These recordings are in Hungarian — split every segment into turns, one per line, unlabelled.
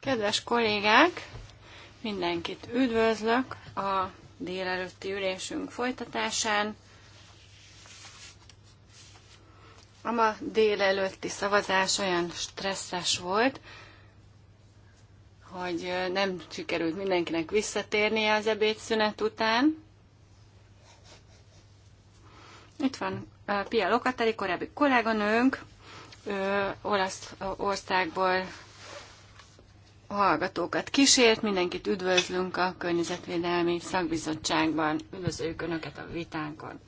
Kedves kollégák, mindenkit üdvözlök a délelőtti ülésünk folytatásán. A ma délelőtti szavazás olyan stresszes volt, hogy nem sikerült mindenkinek visszatérnie az ebédszünet után. Itt van Pia Lokateri, korábbi kolléganőnk, Olaszországból hallgatókat kísért, mindenkit üdvözlünk a Környezetvédelmi Szakbizottságban, üdvözöljük Önöket a vitánkon.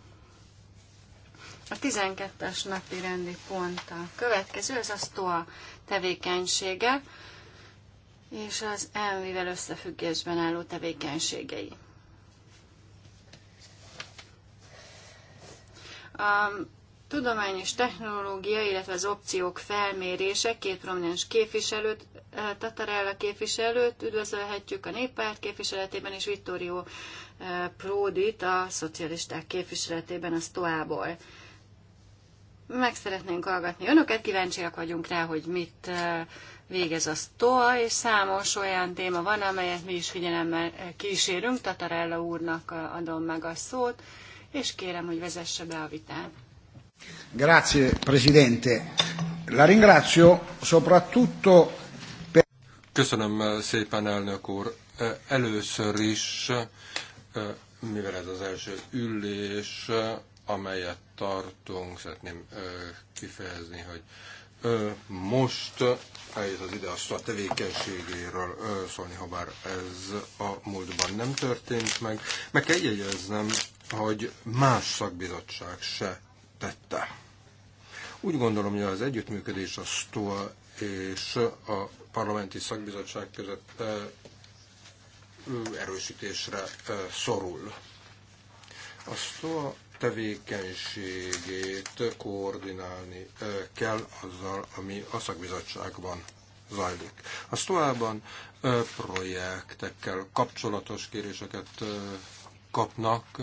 A 12-es napi rendi pont a következő, ez a STOA tevékenysége, és az elmivel összefüggésben álló tevékenységei. A tudomány és technológia, illetve az opciók felmérése, két prominens képviselőt, eh, Tatarella képviselőt üdvözölhetjük a néppárt képviseletében, és Vittorio eh, Pródit a szocialisták képviseletében a Stoából. Meg szeretnénk hallgatni önöket, kíváncsiak vagyunk rá, hogy mit eh, végez a STOA, és számos olyan téma van, amelyet mi is figyelemmel kísérünk. Tatarella úrnak adom meg a szót és kérem, hogy vezesse be a vitát.
Grazie, Presidente. La ringrazio soprattutto per... Köszönöm szépen, elnök úr. Először is, mivel ez az első ülés, amelyet tartunk, szeretném kifejezni, hogy most eljött az ide a SZA tevékenységéről szólni, ha bár ez a múltban nem történt meg. Meg kell jegyeznem, hogy más szakbizottság se tette. Úgy gondolom, hogy az együttműködés a STOA és a parlamenti szakbizottság között erősítésre szorul. A STOA tevékenységét koordinálni kell azzal, ami a szakbizottságban zajlik. A STOA-ban projektekkel kapcsolatos kéréseket kapnak,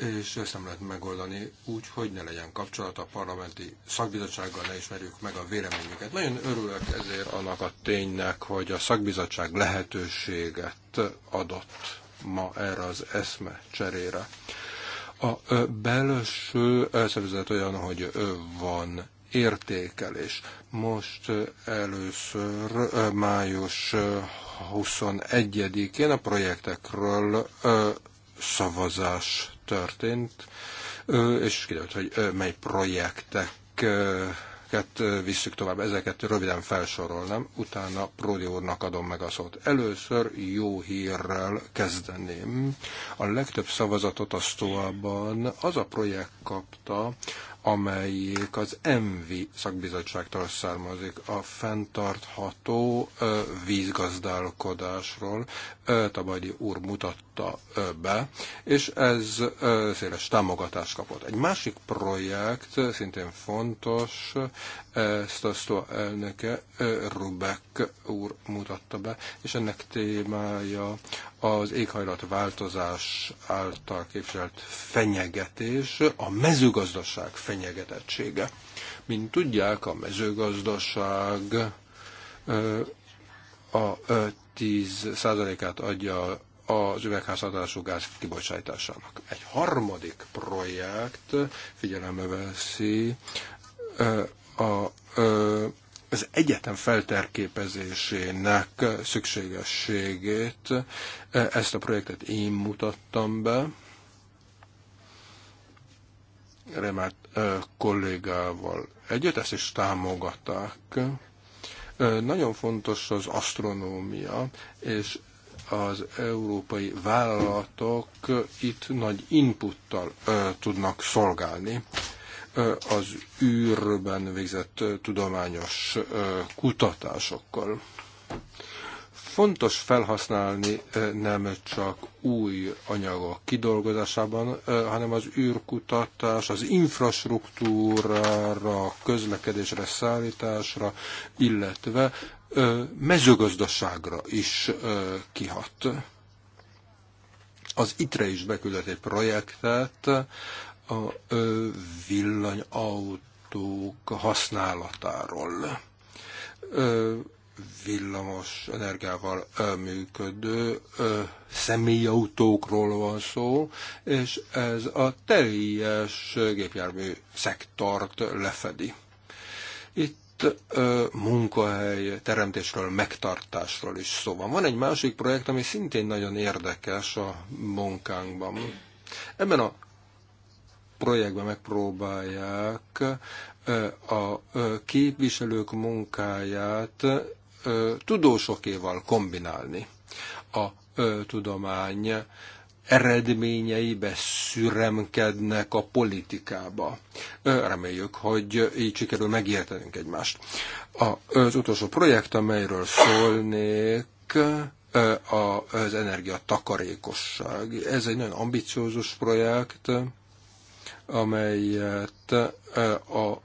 és ezt nem lehet megoldani úgy, hogy ne legyen kapcsolat a parlamenti szakbizottsággal, ne ismerjük meg a véleményüket. Nagyon örülök ezért annak a ténynek, hogy a szakbizottság lehetőséget adott ma erre az eszme cserére. A belső elszervezet olyan, hogy van értékelés. Most először május 21-én a projektekről szavazás történt, és kiderült, hogy mely projekteket visszük tovább. Ezeket röviden felsorolnám, utána Pródi úrnak adom meg a szót. Először jó hírrel kezdeném. A legtöbb szavazatot a Stoában az a projekt kapta, amelyik az ENVI szakbizottságtól származik, a fenntartható vízgazdálkodásról. Tabajdi úr mutat mutatta be, és ez széles támogatást kapott. Egy másik projekt, szintén fontos, ezt a sztó elnöke Rubek úr mutatta be, és ennek témája az éghajlatváltozás által képzelt fenyegetés, a mezőgazdaság fenyegetettsége. Mint tudják, a mezőgazdaság a 10%-át adja az üvegházhatású gáz kibocsátásának. Egy harmadik projekt figyelembe veszi a, a, az egyetem felterképezésének szükségességét. Ezt a projektet én mutattam be. Remát kollégával együtt, ezt is támogatták. Nagyon fontos az asztronómia, és az európai vállalatok itt nagy inputtal ö, tudnak szolgálni ö, az űrben végzett ö, tudományos ö, kutatásokkal. Fontos felhasználni ö, nem csak új anyagok kidolgozásában, ö, hanem az űrkutatás, az infrastruktúrára, közlekedésre, szállításra, illetve mezőgazdaságra is kihat. Az ITRE is beküldött egy projektet a villanyautók használatáról villamos energiával működő személyautókról van szó, és ez a teljes gépjármű szektort lefedi. Itt munkahely teremtésről, megtartásról is szó van. Van egy másik projekt, ami szintén nagyon érdekes a munkánkban. Ebben a projektben megpróbálják a képviselők munkáját tudósokéval kombinálni. A tudomány eredményeibe szüremkednek a politikába. Reméljük, hogy így sikerül megértenünk egymást. Az utolsó projekt, amelyről szólnék, az energiatakarékosság. Ez egy nagyon ambiciózus projekt, amelyet a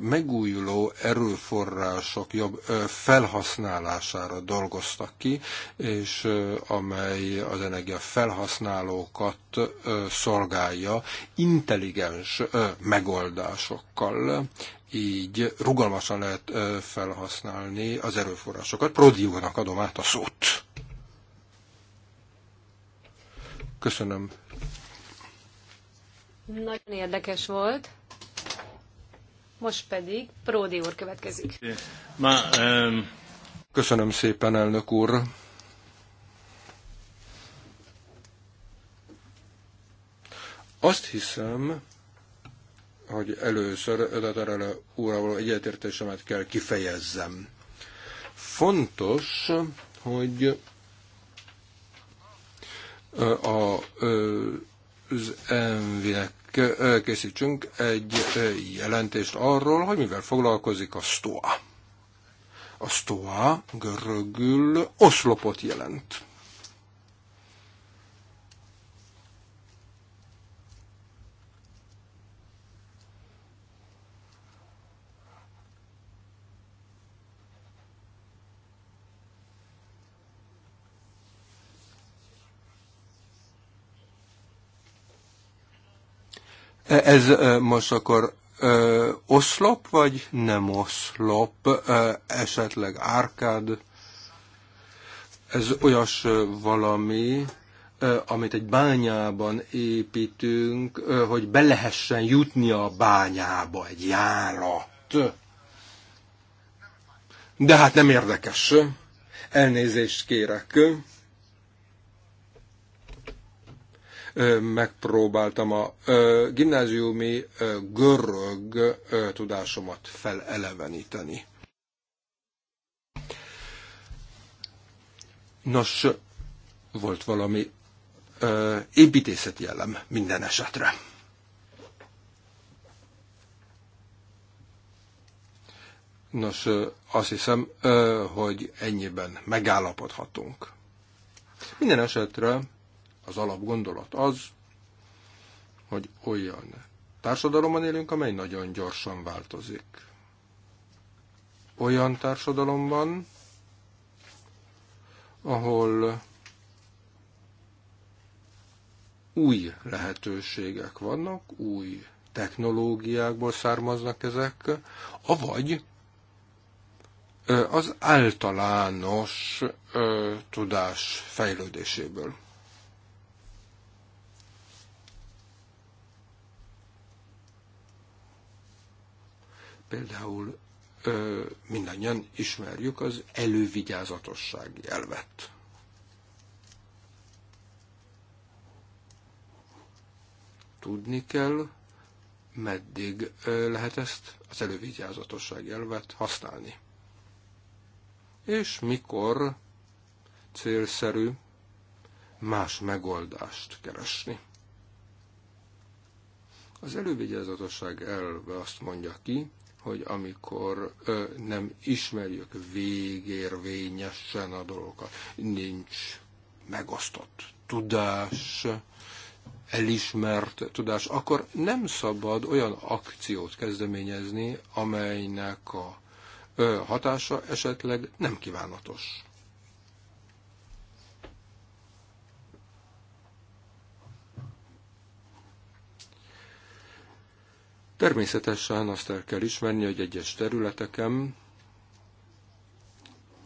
megújuló erőforrások jobb felhasználására dolgoztak ki, és amely az energia felhasználókat szolgálja intelligens megoldásokkal. Így rugalmasan lehet felhasználni az erőforrásokat. Prodiónak adom át a szót. Köszönöm.
Nagyon érdekes volt most pedig Pródi úr következik.
Ma, um... Köszönöm szépen, elnök úr. Azt hiszem, hogy először Ödatarele úrával egyetértésemet kell kifejezzem. Fontos, hogy a, a, a az MV-nek készítsünk egy jelentést arról, hogy mivel foglalkozik a STOA. A STOA görögül oszlopot jelent. Ez most akkor ö, oszlop, vagy nem oszlop, ö, esetleg árkád? Ez olyas valami, ö, amit egy bányában építünk, ö, hogy be lehessen jutni a bányába egy járat. De hát nem érdekes. Elnézést kérek. megpróbáltam a gimnáziumi görög tudásomat feleleveníteni. Nos, volt valami építészeti elem minden esetre. Nos, azt hiszem, hogy ennyiben megállapodhatunk. Minden esetre az alapgondolat az, hogy olyan társadalomban élünk, amely nagyon gyorsan változik. Olyan társadalomban, ahol új lehetőségek vannak, új technológiákból származnak ezek, avagy az általános tudás fejlődéséből. Például ö, mindannyian ismerjük az elővigyázatosság elvet. Tudni kell, meddig ö, lehet ezt az elővigyázatosság elvet használni. És mikor célszerű más megoldást keresni. Az elővigyázatosság elve azt mondja ki, hogy amikor ö, nem ismerjük végérvényesen a dolgokat, nincs megosztott tudás, elismert tudás, akkor nem szabad olyan akciót kezdeményezni, amelynek a ö, hatása esetleg nem kívánatos. Természetesen azt el kell ismerni, hogy egyes területeken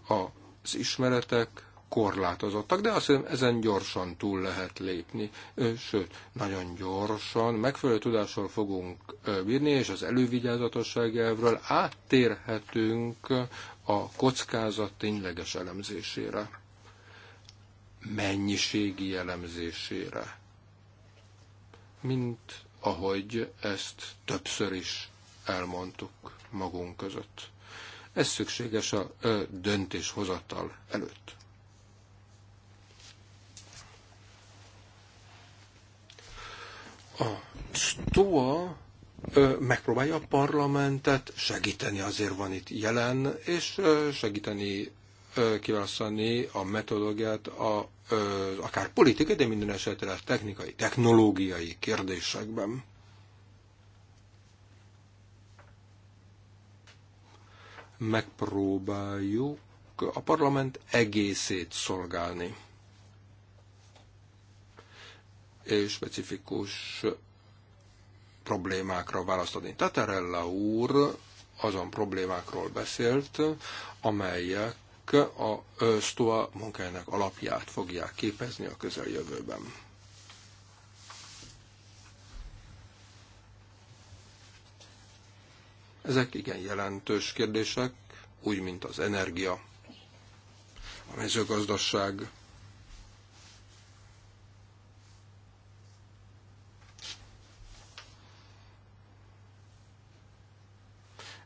az ismeretek korlátozottak, de azt hiszem ezen gyorsan túl lehet lépni, sőt, nagyon gyorsan, megfelelő tudással fogunk bírni, és az elővigyázatosság elvről áttérhetünk a kockázat tényleges elemzésére, mennyiségi elemzésére, mint ahogy ezt többször is elmondtuk magunk között. Ez szükséges a döntéshozatal előtt. A STOA megpróbálja a parlamentet segíteni, azért van itt jelen, és segíteni kiválasztani a metodológiát, a, ö, akár politikai, de minden esetre technikai, technológiai kérdésekben. Megpróbáljuk a parlament egészét szolgálni. És specifikus problémákra választani. Tatarella úr azon problémákról beszélt, amelyek a STOA munkájának alapját fogják képezni a közeljövőben. Ezek igen jelentős kérdések, úgy mint az energia, a mezőgazdaság,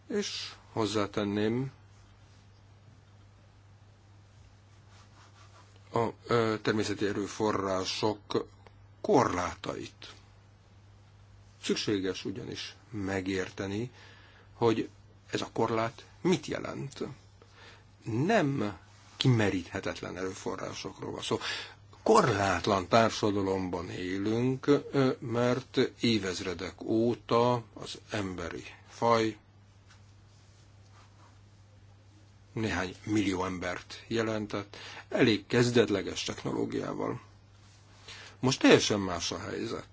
és hozzátenném a természeti erőforrások korlátait. Szükséges ugyanis megérteni, hogy ez a korlát mit jelent. Nem kimeríthetetlen erőforrásokról van szó. Szóval korlátlan társadalomban élünk, mert évezredek óta az emberi faj néhány millió embert jelentett, elég kezdetleges technológiával. Most teljesen más a helyzet.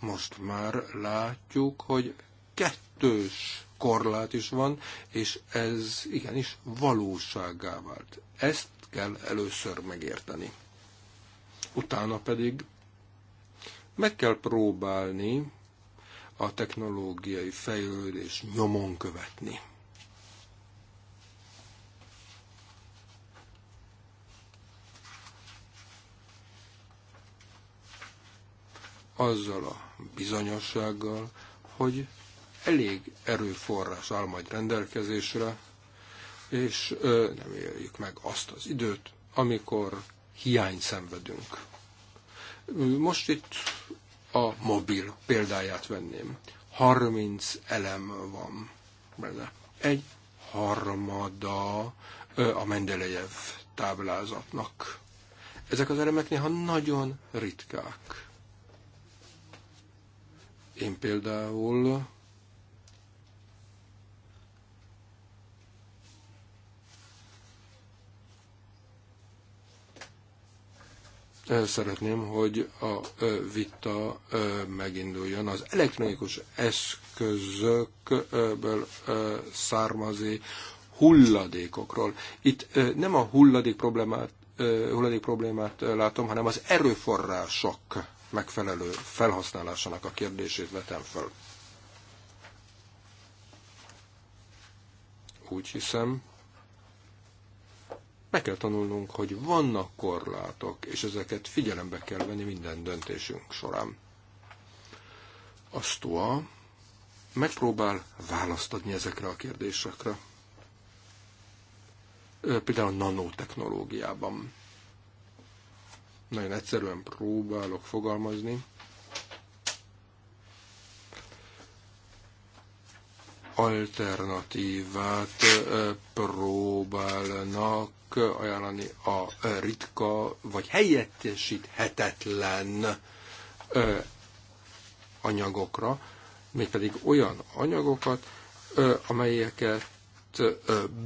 Most már látjuk, hogy kettős korlát is van, és ez igenis valóságá vált. Ezt kell először megérteni. Utána pedig meg kell próbálni a technológiai fejlődés nyomon követni. Azzal a bizonyossággal, hogy elég erőforrás áll majd rendelkezésre, és ö, nem éljük meg azt az időt, amikor hiány szenvedünk. Most itt a mobil példáját venném. 30 elem van benne. Egy harmada a Mendelejev táblázatnak. Ezek az elemek néha nagyon ritkák. Én például szeretném, hogy a vita meginduljon. Az elektronikus eszközökből származi hulladékokról. Itt nem a hulladék problémát, hulladék problémát látom, hanem az erőforrások megfelelő felhasználásának a kérdését vetem föl. Úgy hiszem, meg kell tanulnunk, hogy vannak korlátok, és ezeket figyelembe kell venni minden döntésünk során. A STOA megpróbál választ adni ezekre a kérdésekre. Például a nanotechnológiában. Nagyon egyszerűen próbálok fogalmazni, alternatívát próbálnak ajánlani a ritka vagy helyettesíthetetlen anyagokra, mégpedig olyan anyagokat, amelyeket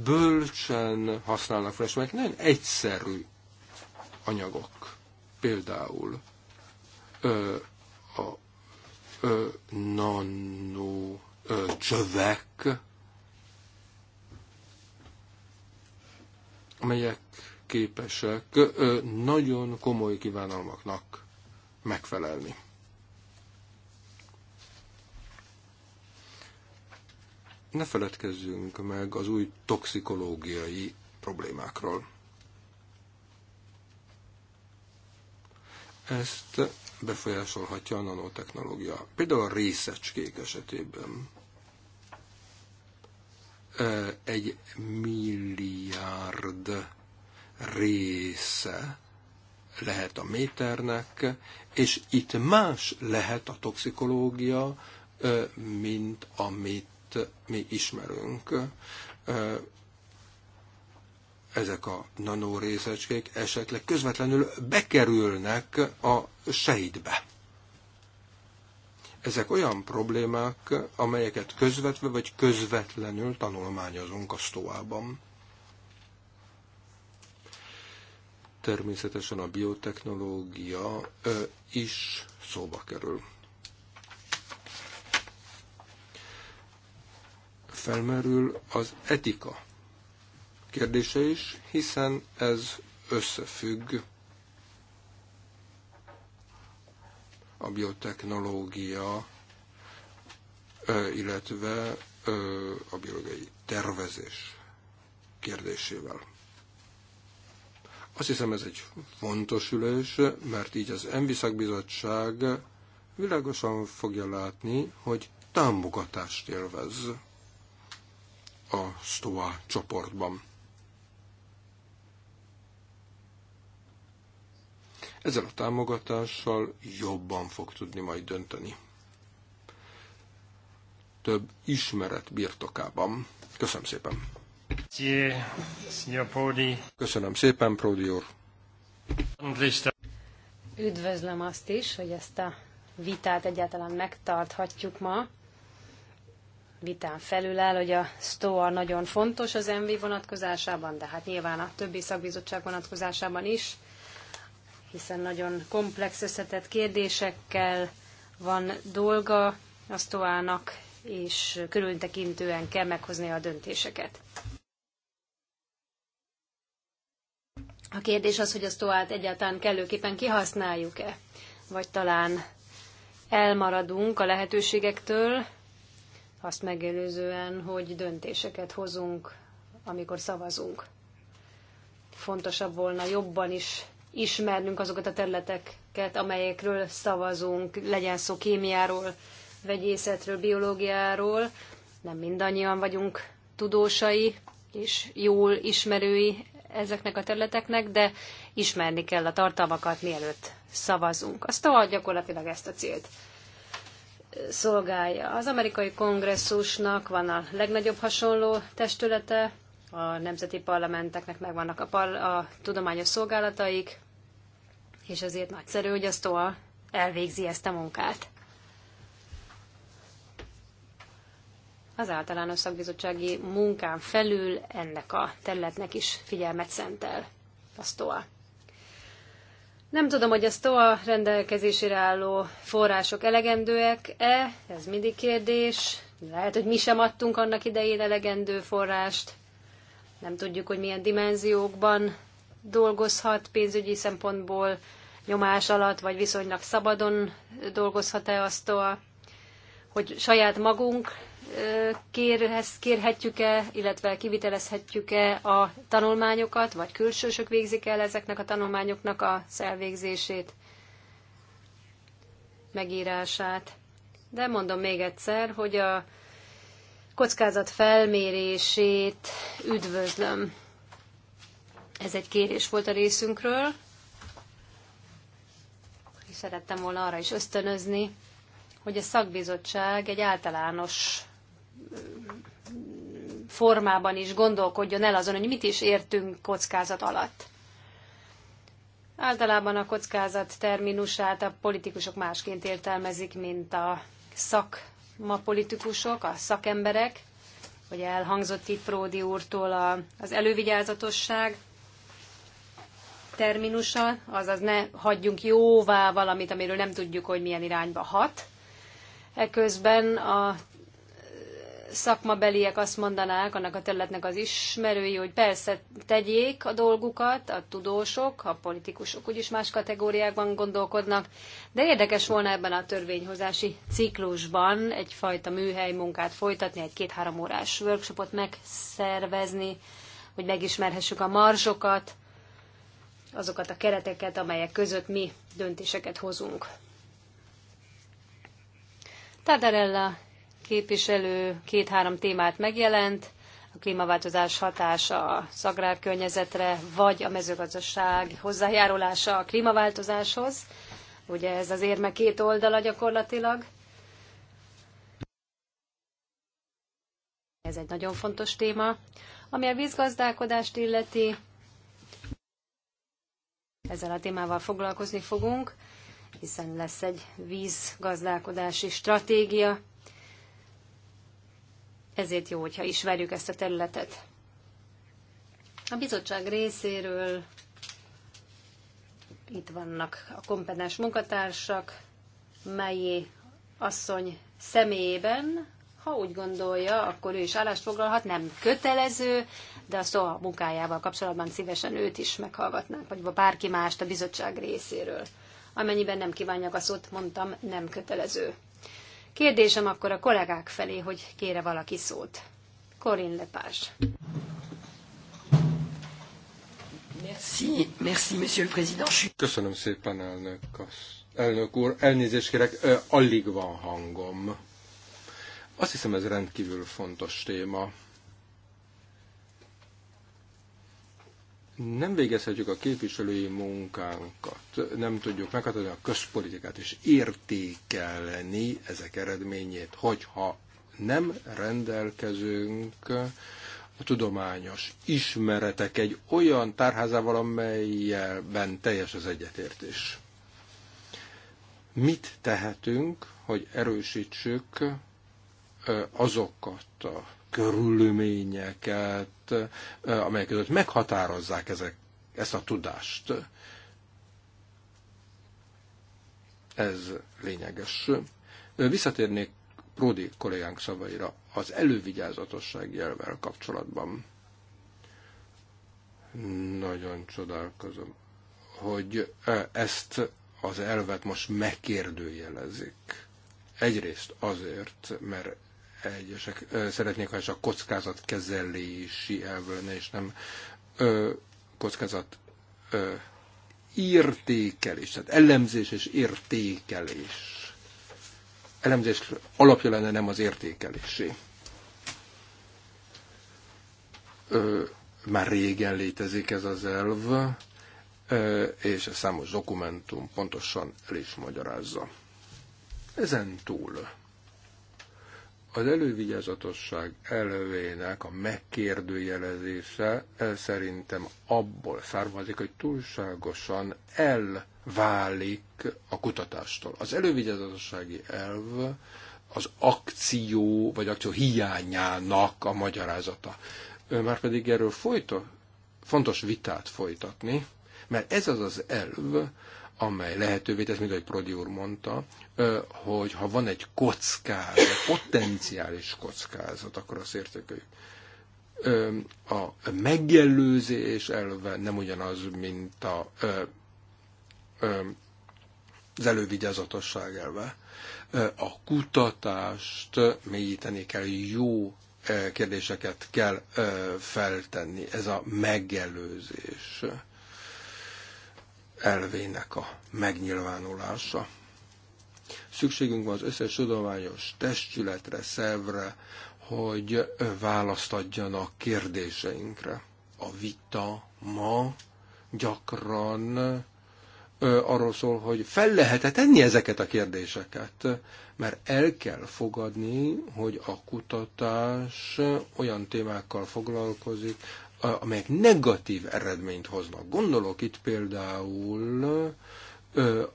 bölcsen használnak fel, és amelyek nagyon egyszerű anyagok. Például a nano csövek, amelyek képesek nagyon komoly kívánalmaknak megfelelni. Ne feledkezzünk meg az új toxikológiai problémákról. Ezt befolyásolhatja a nanotechnológia. Például a részecskék esetében egy milliárd része lehet a méternek, és itt más lehet a toxikológia, mint amit mi ismerünk ezek a nanórészecskék esetleg közvetlenül bekerülnek a sejtbe. Ezek olyan problémák, amelyeket közvetve vagy közvetlenül tanulmányozunk a sztóában. Természetesen a biotechnológia is szóba kerül. Felmerül az etika kérdése is, hiszen ez összefügg a biotechnológia, illetve a biológiai tervezés kérdésével. Azt hiszem ez egy fontos ülés, mert így az ENVI szakbizottság világosan fogja látni, hogy támogatást élvez a STOA csoportban. Ezzel a támogatással jobban fog tudni majd dönteni. Több ismeret birtokában. Köszönöm szépen. Köszönöm szépen, Pródi úr.
Üdvözlöm azt is, hogy ezt a vitát egyáltalán megtarthatjuk ma. Vitán felül áll, hogy a STOA nagyon fontos az MV vonatkozásában, de hát nyilván a többi szakbizottság vonatkozásában is hiszen nagyon komplex, összetett kérdésekkel van dolga az toának, és körültekintően kell meghozni a döntéseket. A kérdés az, hogy a sztoát egyáltalán kellőképpen kihasználjuk-e, vagy talán elmaradunk a lehetőségektől, azt megelőzően, hogy döntéseket hozunk, amikor szavazunk. Fontosabb volna jobban is ismernünk azokat a területeket, amelyekről szavazunk, legyen szó kémiáról, vegyészetről, biológiáról. Nem mindannyian vagyunk tudósai és jól ismerői ezeknek a területeknek, de ismerni kell a tartalmakat, mielőtt szavazunk. Azt tovább gyakorlatilag ezt a célt szolgálja. Az amerikai kongresszusnak van a legnagyobb hasonló testülete, a nemzeti parlamenteknek megvannak a, par- a tudományos szolgálataik, és azért nagyszerű, hogy a STOA elvégzi ezt a munkát. Az általános szakbizottsági munkán felül ennek a területnek is figyelmet szentel a STOA. Nem tudom, hogy a STOA rendelkezésére álló források elegendőek-e, ez mindig kérdés. Lehet, hogy mi sem adtunk annak idején elegendő forrást. Nem tudjuk, hogy milyen dimenziókban dolgozhat pénzügyi szempontból nyomás alatt, vagy viszonylag szabadon dolgozhat-e azt, hogy saját magunk kérhez, kérhetjük-e, illetve kivitelezhetjük-e a tanulmányokat, vagy külsősök végzik el ezeknek a tanulmányoknak a elvégzését, megírását. De mondom még egyszer, hogy a kockázat felmérését üdvözlöm. Ez egy kérés volt a részünkről, és szerettem volna arra is ösztönözni, hogy a szakbizottság egy általános formában is gondolkodjon el azon, hogy mit is értünk kockázat alatt. Általában a kockázat terminusát a politikusok másként értelmezik, mint a szakma politikusok, a szakemberek, hogy elhangzott itt Pródi úrtól a, az elővigyázatosság terminusa, azaz ne hagyjunk jóvá valamit, amiről nem tudjuk, hogy milyen irányba hat. Eközben a szakmabeliek azt mondanák annak a területnek az ismerői, hogy persze tegyék a dolgukat, a tudósok, a politikusok úgyis más kategóriákban gondolkodnak, de érdekes volna ebben a törvényhozási ciklusban egyfajta műhely munkát folytatni, egy két-három órás workshopot megszervezni, hogy megismerhessük a marzsokat, azokat a kereteket, amelyek között mi döntéseket hozunk. Tadarella képviselő két-három témát megjelent, a klímaváltozás hatása a környezetre, vagy a mezőgazdaság hozzájárulása a klímaváltozáshoz. Ugye ez az érme két oldala gyakorlatilag. Ez egy nagyon fontos téma. Ami a vízgazdálkodást illeti, ezzel a témával foglalkozni fogunk, hiszen lesz egy vízgazdálkodási stratégia, ezért jó, hogyha ismerjük ezt a területet. A bizottság részéről itt vannak a kompetens munkatársak, melyi asszony személyében, ha úgy gondolja, akkor ő is állást foglalhat, nem kötelező, de a szóval munkájával kapcsolatban szívesen őt is meghallgatnánk, vagy bárki mást a bizottság részéről. Amennyiben nem kívánják a szót, mondtam, nem kötelező. Kérdésem akkor a kollégák felé, hogy kére valaki szót. Corinne Lepás.
Merci, merci, monsieur le président. Köszönöm szépen, elnök, elnök úr. Elnézést kérek, alig van hangom. Azt hiszem, ez rendkívül fontos téma. nem végezhetjük a képviselői munkánkat, nem tudjuk meghatározni a közpolitikát és értékelni ezek eredményét, hogyha nem rendelkezünk a tudományos ismeretek egy olyan tárházával, amelyben teljes az egyetértés. Mit tehetünk, hogy erősítsük azokat a körülményeket, amelyek között meghatározzák ezek, ezt a tudást. Ez lényeges. Visszatérnék Pródi kollégánk szavaira az elővigyázatosság jelvel kapcsolatban. Nagyon csodálkozom, hogy ezt az elvet most megkérdőjelezik. Egyrészt azért, mert Egyesek szeretnék, ha csak kockázatkezelési elv lenne, és nem ö, kockázat ö, értékelés, tehát elemzés és értékelés. Elemzés alapja lenne nem az értékelésé. Ö, már régen létezik ez az elv, ö, és a számos dokumentum pontosan el is magyarázza. Ezen túl az elővigyázatosság elvének a megkérdőjelezése eh, szerintem abból származik, hogy túlságosan elválik a kutatástól. Az elővigyázatossági elv az akció vagy akció hiányának a magyarázata. Már pedig erről folyta, fontos vitát folytatni, mert ez az az elv, amely lehetővé tesz, mint ahogy Prodi úr mondta, hogy ha van egy kockázat, potenciális kockázat, akkor azt értékeljük. A megjelőzés elve nem ugyanaz, mint a, az elővigyázatosság elve. A kutatást mélyíteni kell, jó kérdéseket kell feltenni. Ez a megelőzés elvének a megnyilvánulása. Szükségünk van az összes tudományos testületre, szervre, hogy választ adjanak kérdéseinkre. A vita ma gyakran ö, arról szól, hogy fel lehet -e tenni ezeket a kérdéseket, mert el kell fogadni, hogy a kutatás olyan témákkal foglalkozik, amelyek negatív eredményt hoznak. Gondolok itt például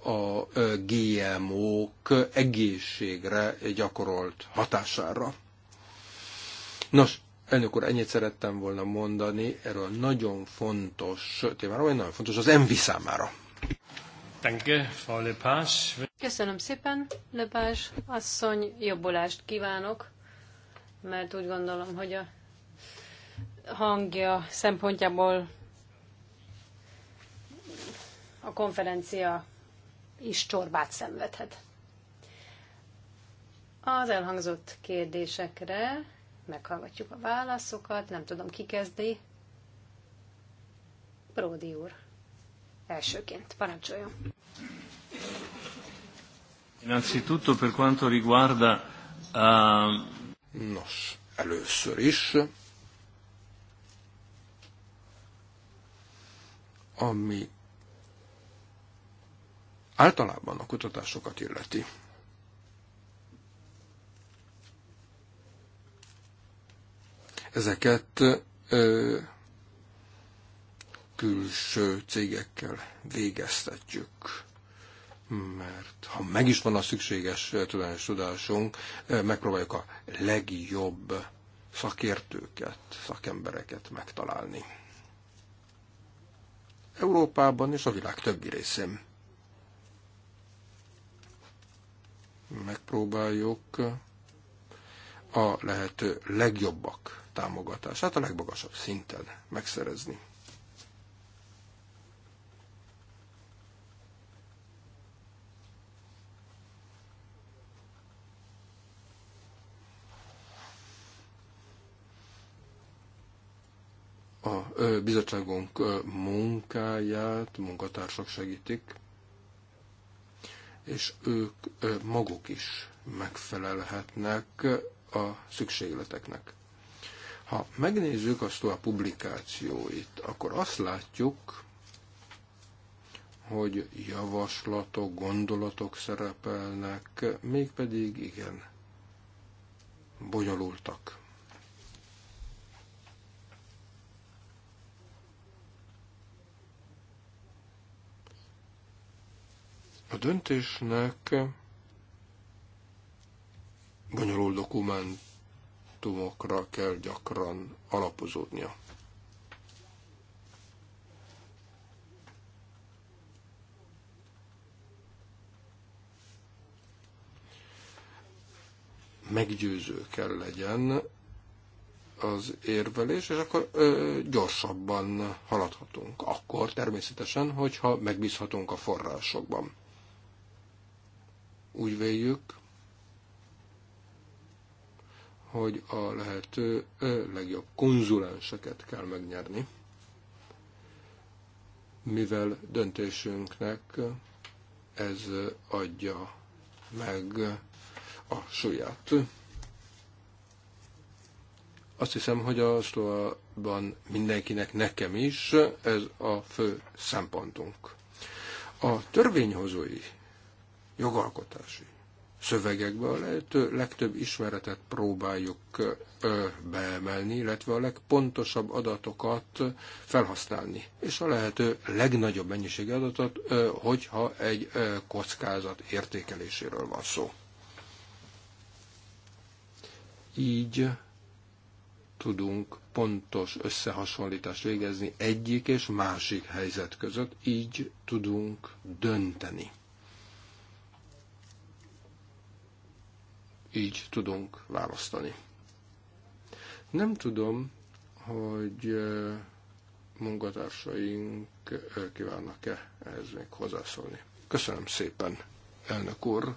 a GMO-k egészségre gyakorolt hatására. Nos, elnök úr, ennyit szerettem volna mondani erről nagyon fontos témáról, vagy nagyon fontos az ENVI számára.
Köszönöm szépen, Lepás asszony, jobbulást kívánok, mert úgy gondolom, hogy a hangja szempontjából a konferencia is csorbát szenvedhet. Az elhangzott kérdésekre meghallgatjuk a válaszokat, nem tudom ki kezdi. Pródi úr, elsőként, parancsoljon.
Innanzitutto per quanto riguarda ehm, Nos, először is,
ami általában a kutatásokat illeti. Ezeket ö, külső cégekkel végeztetjük, mert ha meg is van a szükséges tudományos tudásunk, megpróbáljuk a legjobb szakértőket, szakembereket megtalálni. Európában és a világ többi részén. Megpróbáljuk a lehető legjobbak támogatását a legmagasabb szinten megszerezni. bizottságunk munkáját munkatársak segítik, és ők maguk is megfelelhetnek a szükségleteknek. Ha megnézzük azt a publikációit, akkor azt látjuk, hogy javaslatok, gondolatok szerepelnek, mégpedig igen, bonyolultak. A döntésnek bonyolult dokumentumokra kell gyakran alapozódnia. Meggyőző kell legyen az érvelés, és akkor ö, gyorsabban haladhatunk. Akkor természetesen, hogyha megbízhatunk a forrásokban. Úgy véljük, hogy a lehető legjobb konzulenseket kell megnyerni, mivel döntésünknek ez adja meg a súlyát. Azt hiszem, hogy a szóban mindenkinek, nekem is ez a fő szempontunk. A törvényhozói jogalkotási szövegekben a lehető legtöbb ismeretet próbáljuk beemelni, illetve a legpontosabb adatokat felhasználni, és a lehető legnagyobb mennyiségű adatot, hogyha egy kockázat értékeléséről van szó. Így tudunk pontos összehasonlítást végezni egyik és másik helyzet között, így tudunk dönteni így tudunk választani. Nem tudom, hogy munkatársaink kívánnak-e ehhez még hozzászólni. Köszönöm szépen, elnök úr!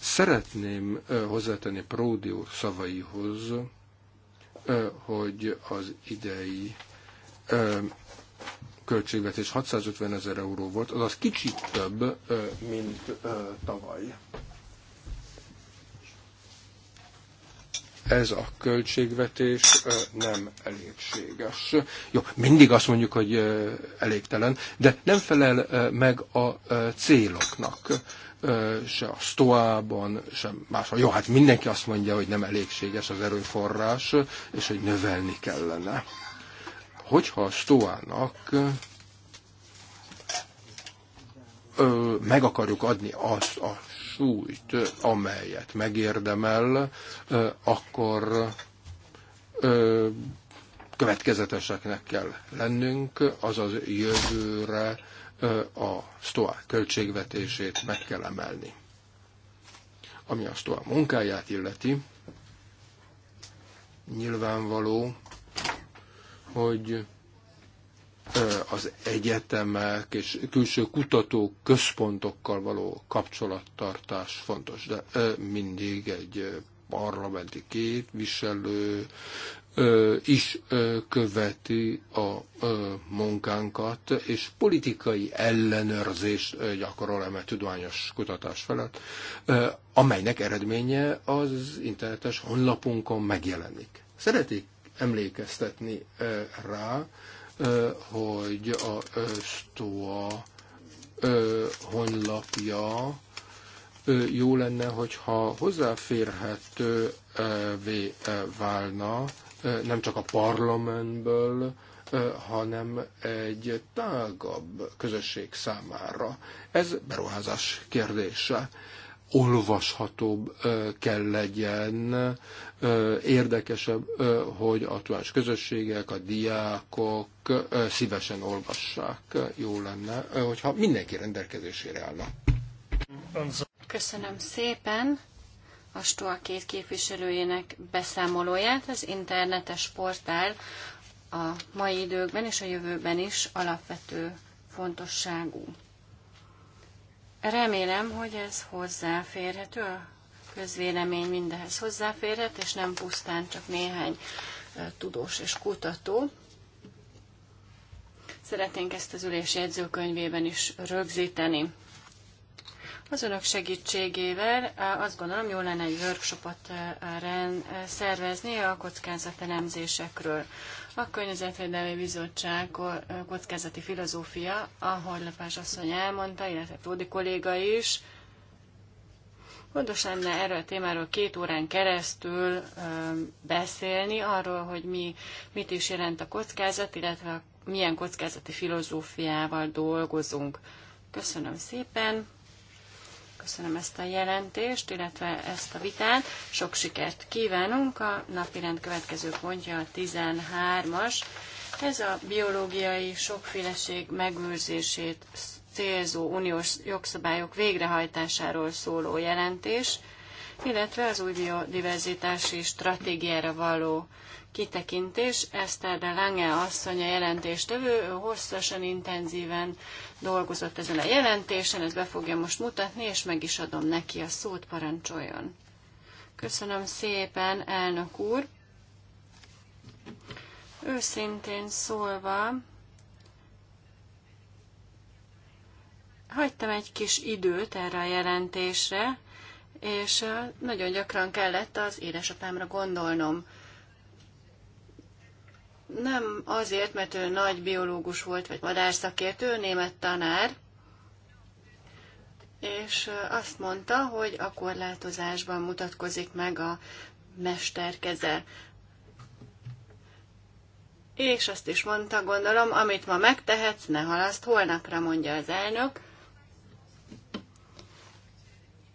Szeretném hozzátenni Pródi úr szavaihoz, hogy az idei költségvetés 650 ezer euró volt, azaz kicsit több, mint tavaly. Ez a költségvetés nem elégséges. Jó, mindig azt mondjuk, hogy elégtelen, de nem felel meg a céloknak se a stoában, sem se máshol. Jó, hát mindenki azt mondja, hogy nem elégséges az erőforrás, és hogy növelni kellene. Hogyha a Stoának ö, meg akarjuk adni azt a súlyt, amelyet megérdemel, ö, akkor ö, következeteseknek kell lennünk, azaz jövőre ö, a STOA költségvetését meg kell emelni. Ami a STOA munkáját illeti, nyilvánvaló, hogy az egyetemek és külső kutató központokkal való kapcsolattartás fontos, de mindig egy parlamenti képviselő is követi a munkánkat, és politikai ellenőrzést gyakorol eme tudományos kutatás felett, amelynek eredménye az internetes honlapunkon megjelenik. Szeretik emlékeztetni rá, hogy a STOA honlapja jó lenne, hogyha hozzáférhetővé válna, nem csak a parlamentből, hanem egy tágabb közösség számára. Ez beruházás kérdése olvashatóbb kell legyen, érdekesebb, hogy a tudományos közösségek, a diákok szívesen olvassák. Jó lenne, hogyha mindenki rendelkezésére állna.
Köszönöm szépen a STOA két képviselőjének beszámolóját. Az internetes portál a mai időkben és a jövőben is alapvető fontosságú. Remélem, hogy ez hozzáférhető, a közvélemény mindehez hozzáférhet, és nem pusztán csak néhány tudós és kutató. Szeretnénk ezt az ülés jegyzőkönyvében is rögzíteni. Az önök segítségével azt gondolom, jól lenne egy workshopot szervezni a kockázatelemzésekről. A Környezetvédelmi Bizottság kockázati filozófia, a Lepás asszony elmondta, illetve Tódi kolléga is, Fontos lenne erről a témáról két órán keresztül beszélni, arról, hogy mi, mit is jelent a kockázat, illetve milyen kockázati filozófiával dolgozunk. Köszönöm szépen! Köszönöm ezt a jelentést, illetve ezt a vitát. Sok sikert kívánunk. A napirend következő pontja a 13-as. Ez a biológiai sokféleség megőrzését célzó uniós jogszabályok végrehajtásáról szóló jelentés, illetve az új biodiverzitási stratégiára való kitekintés. Eszter de Lange asszony a jelentéstevő, hosszasan, intenzíven dolgozott ezen a jelentésen, ezt be fogja most mutatni, és meg is adom neki a szót, parancsoljon. Köszönöm szépen, elnök úr. Őszintén szólva, hagytam egy kis időt erre a jelentésre, és nagyon gyakran kellett az édesapámra gondolnom nem azért, mert ő nagy biológus volt, vagy madárszakértő, német tanár, és azt mondta, hogy a korlátozásban mutatkozik meg a mesterkeze. És azt is mondta, gondolom, amit ma megtehetsz, ne halaszt holnapra, mondja az elnök.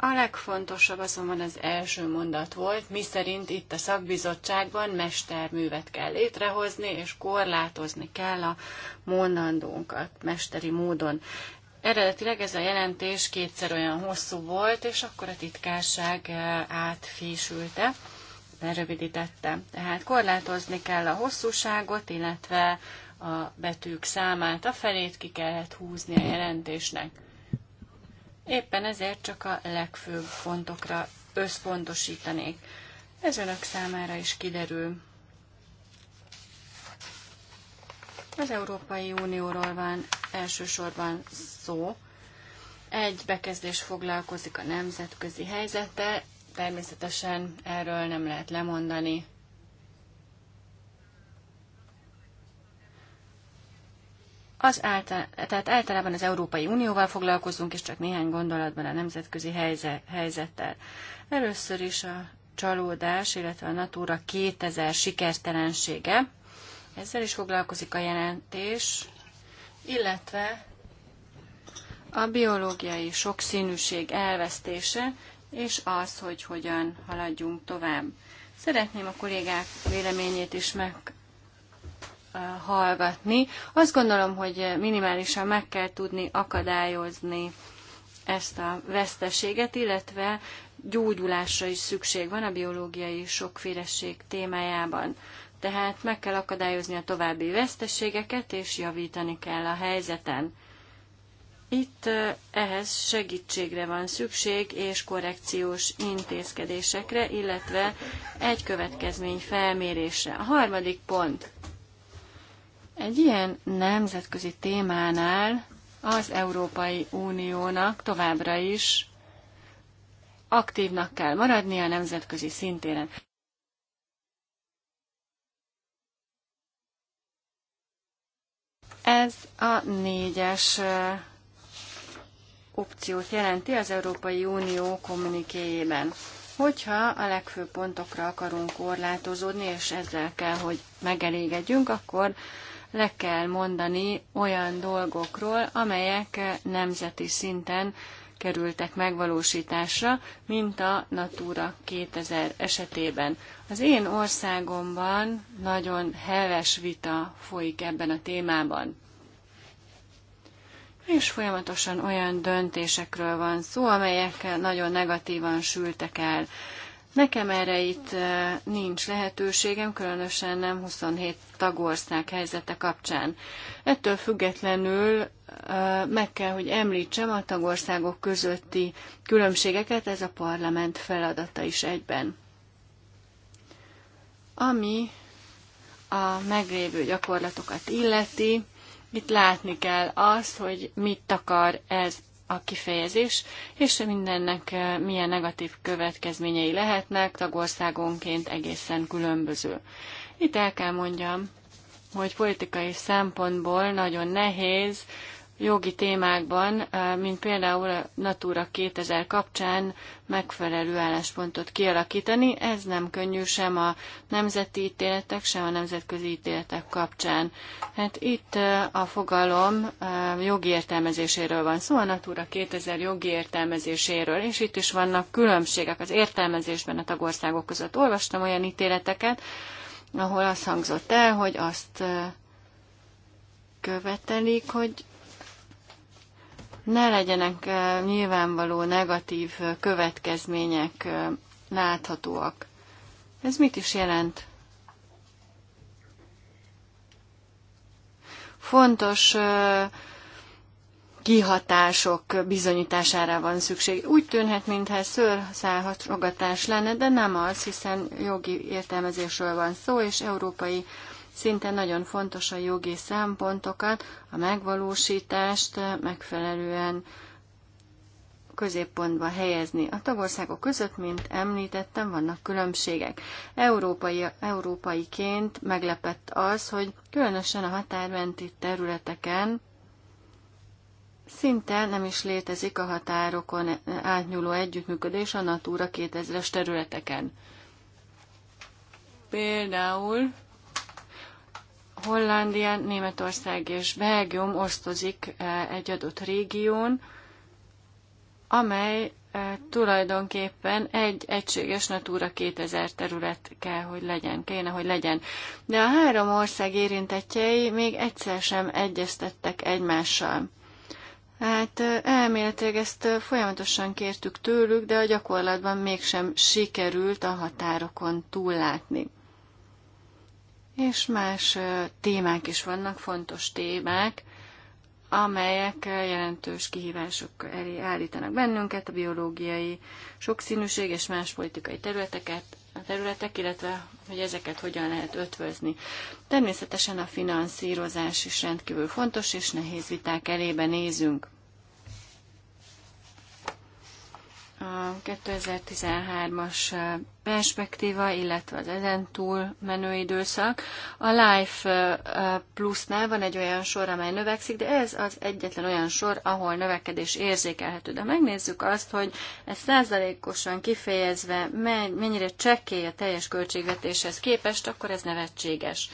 A legfontosabb azonban az első mondat volt, mi szerint itt a szakbizottságban mesterművet kell létrehozni, és korlátozni kell a mondandónkat mesteri módon. Eredetileg ez a jelentés kétszer olyan hosszú volt, és akkor a titkárság eh, átfésülte, lerövidítette. Tehát korlátozni kell a hosszúságot, illetve a betűk számát, a felét ki kellett húzni a jelentésnek. Éppen ezért csak a legfőbb fontokra összpontosítanék. Ez önök számára is kiderül. Az Európai Unióról van elsősorban szó. Egy bekezdés foglalkozik a nemzetközi helyzettel, természetesen erről nem lehet lemondani. Az által, tehát általában az Európai Unióval foglalkozunk, és csak néhány gondolatban a nemzetközi helyze, helyzettel. Először is a csalódás, illetve a Natura 2000 sikertelensége. Ezzel is foglalkozik a jelentés, illetve a biológiai sokszínűség elvesztése, és az, hogy hogyan haladjunk tovább. Szeretném a kollégák véleményét is meg hallgatni. Azt gondolom, hogy minimálisan meg kell tudni akadályozni ezt a veszteséget, illetve gyógyulásra is szükség van a biológiai sokféleség témájában. Tehát meg kell akadályozni a további veszteségeket, és javítani kell a helyzeten. Itt ehhez segítségre van szükség, és korrekciós intézkedésekre, illetve egy következmény felmérésre. A harmadik pont. Egy ilyen nemzetközi témánál az Európai Uniónak továbbra is aktívnak kell maradnia a nemzetközi szintéren. Ez a négyes opciót jelenti az Európai Unió kommunikéjében. Hogyha a legfőbb pontokra akarunk korlátozódni, és ezzel kell, hogy megelégedjünk, akkor le kell mondani olyan dolgokról, amelyek nemzeti szinten kerültek megvalósításra, mint a Natura 2000 esetében. Az én országomban nagyon heves vita folyik ebben a témában és folyamatosan olyan döntésekről van szó, amelyek nagyon negatívan sültek el. Nekem erre itt eh, nincs lehetőségem, különösen nem 27 tagország helyzete kapcsán. Ettől függetlenül eh, meg kell, hogy említsem a tagországok közötti különbségeket, ez a parlament feladata is egyben. Ami a meglévő gyakorlatokat illeti, itt látni kell azt, hogy mit akar ez a kifejezés, és mindennek eh, milyen negatív következményei lehetnek, tagországonként egészen különböző. Itt el kell mondjam, hogy politikai szempontból nagyon nehéz jogi témákban, mint például a Natura 2000 kapcsán megfelelő álláspontot kialakítani. Ez nem könnyű sem a nemzeti ítéletek, sem a nemzetközi ítéletek kapcsán. Hát itt a fogalom jogi értelmezéséről van szó, a Natura 2000 jogi értelmezéséről, és itt is vannak különbségek az értelmezésben a tagországok között. Olvastam olyan ítéleteket, ahol azt hangzott el, hogy azt követelik, hogy ne legyenek nyilvánvaló negatív következmények láthatóak. Ez mit is jelent? Fontos kihatások bizonyítására van szükség. Úgy tűnhet, mintha szőrszálhatogatás lenne, de nem az, hiszen jogi értelmezésről van szó, és európai szinte nagyon fontos a jogi szempontokat, a megvalósítást megfelelően középpontba helyezni. A tagországok között, mint említettem, vannak különbségek. Európai, európaiként meglepett az, hogy különösen a határmenti területeken szinte nem is létezik a határokon átnyúló együttműködés a Natura 2000-es területeken. Például Hollandia, Németország és Belgium osztozik eh, egy adott régión, amely eh, tulajdonképpen egy egységes Natura 2000 terület kell, hogy legyen, kéne, hogy legyen. De a három ország érintettjei még egyszer sem egyeztettek egymással. Hát eh, elméletileg ezt folyamatosan kértük tőlük, de a gyakorlatban mégsem sikerült a határokon túllátni és más témák is vannak, fontos témák, amelyek jelentős kihívások elé állítanak bennünket, a biológiai sokszínűség és más politikai területeket, a területek, illetve hogy ezeket hogyan lehet ötvözni. Természetesen a finanszírozás is rendkívül fontos, és nehéz viták elébe nézünk. a 2013-as perspektíva, illetve az ezen túl menő időszak. A Life Plusnál van egy olyan sor, amely növekszik, de ez az egyetlen olyan sor, ahol növekedés érzékelhető. De megnézzük azt, hogy ez százalékosan kifejezve mennyire csekély a teljes költségvetéshez képest, akkor ez nevetséges.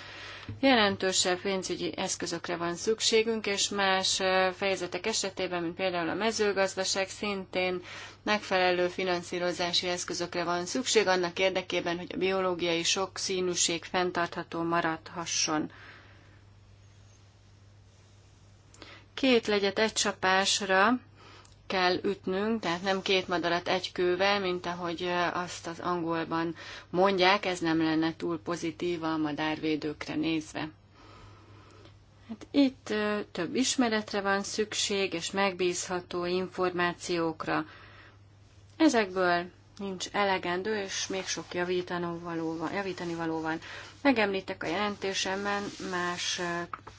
Jelentősebb pénzügyi eszközökre van szükségünk, és más fejezetek esetében, mint például a mezőgazdaság, szintén megfelelő finanszírozási eszközökre van szükség annak érdekében, hogy a biológiai sokszínűség fenntartható maradhasson. Két legyet egy csapásra kell ütnünk, tehát nem két madarat egy kővel, mint ahogy azt az angolban mondják, ez nem lenne túl pozitív a madárvédőkre nézve. Hát itt több ismeretre van szükség, és megbízható információkra. Ezekből nincs elegendő, és még sok javítani való van. Megemlítek a jelentésemben más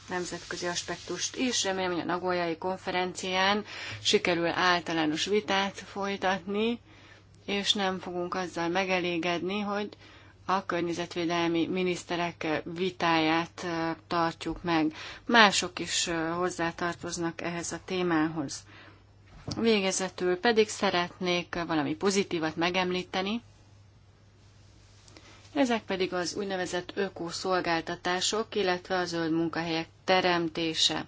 nemzetközi aspektust is. Remélem, hogy a Nagoyai konferencián sikerül általános vitát folytatni, és nem fogunk azzal megelégedni, hogy a környezetvédelmi miniszterek vitáját tartjuk meg. Mások is hozzátartoznak ehhez a témához. Végezetül pedig szeretnék valami pozitívat megemlíteni. Ezek pedig az úgynevezett ökoszolgáltatások, illetve a zöld munkahelyek teremtése.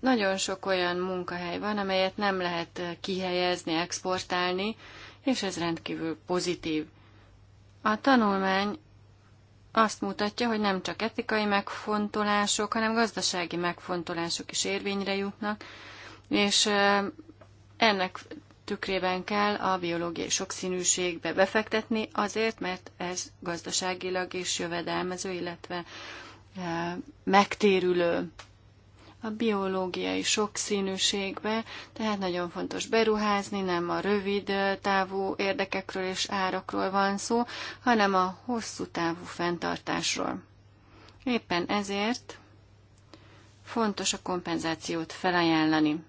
Nagyon sok olyan munkahely van, amelyet nem lehet kihelyezni, exportálni, és ez rendkívül pozitív. A tanulmány azt mutatja, hogy nem csak etikai megfontolások, hanem gazdasági megfontolások is érvényre jutnak, és ennek tükrében kell a biológiai sokszínűségbe befektetni, azért, mert ez gazdaságilag és jövedelmező, illetve e, megtérülő a biológiai sokszínűségbe, tehát nagyon fontos beruházni, nem a rövid e, távú érdekekről és árakról van szó, hanem a hosszú távú fenntartásról. Éppen ezért fontos a kompenzációt felajánlani.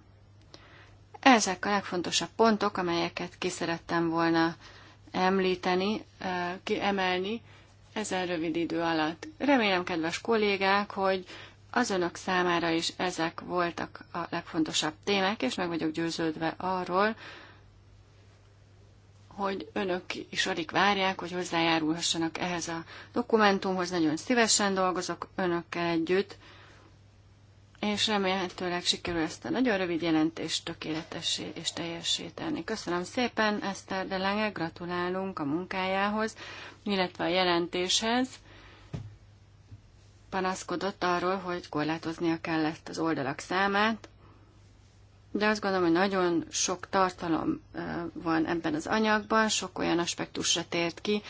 Ezek a legfontosabb pontok, amelyeket ki szerettem volna említeni, kiemelni ezen rövid idő alatt. Remélem, kedves kollégák, hogy az önök számára is ezek voltak a legfontosabb témák, és meg vagyok győződve arról, hogy önök is alig várják, hogy hozzájárulhassanak ehhez a dokumentumhoz. Nagyon szívesen dolgozok önökkel együtt, és remélhetőleg sikerül ezt a nagyon rövid jelentést tökéletessé és teljessé tenni. Köszönöm szépen, Eszter Lange, gratulálunk a munkájához, illetve a jelentéshez. Panaszkodott arról, hogy korlátoznia kellett az oldalak számát, de azt gondolom, hogy nagyon sok tartalom van ebben az anyagban, sok olyan aspektusra tért ki,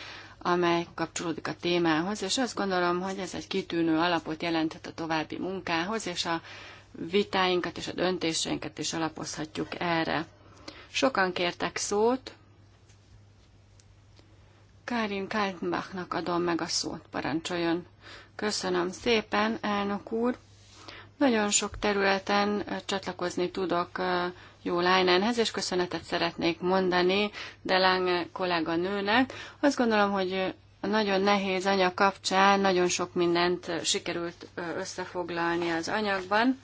amely kapcsolódik a témához, és azt gondolom, hogy ez egy kitűnő alapot jelenthet a további munkához, és a vitáinkat és a döntéseinket is alapozhatjuk erre. Sokan kértek szót. Karin Kaltenbachnak adom meg a szót, parancsoljon. Köszönöm szépen, elnök úr. Nagyon sok területen csatlakozni tudok jó Lájnánhez, és köszönetet szeretnék mondani de Lange kollega nőnek. Azt gondolom, hogy a nagyon nehéz anya kapcsán nagyon sok mindent sikerült összefoglalni az anyagban.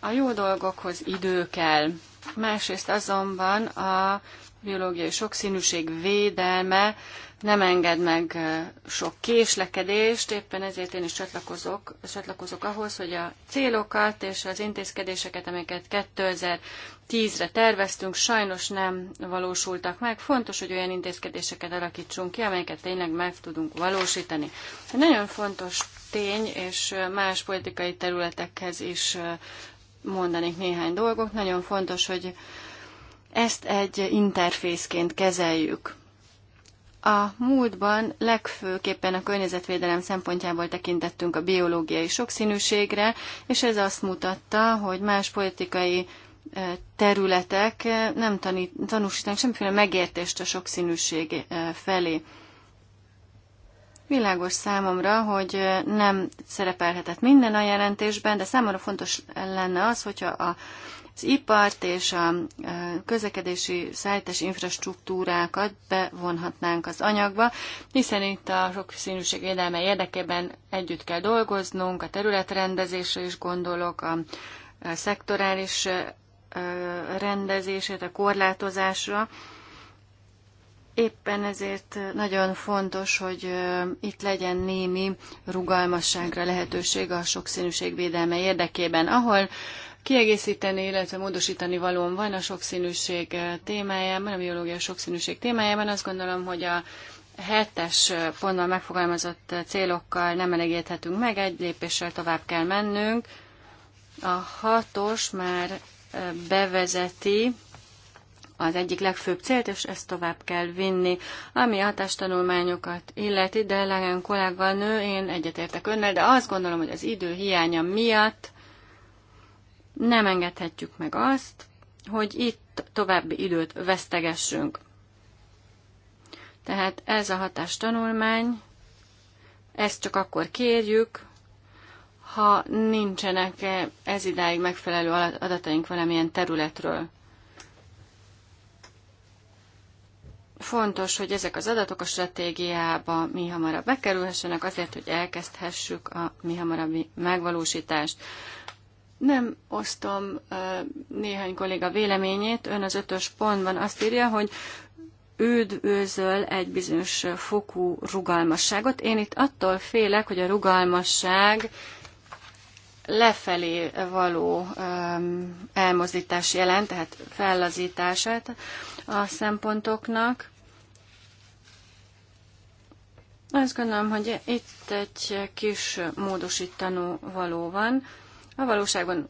A jó dolgokhoz idő kell. Másrészt azonban a biológiai sokszínűség védelme nem enged meg sok késlekedést, éppen ezért én is csatlakozok, csatlakozok ahhoz, hogy a célokat és az intézkedéseket, amiket 2010-re terveztünk, sajnos nem valósultak meg. Fontos, hogy olyan intézkedéseket alakítsunk ki, amelyeket tényleg meg tudunk valósítani. Egy nagyon fontos tény, és más politikai területekhez is mondanék néhány dolgot. Nagyon fontos, hogy ezt egy interfészként kezeljük. A múltban legfőképpen a környezetvédelem szempontjából tekintettünk a biológiai sokszínűségre, és ez azt mutatta, hogy más politikai e, területek e, nem tanít, tanúsítanak semmiféle megértést a sokszínűség e, felé. Világos számomra, hogy nem szerepelhetett minden a jelentésben, de számomra fontos lenne az, hogyha a az ipart és a közlekedési szállítás infrastruktúrákat bevonhatnánk az anyagba, hiszen itt a sokszínűség védelme érdekében együtt kell dolgoznunk, a területrendezésre is gondolok, a szektorális rendezését, a korlátozásra. Éppen ezért nagyon fontos, hogy itt legyen némi rugalmasságra lehetőség a sokszínűség védelme érdekében, ahol kiegészíteni, illetve módosítani valóan van a sokszínűség eh, témájában, a biológia sokszínűség témájában. Azt gondolom, hogy a hetes eh, pontban megfogalmazott eh, célokkal nem elégíthetünk meg, egy lépéssel tovább kell mennünk. A hatos már bevezeti az egyik legfőbb célt, és ezt tovább kell vinni. Ami hatástanulmányokat illeti, de Lagen nő, én egyetértek önnel, de azt gondolom, hogy az idő hiánya miatt nem engedhetjük meg azt, hogy itt további időt vesztegessünk. Tehát ez a hatástanulmány, ezt csak akkor kérjük, ha nincsenek -e ez idáig megfelelő adataink valamilyen területről. Fontos, hogy ezek az adatok a stratégiába mi hamarabb bekerülhessenek, azért, hogy elkezdhessük a mi hamarabbi megvalósítást. Nem osztom néhány kolléga véleményét. Ön az ötös pontban azt írja, hogy üdvözöl egy bizonyos fokú rugalmasságot. Én itt attól félek, hogy a rugalmasság lefelé való elmozdítás jelent, tehát fellazítását a szempontoknak. Azt gondolom, hogy itt egy kis módosítanó való van. A valóságban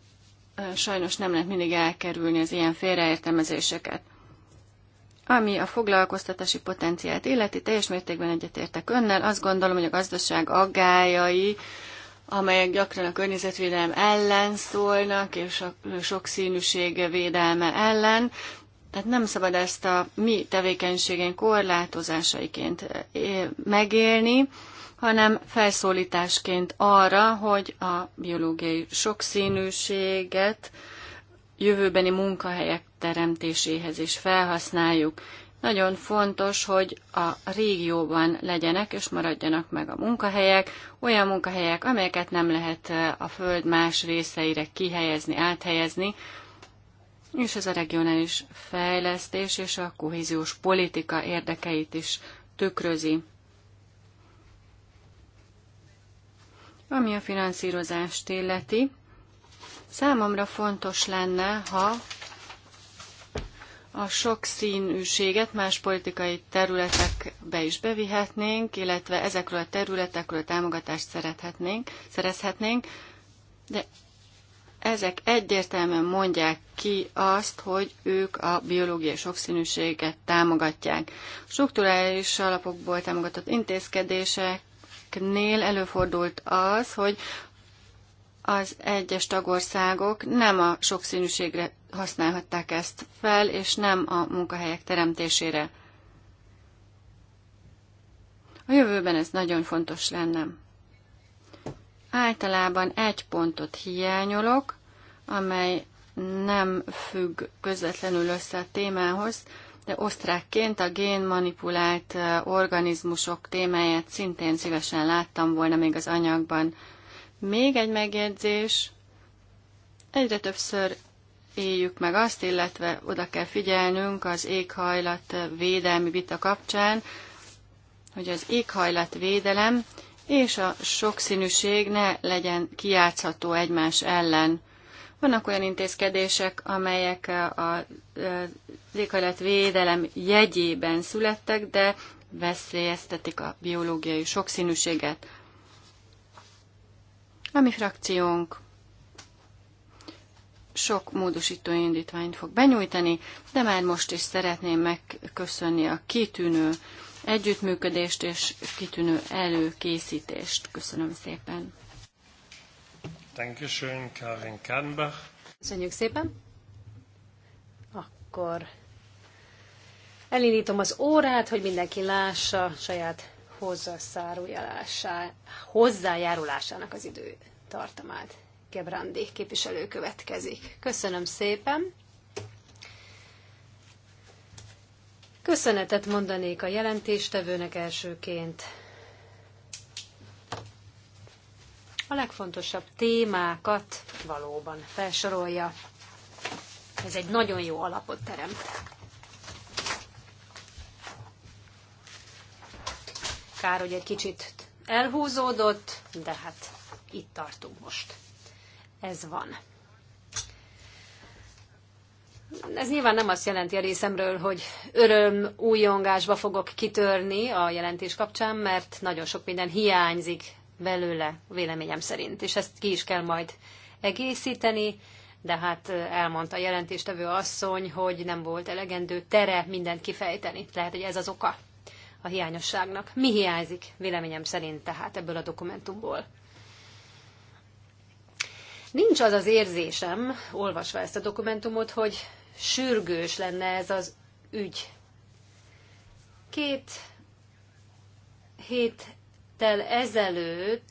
sajnos nem lehet mindig elkerülni az ilyen félreértelmezéseket. Ami a foglalkoztatási potenciált illeti, teljes mértékben egyetértek önnel. Azt gondolom, hogy a gazdaság aggájai, amelyek gyakran a környezetvédelem ellen szólnak, és a sokszínűség védelme ellen, tehát nem szabad ezt a mi tevékenységén korlátozásaiként megélni hanem felszólításként arra, hogy a biológiai sokszínűséget jövőbeni munkahelyek teremtéséhez is felhasználjuk. Nagyon fontos, hogy a régióban legyenek és maradjanak meg a munkahelyek, olyan munkahelyek, amelyeket nem lehet a föld más részeire kihelyezni, áthelyezni, és ez a regionális fejlesztés és a kohéziós politika érdekeit is tükrözi. Ami a finanszírozást illeti, számomra fontos lenne, ha a sokszínűséget más politikai területekbe is bevihetnénk, illetve ezekről a területekről támogatást szerethetnénk, szerezhetnénk, de ezek egyértelműen mondják ki azt, hogy ők a biológiai sokszínűséget támogatják. Strukturális alapokból támogatott intézkedések projekteknél előfordult az, hogy az egyes tagországok nem a sokszínűségre használhatták ezt fel, és nem a munkahelyek teremtésére. A jövőben ez nagyon fontos lenne. Általában egy pontot hiányolok, amely nem függ közvetlenül össze a témához, de osztrákként a génmanipulált organizmusok témáját szintén szívesen láttam volna még az anyagban. Még egy megjegyzés, egyre többször éljük meg azt, illetve oda kell figyelnünk az éghajlat védelmi vita kapcsán, hogy az éghajlat védelem és a sokszínűség ne legyen kiátszható egymás ellen. Vannak olyan intézkedések, amelyek az védelem jegyében születtek, de veszélyeztetik a biológiai sokszínűséget. A mi frakciónk sok módosító indítványt fog benyújtani, de már most is szeretném megköszönni a kitűnő együttműködést és kitűnő előkészítést. Köszönöm szépen!
Dankeschön, Karin
Köszönjük
szépen. Akkor elindítom az órát, hogy mindenki lássa saját hozzájárulásának az időtartamát. Gebrandi képviselő következik. Köszönöm szépen. Köszönetet mondanék a jelentéstevőnek elsőként a legfontosabb témákat valóban felsorolja. Ez egy nagyon jó alapot teremt. Kár, hogy egy kicsit elhúzódott, de hát itt tartunk most. Ez van. Ez nyilván nem azt jelenti a részemről, hogy öröm újongásba fogok kitörni a jelentés kapcsán, mert nagyon sok minden hiányzik belőle, véleményem szerint. És ezt ki is kell majd egészíteni, de hát elmondta a jelentéstevő asszony, hogy nem volt elegendő tere mindent kifejteni. Lehet, hogy ez az oka a hiányosságnak. Mi hiányzik, véleményem szerint tehát ebből a dokumentumból? Nincs az az érzésem, olvasva ezt a dokumentumot, hogy sürgős lenne ez az ügy. Két hét héttel ezelőtt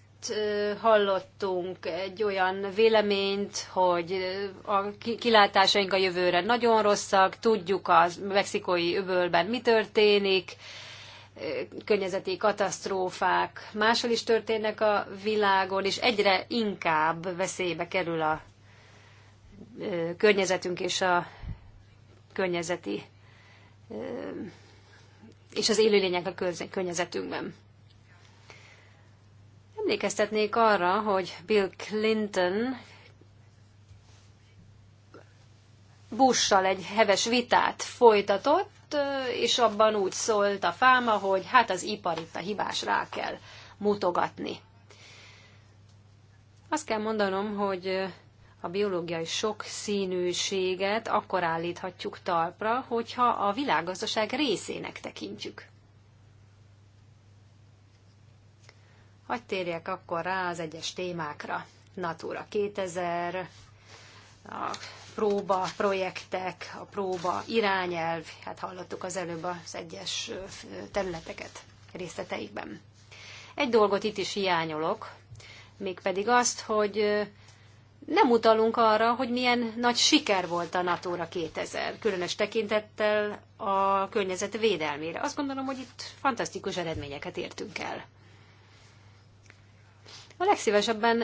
hallottunk egy olyan véleményt, hogy a kilátásaink a jövőre nagyon rosszak, tudjuk a mexikói öbölben mi történik, környezeti katasztrófák máshol is történnek a világon, és egyre inkább veszélybe kerül a környezetünk és a környezeti és az élőlények a környezetünkben. Emlékeztetnék arra, hogy Bill Clinton Bussal egy heves vitát folytatott, és abban úgy szólt a fáma, hogy hát az ipar itt a hibás rá kell mutogatni. Azt kell mondanom, hogy a biológiai sok színűséget akkor állíthatjuk talpra, hogyha a világgazdaság részének tekintjük. Hogy térjek akkor rá az egyes témákra. Natura 2000, a próba projektek, a próba irányelv, hát hallottuk az előbb az egyes területeket részleteikben. Egy dolgot itt is hiányolok, mégpedig azt, hogy nem utalunk arra, hogy milyen nagy siker volt a Natura 2000, különös tekintettel a környezet védelmére. Azt gondolom, hogy itt fantasztikus eredményeket értünk el. A legszívesebben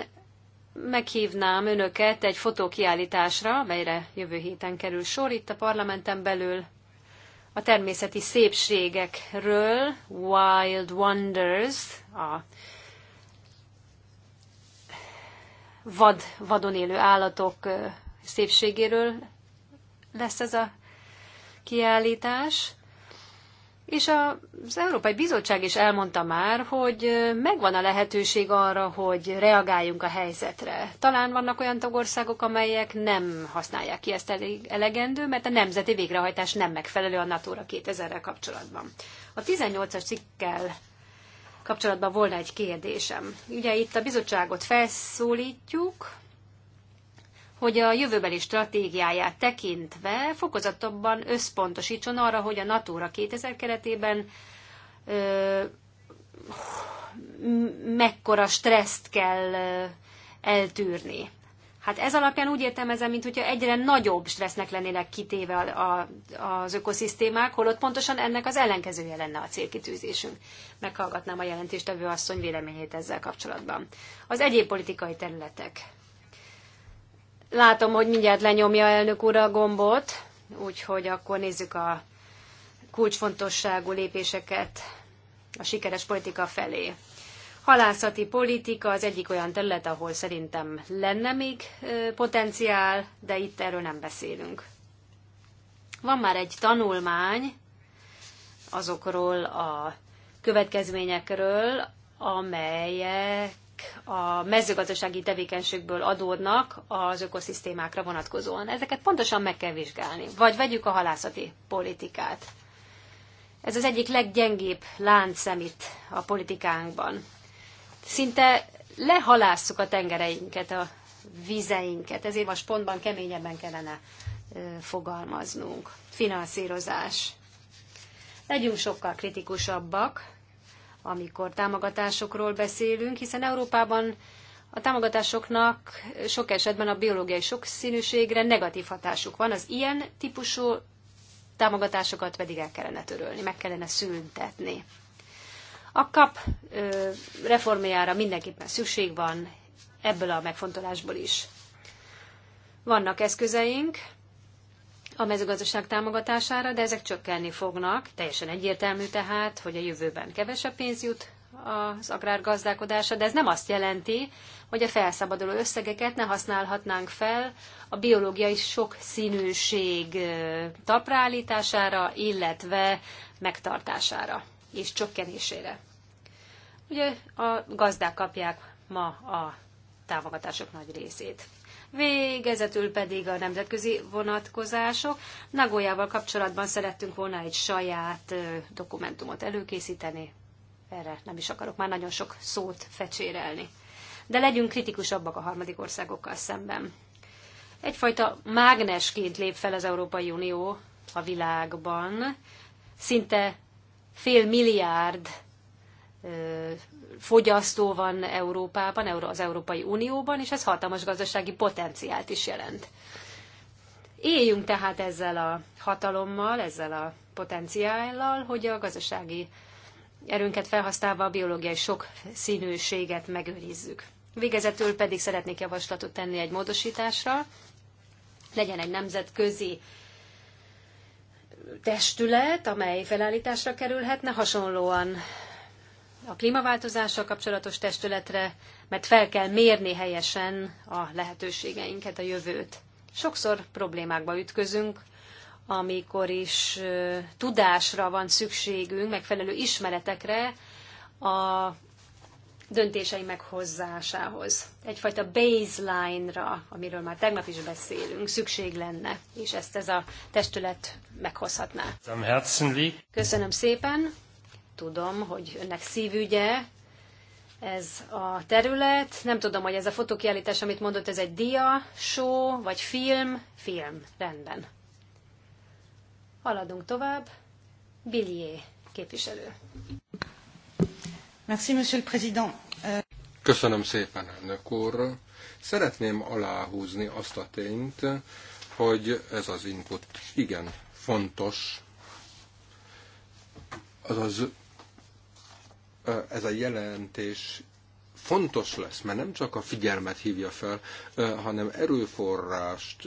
meghívnám önöket egy fotókiállításra, melyre jövő héten kerül sor itt a parlamenten belül, a természeti szépségekről, Wild Wonders, a vad, vadon élő állatok szépségéről lesz ez a kiállítás. És az Európai Bizottság is elmondta már, hogy megvan a lehetőség arra, hogy reagáljunk a helyzetre. Talán vannak olyan tagországok, amelyek nem használják ki ezt elég elegendő, mert a nemzeti végrehajtás nem megfelelő a Natura 2000-rel kapcsolatban. A 18-as cikkel kapcsolatban volna egy kérdésem. Ugye itt a bizottságot felszólítjuk, hogy a jövőbeli stratégiáját tekintve fokozatabban összpontosítson arra, hogy a Natura 2000 keretében ö, mekkora stresszt kell eltűrni. Hát ez alapján úgy értelmezem, mint hogyha egyre nagyobb stressznek lennének kitéve a, a, az ökoszisztémák, holott pontosan ennek az ellenkezője lenne a célkitűzésünk. Meghallgatnám a jelentéstevő asszony véleményét ezzel kapcsolatban. Az egyéb politikai területek. Látom, hogy mindjárt lenyomja elnök úr a gombot, úgyhogy akkor nézzük a kulcsfontosságú lépéseket a sikeres politika felé. Halászati politika az egyik olyan terület, ahol szerintem lenne még potenciál, de itt erről nem beszélünk. Van már egy tanulmány azokról a következményekről, amelyek a mezőgazdasági tevékenységből adódnak az ökoszisztémákra vonatkozóan. Ezeket pontosan meg kell vizsgálni. Vagy vegyük a halászati politikát. Ez az egyik leggyengébb láncszem itt a politikánkban. Szinte lehalásszuk a tengereinket, a vizeinket, ezért most pontban keményebben kellene fogalmaznunk. Finanszírozás. Legyünk sokkal kritikusabbak, amikor támogatásokról beszélünk, hiszen Európában a támogatásoknak sok esetben a biológiai sokszínűségre negatív hatásuk van, az ilyen típusú támogatásokat pedig el kellene törölni, meg kellene szüntetni. A kap reformjára mindenképpen szükség van, ebből a megfontolásból is. Vannak eszközeink, a mezőgazdaság támogatására, de ezek csökkenni fognak. Teljesen egyértelmű tehát, hogy a jövőben kevesebb pénz jut az agrárgazdálkodásra, de ez nem azt jelenti, hogy a felszabaduló összegeket ne használhatnánk fel a biológiai sok színűség taprálítására, illetve megtartására és csökkenésére. Ugye a gazdák kapják ma a támogatások nagy részét végezetül pedig a nemzetközi vonatkozások. Nagójával kapcsolatban szerettünk volna egy saját dokumentumot előkészíteni. Erre nem is akarok már nagyon sok szót fecsérelni. De legyünk kritikusabbak a harmadik országokkal szemben. Egyfajta mágnesként lép fel az Európai Unió a világban. Szinte fél milliárd fogyasztó van Európában, az Európai Unióban, és ez hatalmas gazdasági potenciált is jelent. Éljünk tehát ezzel a hatalommal, ezzel a potenciállal, hogy a gazdasági erőnket felhasználva a biológiai sok színűséget megőrizzük. Végezetül pedig szeretnék javaslatot tenni egy módosításra. Legyen egy nemzetközi testület, amely felállításra kerülhetne, hasonlóan a klímaváltozással kapcsolatos testületre, mert fel kell mérni helyesen a lehetőségeinket, a jövőt. Sokszor problémákba ütközünk, amikor is tudásra van szükségünk, megfelelő ismeretekre a döntései meghozásához. Egyfajta baseline-ra, amiről már tegnap is beszélünk, szükség lenne, és ezt ez a testület meghozhatná. Köszönöm szépen! tudom, hogy önnek szívügye ez a terület. Nem tudom, hogy ez a fotókiállítás, amit mondott, ez egy dia, show, vagy film. Film, rendben. Haladunk tovább. Billié képviselő. Merci, monsieur le président. Euh,
Köszönöm szépen, elnök úr. Szeretném aláhúzni azt a tényt, hogy ez az input igen fontos, azaz ez a jelentés fontos lesz, mert nem csak a figyelmet hívja fel, hanem erőforrást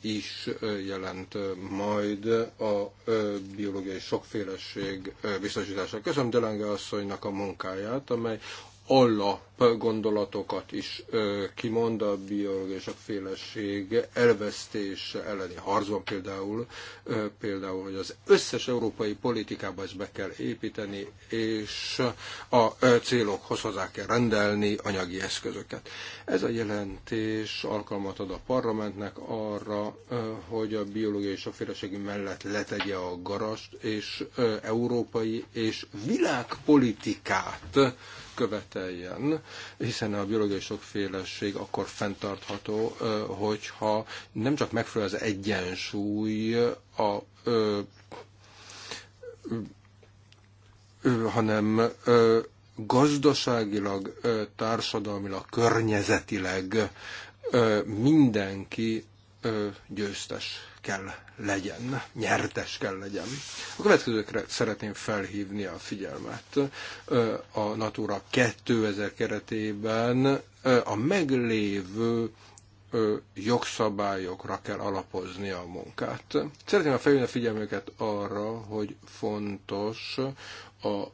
is jelent majd a biológiai sokféleség biztosítása. Köszönöm Delange asszonynak a munkáját, amely alap gondolatokat is kimond a biológia és a féleség elvesztése elleni harcban például, például, hogy az összes európai politikába ezt be kell építeni, és a célokhoz hozzá kell rendelni anyagi eszközöket. Ez a jelentés alkalmat ad a parlamentnek arra, hogy a biológia és a féleség mellett letegye a garast, és európai és világpolitikát követeljen, hiszen a biológiai sokféleség akkor fenntartható, hogyha nem csak megfelel az egyensúly a hanem gazdaságilag, társadalmilag, környezetileg mindenki győztes kell legyen, nyertes kell legyen. A következőkre szeretném felhívni a figyelmet. A Natura 2000 keretében a meglévő jogszabályokra kell alapozni a munkát. Szeretném felhívni a figyelmüket arra, hogy fontos a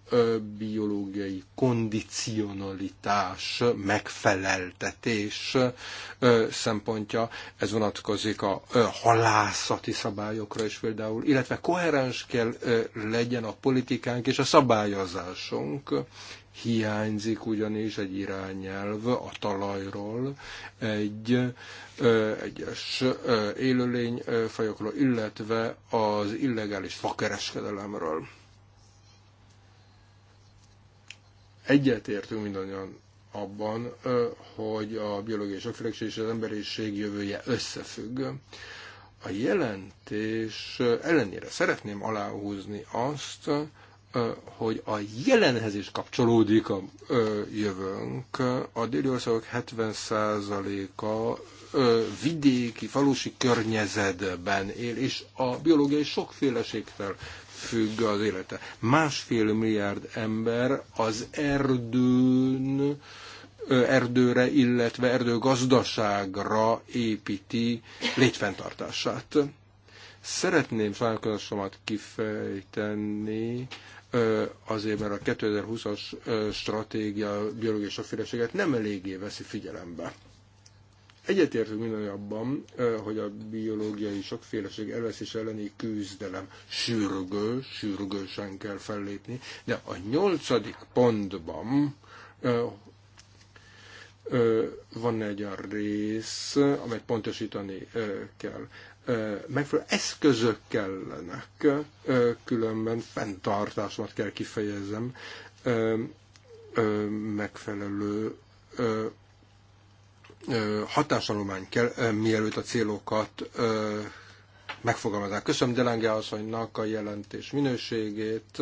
biológiai kondicionalitás, megfeleltetés szempontja, ez vonatkozik a halászati szabályokra is például, illetve koherens kell legyen a politikánk és a szabályozásunk, hiányzik ugyanis egy irányelv a talajról, egy ö, egyes élőlény fajokról, illetve az illegális fakereskedelemről Egyetértünk mindannyian abban, hogy a biológiai sokféleség és az emberiség jövője összefügg. A jelentés ellenére szeretném aláhúzni azt, hogy a jelenhez is kapcsolódik a jövőnk. A déli országok 70%-a vidéki, falusi környezetben él, és a biológiai sokféleségtől függ az élete. Másfél milliárd ember az erdőn, erdőre, illetve erdőgazdaságra építi létfenntartását. Szeretném sajnálkozásomat kifejteni, azért, mert a 2020-as stratégia biológiai sokféleséget nem eléggé veszi figyelembe. Egyetértünk minden abban, hogy a biológiai sokféleség elveszés elleni küzdelem sürgő, sürgősen kell fellépni, de a nyolcadik pontban van egy olyan rész, amit pontosítani kell. Megfelelő eszközök kellenek, különben fenntartásomat kell kifejezem, megfelelő hatásanulmány kell, mielőtt a célokat megfogalmazzák. Köszönöm Delange asszonynak a jelentés minőségét,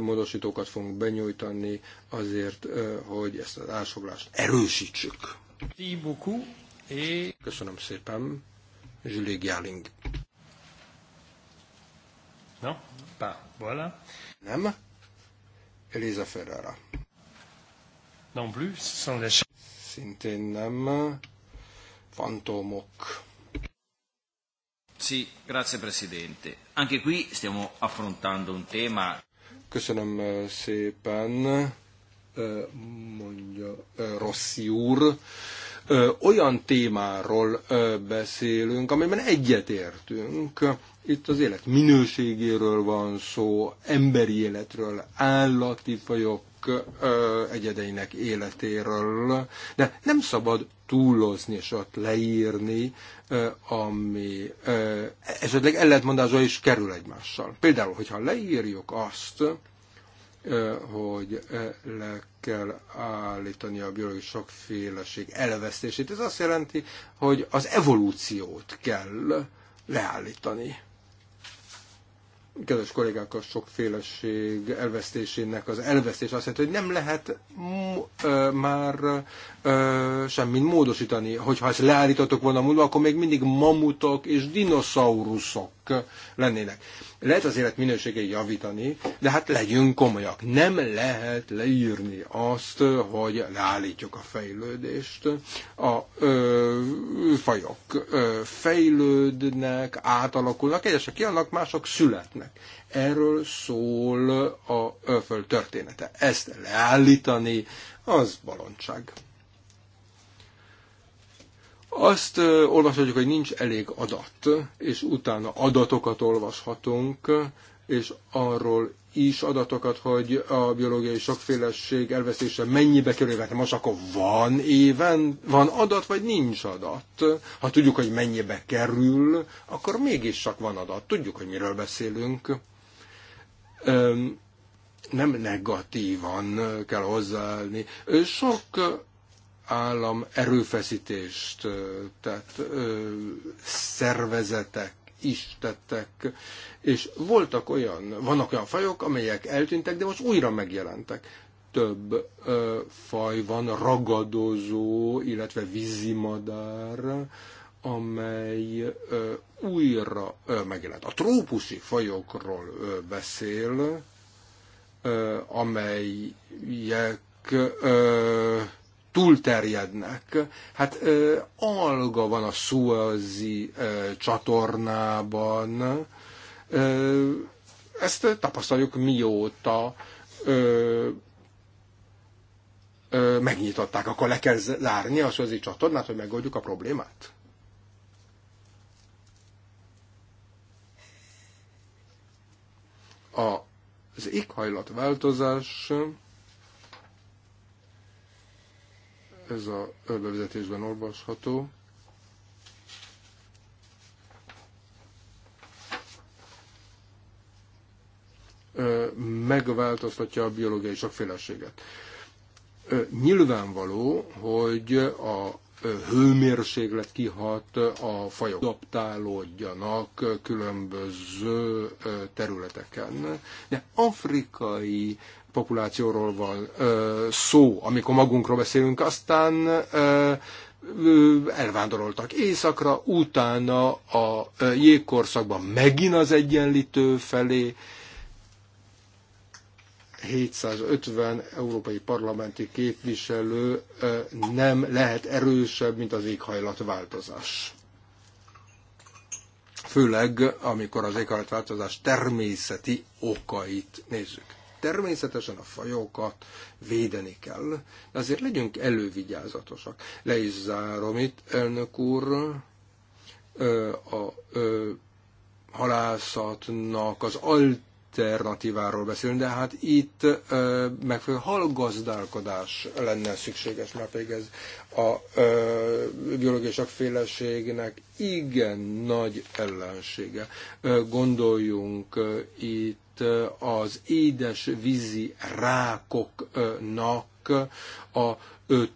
módosítókat fogunk benyújtani azért, hogy ezt az ásoglást erősítsük. Köszönöm szépen, Julie Gyaling. No, pá, voilà. Nem, Elisa Ferrara. Non plus, sans les. Szintén nem. Fantomok.
Sì, grazie Presidente. Anche qui stiamo affrontando un tema...
Köszönöm eh, szépen, eh, mondja eh, Rossi úr. Olyan témáról beszélünk, amiben egyetértünk. Itt az élet minőségéről van szó, emberi életről, állati fajok egyedeinek életéről, de nem szabad túlozni és ott leírni, ami esetleg ellentmondásra is kerül egymással. Például, hogyha leírjuk azt, hogy le kell állítani a biológiai sokféleség elvesztését. Ez azt jelenti, hogy az evolúciót kell leállítani kedves kollégák, a sokféleség elvesztésének az elvesztés azt jelenti, hogy nem lehet ö, már ö, semmit módosítani. Hogyha ezt leállítottuk volna múlva, akkor még mindig mamutok és dinoszauruszok lennének. Lehet az élet minőségét javítani, de hát legyünk komolyak. Nem lehet leírni azt, hogy leállítjuk a fejlődést. A ö, fajok ö, fejlődnek, átalakulnak, egyesek jönnek, mások születnek embernek. Erről szól a föld története. Ezt leállítani, az balondság. Azt olvashatjuk, hogy nincs elég adat, és utána adatokat olvashatunk, és arról is adatokat, hogy a biológiai sokféleség elvesztése mennyibe kerül mert Most akkor van éven, van adat, vagy nincs adat? Ha tudjuk, hogy mennyibe kerül, akkor mégis csak van adat. Tudjuk, hogy miről beszélünk. Öm, nem negatívan kell hozzáállni. Sok állam erőfeszítést, tehát ö, szervezetek is tettek. És voltak olyan, vannak olyan fajok, amelyek eltűntek, de most újra megjelentek. Több ö, faj van, ragadozó, illetve vízimadár, amely ö, újra ö, megjelent. A trópusi fajokról ö, beszél, ö, amelyek ö, túlterjednek. Hát ö, alga van a szuazi csatornában. Ö, ezt tapasztaljuk mióta ö, ö, megnyitották. Akkor le kell zárni a szuazi csatornát, hogy megoldjuk a problémát? A, az éghajlatváltozás változás Ez a bevezetésben olvasható. megváltoztatja a biológiai sokféleséget. Nyilvánvaló, hogy a hőmérséklet kihat a fajok, adaptálódjanak különböző területeken. De afrikai populációról van szó, amikor magunkról beszélünk, aztán elvándoroltak éjszakra, utána a jégkorszakban megint az egyenlítő felé, 750 európai parlamenti képviselő nem lehet erősebb, mint az éghajlatváltozás. Főleg, amikor az éghajlatváltozás természeti okait nézzük. Természetesen a fajokat védeni kell, de azért legyünk elővigyázatosak. Le is zárom itt, elnök úr, a halászatnak az alternatíváról beszélünk, de hát itt megfelelő halgazdálkodás lenne szükséges, mert pedig ez a biológiai sokféleségnek igen nagy ellensége. Gondoljunk itt az édes vízi rákoknak a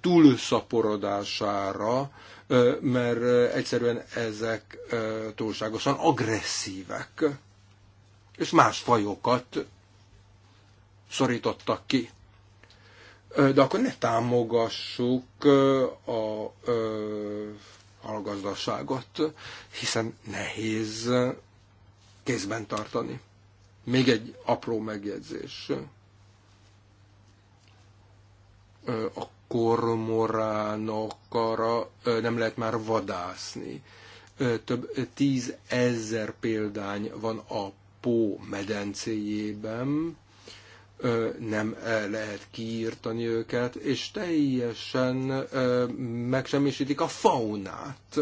túlszaporodására, mert egyszerűen ezek túlságosan agresszívek, és más fajokat szorítottak ki. De akkor ne támogassuk a hallgazdaságot, hiszen nehéz kézben tartani. Még egy apró megjegyzés. A kormoránokra nem lehet már vadászni. Több tízezer példány van a Pó medencéjében, nem lehet kiírtani őket, és teljesen megsemmisítik a faunát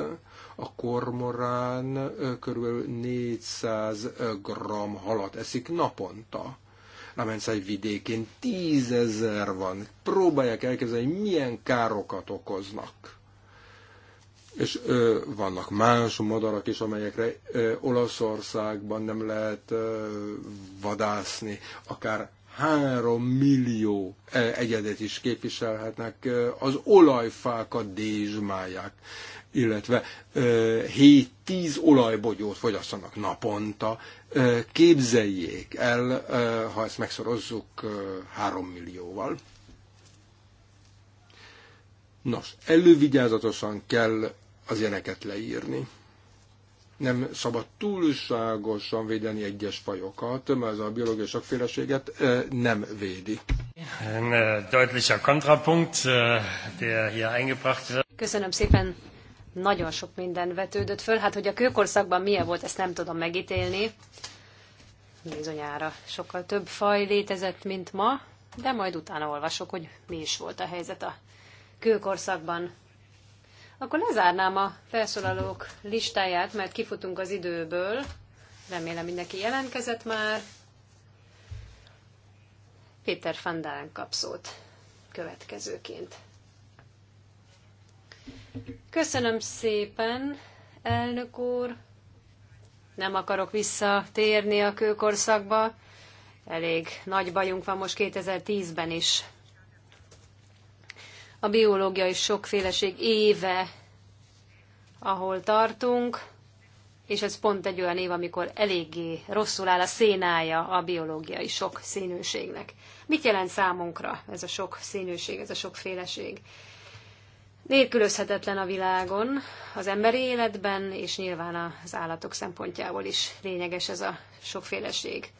a kormorán körülbelül 400 g halat eszik naponta. Lamencai vidékén tízezer van. Próbálják elképzelni, milyen károkat okoznak. És ö, vannak más madarak is, amelyekre ö, Olaszországban nem lehet ö, vadászni, akár három millió egyedet is képviselhetnek, az olajfákat dézsmálják illetve 7-10 olajbogyót fogyasztanak naponta. Képzeljék el, ha ezt megszorozzuk 3 millióval. Nos, elővigyázatosan kell az ilyeneket leírni. Nem szabad túlságosan védeni egyes fajokat, mert ez a biológiai sokféleséget nem védi.
Ein deutlicher Kontrapunkt, der hier eingebracht wird.
Köszönöm szépen nagyon sok minden vetődött föl. Hát, hogy a kőkorszakban milyen volt, ezt nem tudom megítélni. Bizonyára sokkal több faj létezett, mint ma, de majd utána olvasok, hogy mi is volt a helyzet a kőkorszakban. Akkor lezárnám a felszólalók listáját, mert kifutunk az időből. Remélem mindenki jelentkezett már. Péter Fandán kap szót következőként. Köszönöm szépen, elnök úr. Nem akarok visszatérni a kőkorszakba. Elég nagy bajunk van most 2010-ben is. A biológiai sokféleség éve, ahol tartunk, és ez pont egy olyan év, amikor eléggé rosszul áll a szénája a biológiai sok színűségnek. Mit jelent számunkra ez a sok színűség, ez a sokféleség? nélkülözhetetlen a világon, az emberi életben, és nyilván az állatok szempontjából is lényeges ez a sokféleség.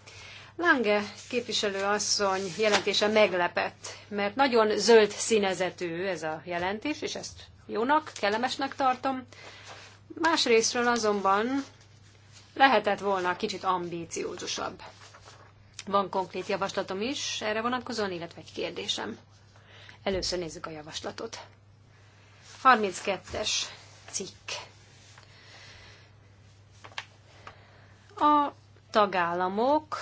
Lange képviselő asszony jelentése meglepett, mert nagyon zöld színezetű ez a jelentés, és ezt jónak, kellemesnek tartom. Másrésztről azonban lehetett volna kicsit ambíciózusabb. Van konkrét javaslatom is erre vonatkozóan, illetve egy kérdésem. Először nézzük a javaslatot. 32-es cikk. A tagállamok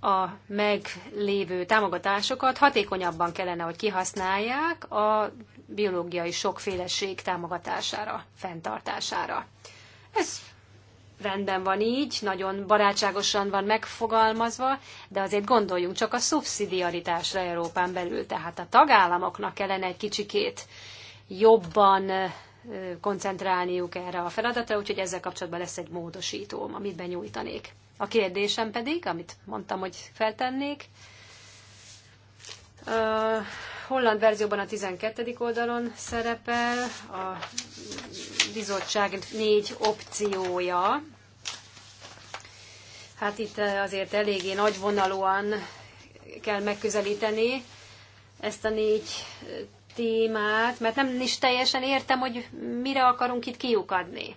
a meglévő támogatásokat hatékonyabban kellene, hogy kihasználják a biológiai sokféleség támogatására, fenntartására. Ez rendben van így, nagyon barátságosan van megfogalmazva, de azért gondoljunk csak a szubszidiaritásra Európán belül. Tehát a tagállamoknak kellene egy kicsikét jobban koncentrálniuk erre a feladatra, úgyhogy ezzel kapcsolatban lesz egy módosítóm, amit benyújtanék. A kérdésem pedig, amit mondtam, hogy feltennék, a holland verzióban a 12. oldalon szerepel a bizottság négy opciója. Hát itt azért eléggé nagyvonalúan kell megközelíteni ezt a négy témát, mert nem is teljesen értem, hogy mire akarunk itt kiukadni.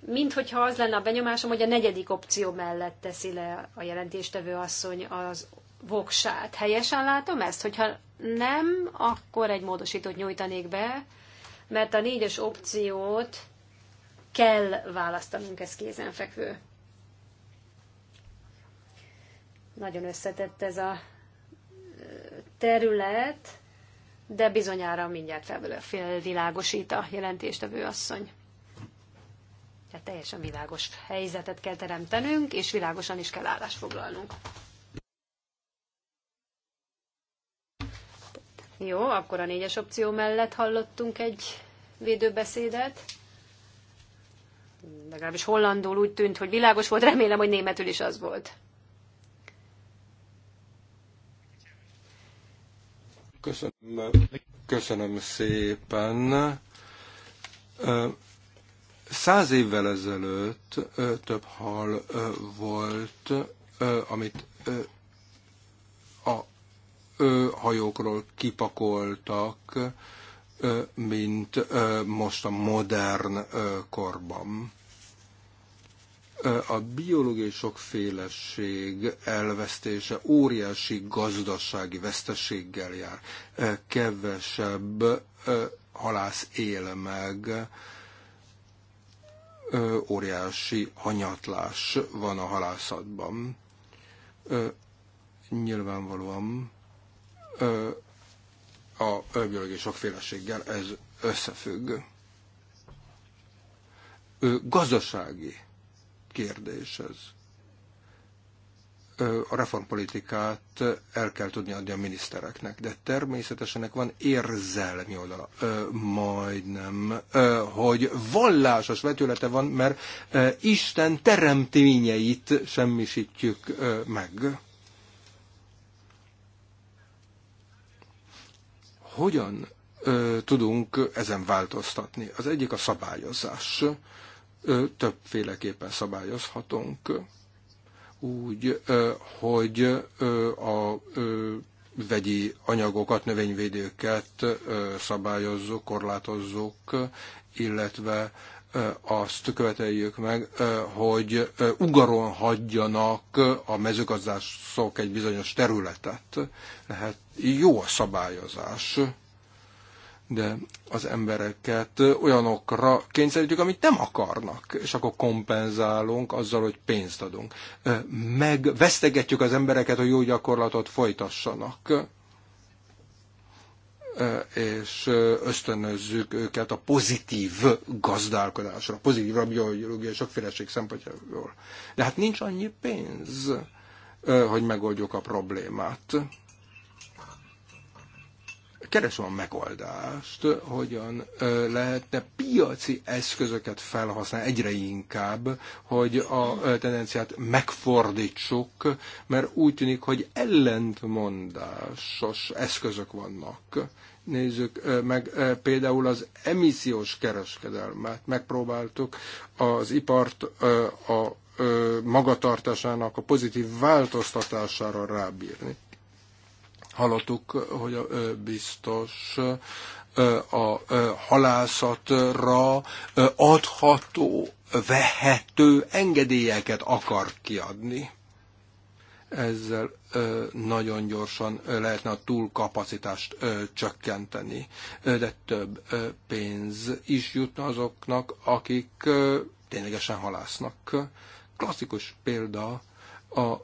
Mint hogyha az lenne a benyomásom, hogy a negyedik opció mellett teszi le a jelentéstevő asszony az voksát. Helyesen látom ezt? Hogyha nem, akkor egy módosítót nyújtanék be, mert a négyes opciót kell választanunk, ez kézenfekvő. Nagyon összetett ez a terület, de bizonyára mindjárt felvilágosít a a asszony. Tehát teljesen világos helyzetet kell teremtenünk, és világosan is kell állást foglalnunk. Jó, akkor a négyes opció mellett hallottunk egy védőbeszédet. Legalábbis hollandul úgy tűnt, hogy világos volt, remélem, hogy németül is az volt.
Köszönöm. Köszönöm szépen. Száz évvel ezelőtt több hal volt, amit a hajókról kipakoltak, mint most a modern korban. A biológiai sokféleség elvesztése óriási gazdasági veszteséggel jár. Kevesebb halász él meg, óriási hanyatlás van a halászatban. Nyilvánvalóan a biológiai sokféleséggel ez összefügg. Gazdasági Kérdés ez A reformpolitikát el kell tudni adni a minisztereknek, de természetesen van érzelmi oldala. Majdnem, hogy vallásos vetülete van, mert Isten teremtményeit semmisítjük meg. Hogyan ö, tudunk ezen változtatni. Az egyik a szabályozás többféleképpen szabályozhatunk, úgy, hogy a vegyi anyagokat, növényvédőket szabályozzuk, korlátozzuk, illetve azt követeljük meg, hogy ugaron hagyjanak a mezőgazdászok egy bizonyos területet. Lehet jó a szabályozás, de az embereket olyanokra kényszerítjük, amit nem akarnak, és akkor kompenzálunk azzal, hogy pénzt adunk. Megvesztegetjük az embereket, hogy jó gyakorlatot folytassanak, és ösztönözzük őket a pozitív gazdálkodásra, a pozitív rabiológiai sokféleség szempontjából. De hát nincs annyi pénz, hogy megoldjuk a problémát keresem a megoldást, hogyan lehetne piaci eszközöket felhasználni egyre inkább, hogy a tendenciát megfordítsuk, mert úgy tűnik, hogy ellentmondásos eszközök vannak. Nézzük meg például az emissziós kereskedelmet. Megpróbáltuk az ipart a magatartásának a pozitív változtatására rábírni Hallottuk, hogy a biztos a halászatra adható, vehető engedélyeket akar kiadni. Ezzel nagyon gyorsan lehetne a túlkapacitást csökkenteni, de több pénz is jutna azoknak, akik ténylegesen halásznak. Klasszikus példa a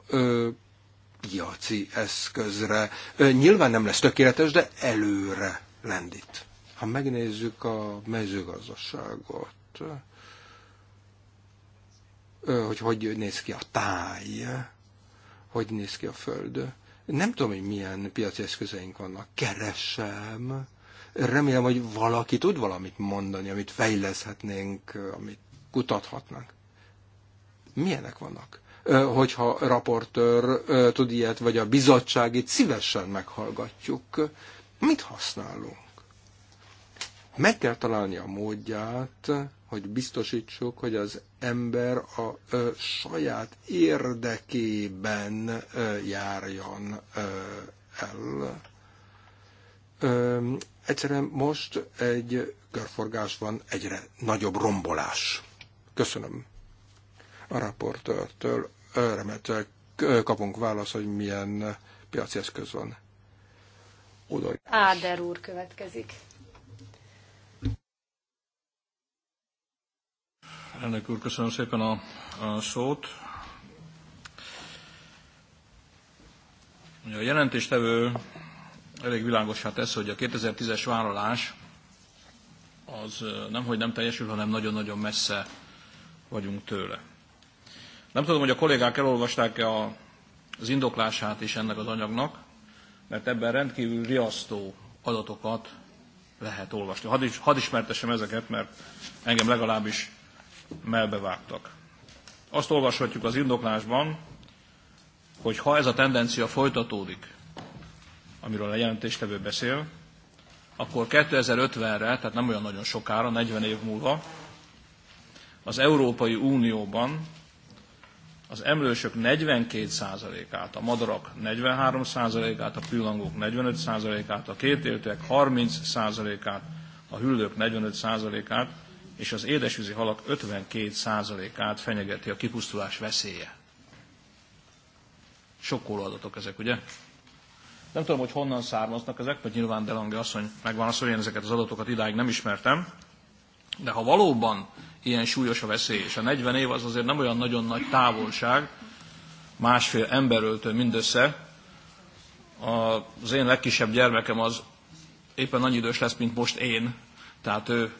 piaci eszközre. Nyilván nem lesz tökéletes, de előre lendít. Ha megnézzük a mezőgazdaságot, hogy hogy néz ki a táj, hogy néz ki a föld. Nem tudom, hogy milyen piaci eszközeink vannak. Keresem. Remélem, hogy valaki tud valamit mondani, amit fejleszhetnénk, amit kutathatnak. Milyenek vannak? hogyha raportőr tud ilyet, vagy a bizottságit szívesen meghallgatjuk. Mit használunk? Meg kell találni a módját, hogy biztosítsuk, hogy az ember a ö, saját érdekében ö, járjon ö, el. Ö, egyszerűen most egy körforgás van, egyre nagyobb rombolás. Köszönöm a raportőrtől remetőleg kapunk választ, hogy milyen piaci eszköz
van. Oda.
Áder úr következik.
Ennek úr, köszönöm szépen a, a szót. A jelentéstevő elég világosá tesz, hogy a 2010-es vállalás az nemhogy nem teljesül, hanem nagyon-nagyon messze vagyunk tőle. Nem tudom, hogy a kollégák elolvasták-e az indoklását is ennek az anyagnak, mert ebben rendkívül riasztó adatokat lehet olvasni. Hadd, is, hadd ismertessem ezeket, mert engem legalábbis melbevágtak. Azt olvashatjuk az indoklásban, hogy ha ez a tendencia folytatódik, amiről a jelentéstevő beszél, akkor 2050-re, tehát nem olyan nagyon sokára, 40 év múlva, az Európai Unióban az emlősök 42%-át, a madarak 43%-át, a pillangók 45%-át, a kétéltek 30%-át, a hüllők 45%-át és az édesvízi halak 52%-át fenyegeti a kipusztulás veszélye. Sokkoló adatok ezek, ugye? Nem tudom, hogy honnan származnak ezek, mert nyilván Delange asszony megválaszolja, én ezeket az adatokat idáig nem ismertem, de ha valóban ilyen súlyos a veszély. És a 40 év az azért nem olyan nagyon nagy távolság, másfél emberöltő mindössze. Az én legkisebb gyermekem az éppen annyi idős lesz, mint most én, tehát ő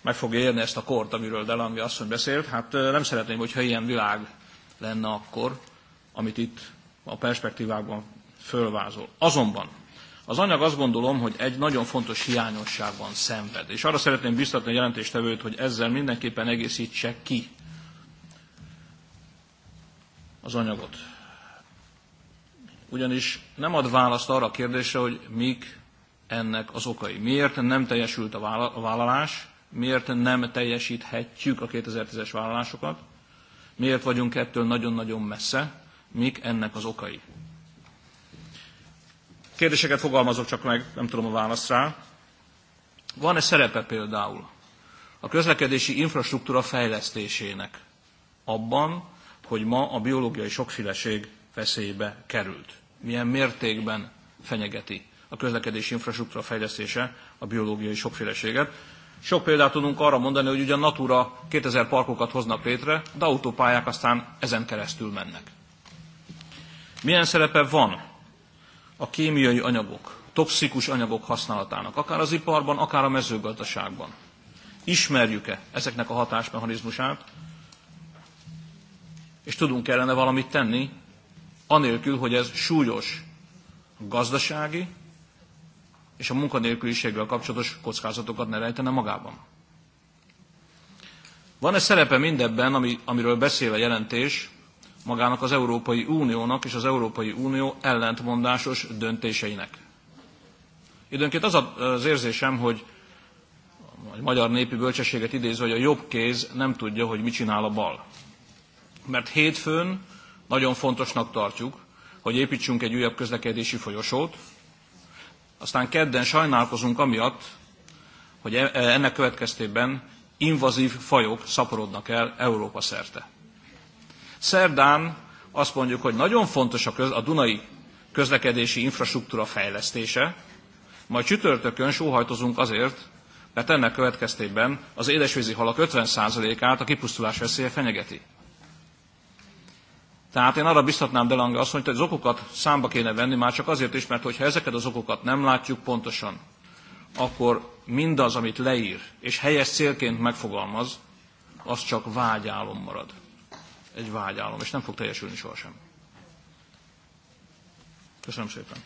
meg fogja érni ezt a kort, amiről Delangi asszony beszélt. Hát nem szeretném, hogyha ilyen világ lenne akkor, amit itt a perspektívákban fölvázol. Azonban az anyag azt gondolom, hogy egy nagyon fontos hiányosságban szenved. És arra szeretném biztatni a jelentéstevőt, hogy ezzel mindenképpen egészítse ki az anyagot. Ugyanis nem ad választ arra a kérdésre, hogy mik ennek az okai. Miért nem teljesült a vállalás, miért nem teljesíthetjük a 2010-es vállalásokat, miért vagyunk ettől nagyon-nagyon messze, mik ennek az okai. Kérdéseket fogalmazok csak meg, nem tudom a választ rá. Van-e szerepe például a közlekedési infrastruktúra fejlesztésének abban, hogy ma a biológiai sokféleség veszélybe került? Milyen mértékben fenyegeti a közlekedési infrastruktúra fejlesztése a biológiai sokféleséget? Sok példát tudunk arra mondani, hogy ugyan Natura 2000 parkokat hoznak létre, de autópályák aztán ezen keresztül mennek. Milyen szerepe van a kémiai anyagok, toxikus anyagok használatának, akár az iparban, akár a mezőgazdaságban. Ismerjük-e ezeknek a hatásmechanizmusát, és tudunk kellene valamit tenni, anélkül, hogy ez súlyos gazdasági és a munkanélküliséggel kapcsolatos kockázatokat ne rejtene magában. Van-e szerepe mindebben, ami, amiről beszél a jelentés, magának az Európai Uniónak és az Európai Unió ellentmondásos döntéseinek. Időnként az az érzésem, hogy a magyar népi bölcsességet idézve, hogy a jobb kéz nem tudja, hogy mit csinál a bal. Mert hétfőn nagyon fontosnak tartjuk, hogy építsünk egy újabb közlekedési folyosót, aztán kedden sajnálkozunk amiatt, hogy e, ennek következtében invazív fajok szaporodnak el Európa szerte. Szerdán azt mondjuk, hogy nagyon fontos a, köz, a Dunai közlekedési infrastruktúra fejlesztése, majd csütörtökön sóhajtozunk azért, mert ennek következtében az édesvízi halak 50%-át a kipusztulás veszélye fenyegeti. Tehát én arra biztatnám Delange azt, hogy az okokat számba kéne venni, már csak azért is, mert hogyha ezeket az okokat nem látjuk pontosan, akkor mindaz, amit leír és helyes célként megfogalmaz, az csak vágyálom marad egy vágyálom, és nem fog teljesülni sohasem. Köszönöm szépen.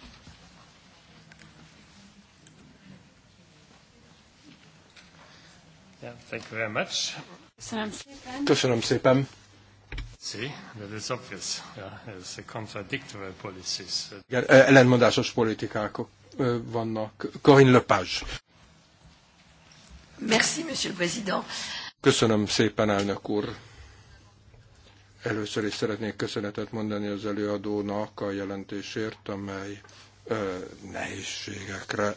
Yeah, thank you very much.
Köszönöm szépen. Köszönöm
szépen.
See, that is obvious. Yeah, it's a contradictory policies. Igen, e,
ellenmondásos politikák vannak. Corinne Lepage.
Merci, Monsieur le Président.
Köszönöm szépen, elnök úr. Először is szeretnék köszönetet mondani az előadónak a jelentésért, amely ö, nehézségekre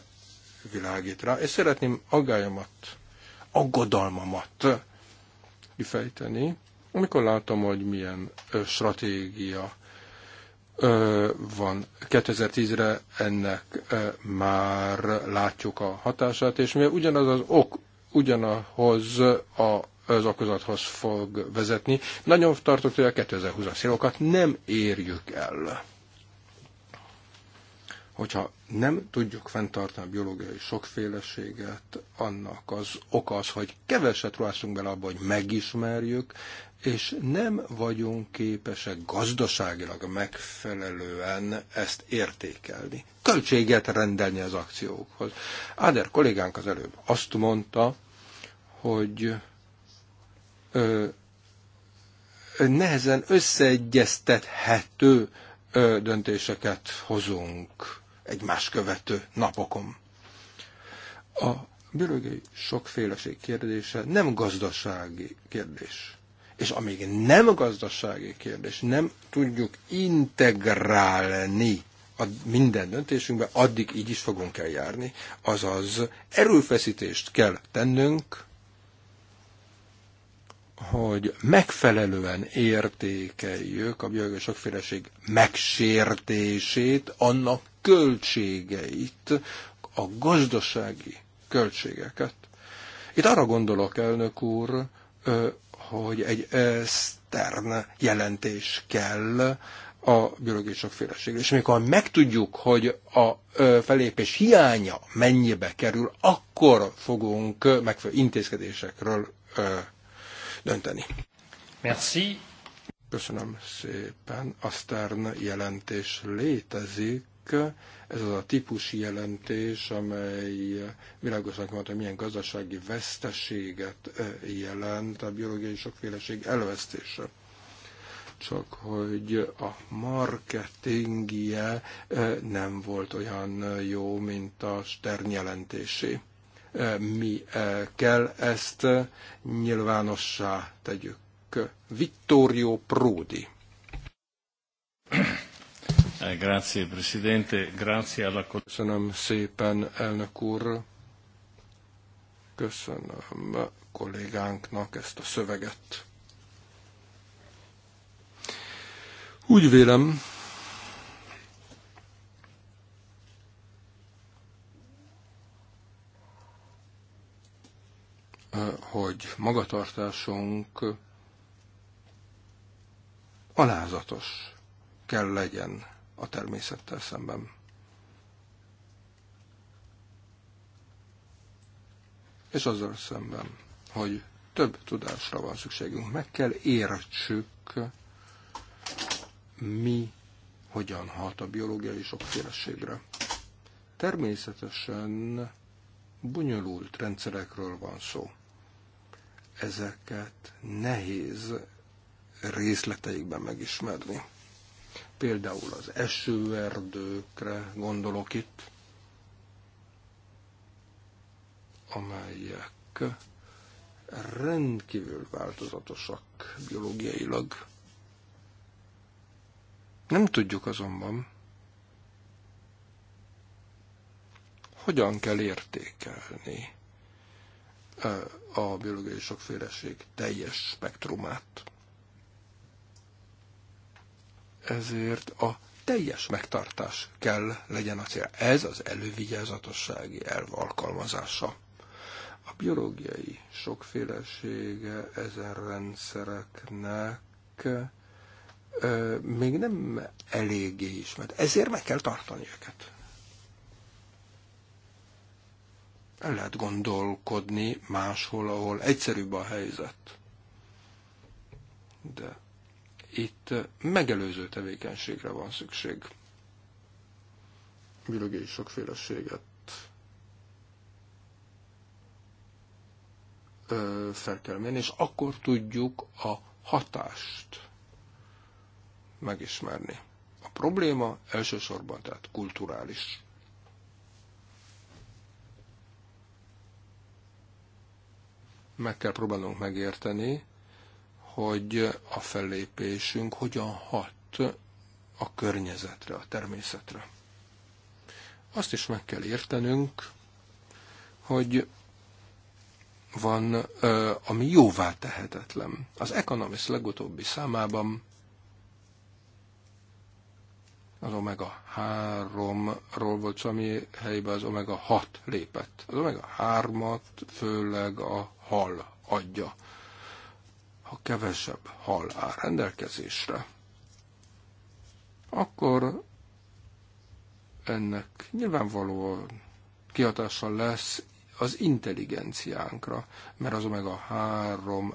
világít rá, és szeretném aggályomat, aggodalmamat kifejteni, amikor látom, hogy milyen ö, stratégia ö, van 2010-re, ennek ö, már látjuk a hatását, és mivel ugyanaz az ok ugyanahoz a az okozathoz fog vezetni. Nagyon tartok, hogy a 2020-as célokat nem érjük el. Hogyha nem tudjuk fenntartani a biológiai sokféleséget, annak az oka az, hogy keveset ruházunk bele abba, hogy megismerjük, és nem vagyunk képesek gazdaságilag megfelelően ezt értékelni. Költséget rendelni az akciókhoz. Áder kollégánk az előbb azt mondta, hogy nehezen összeegyeztethető döntéseket hozunk egymás követő napokon. A biológiai sokféleség kérdése nem gazdasági kérdés. És amíg nem gazdasági kérdés, nem tudjuk integrálni a minden döntésünkbe, addig így is fogunk eljárni. Azaz erőfeszítést kell tennünk hogy megfelelően értékeljük a biológiai sokféleség megsértését, annak költségeit, a gazdasági költségeket. Itt arra gondolok, elnök úr, hogy egy Stern jelentés kell a biológiai sokféleségre. És amikor megtudjuk, hogy a felépés hiánya mennyibe kerül, akkor fogunk megfelelő intézkedésekről dönteni. Merci. Köszönöm szépen. A Stern jelentés létezik. Ez az a típusi jelentés, amely világosan kimondta, milyen gazdasági veszteséget eh, jelent a biológiai sokféleség elvesztése csak hogy a marketingje eh, nem volt olyan jó, mint a Stern jelentésé. Eh, mi eh, kell ezt eh, nyilvánossá tegyük. Vittorio Prodi.
Grazie, Presidente. Grazie
alla... Köszönöm szépen, elnök úr. Köszönöm kollégánknak ezt a szöveget. Úgy vélem, hogy magatartásunk alázatos kell legyen a természettel szemben. És azzal szemben, hogy több tudásra van szükségünk. Meg kell értsük, mi hogyan hat a biológiai sokféleségre. Természetesen bonyolult rendszerekről van szó ezeket nehéz részleteikben megismerni. Például az esőerdőkre gondolok itt, amelyek rendkívül változatosak biológiailag. Nem tudjuk azonban, hogyan kell értékelni a biológiai sokféleség teljes spektrumát. Ezért a teljes megtartás kell legyen a cél. Ez az elővigyázatossági elv alkalmazása. A biológiai sokfélesége ezen rendszereknek ö, még nem eléggé ismert. Ezért meg kell tartani őket. El lehet gondolkodni máshol, ahol egyszerűbb a helyzet. De itt megelőző tevékenységre van szükség. Biológiai sokféleséget fel kell menni, és akkor tudjuk a hatást megismerni. A probléma elsősorban tehát kulturális meg kell próbálnunk megérteni, hogy a fellépésünk hogyan hat a környezetre, a természetre. Azt is meg kell értenünk, hogy van, ami jóvá tehetetlen. Az Economist legutóbbi számában az omega 3-ról volt szó, ami helyben az omega 6 lépett. Az omega 3-at főleg a hal adja. Ha kevesebb hal áll rendelkezésre, akkor ennek nyilvánvalóan kihatása lesz az intelligenciánkra, mert az omega-3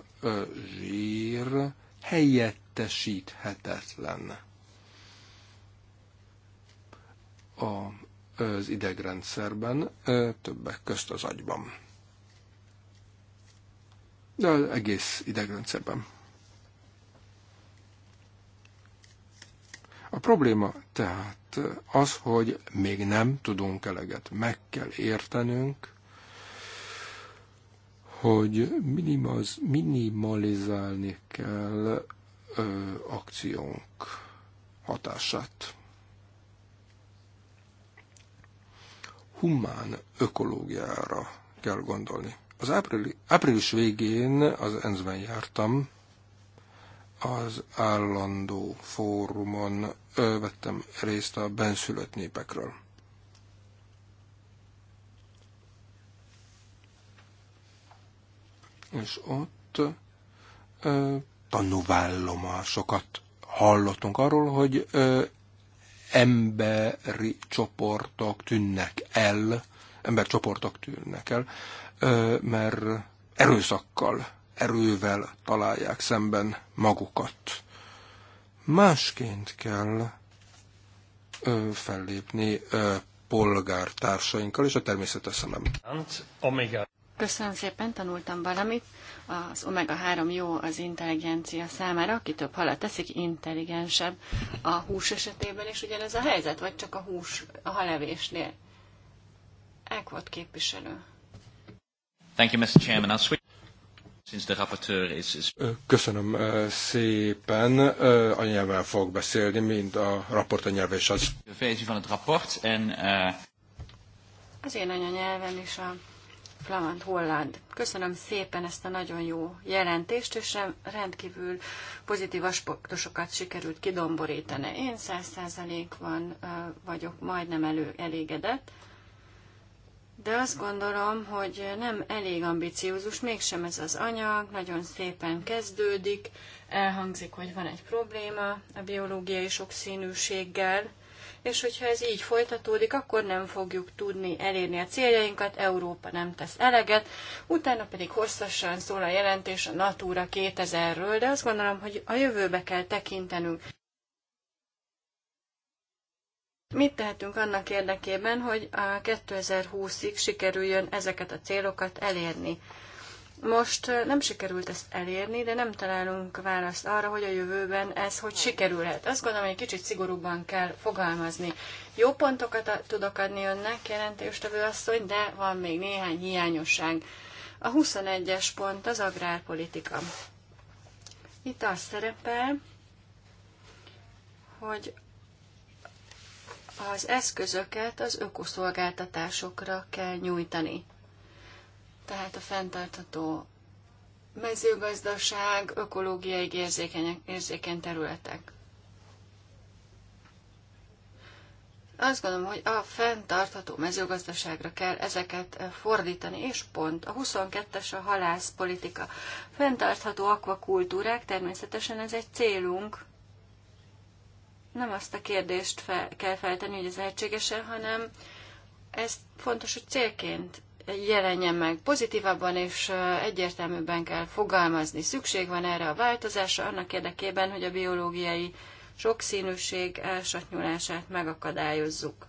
zsír helyettesíthetetlen. a, az idegrendszerben, többek közt az agyban. De az egész idegrendszerben. A probléma tehát az, hogy még nem tudunk eleget. Meg kell értenünk, hogy minimaz, minimalizálni kell ö, akciónk hatását. humán ökológiára kell gondolni. Az április, április végén az ENSZ-ben jártam, az állandó fórumon ö, vettem részt a benszülött népekről. És ott ö, tanúvállomásokat hallottunk arról, hogy ö, emberi csoportok tűnnek el, embercsoportok tűnnek el, mert erőszakkal, erővel találják szemben magukat. Másként kell fellépni polgártársainkkal és a természetes szemem.
Omega.
Köszönöm szépen, tanultam valamit. Az omega-3 jó az intelligencia számára, aki több halat teszik, intelligensebb a hús esetében, és ugyanez a helyzet, vagy csak a hús a halevésnél. Ek volt képviselő.
Thank you, Mr. Chairman. I'll switch.
Köszönöm szépen. A nyelven fog beszélni, mint a rapport a nyelv és az.
Az én anyanyelven is a Flamand Holland. Köszönöm szépen ezt a nagyon jó jelentést, és rendkívül pozitív aspektusokat sikerült kidomborítani. Én száz van, vagyok majdnem elő, elégedett, de azt gondolom, hogy nem elég ambiciózus, mégsem ez az anyag, nagyon szépen kezdődik, elhangzik, hogy van egy probléma a biológiai sokszínűséggel, és hogyha ez így folytatódik, akkor nem fogjuk tudni elérni a céljainkat, Európa nem tesz eleget, utána pedig hosszasan szól a jelentés a Natura 2000-ről, de azt gondolom, hogy a jövőbe kell tekintenünk. Mit tehetünk annak érdekében, hogy a 2020-ig sikerüljön ezeket a célokat elérni? Most nem sikerült ezt elérni, de nem találunk választ arra, hogy a jövőben ez hogy sikerülhet. Azt gondolom, hogy egy kicsit szigorúbban kell fogalmazni. Jó pontokat tudok adni önnek, jelentéstevő asszony, de van még néhány hiányosság. A 21-es pont az agrárpolitika. Itt az szerepel, hogy az eszközöket az ökoszolgáltatásokra kell nyújtani tehát a fenntartható mezőgazdaság, ökológiai érzékeny, területek. Azt gondolom, hogy a fenntartható mezőgazdaságra kell ezeket eh, fordítani, és pont a 22-es a halászpolitika. Fenntartható akvakultúrák, természetesen ez egy célunk. Nem azt a kérdést fel, kell feltenni, hogy ez lehetséges hanem ez fontos, hogy célként jelenjen meg pozitívabban és egyértelműbben kell fogalmazni. Szükség van erre a változásra annak érdekében, hogy a biológiai sokszínűség elsatnyulását megakadályozzuk.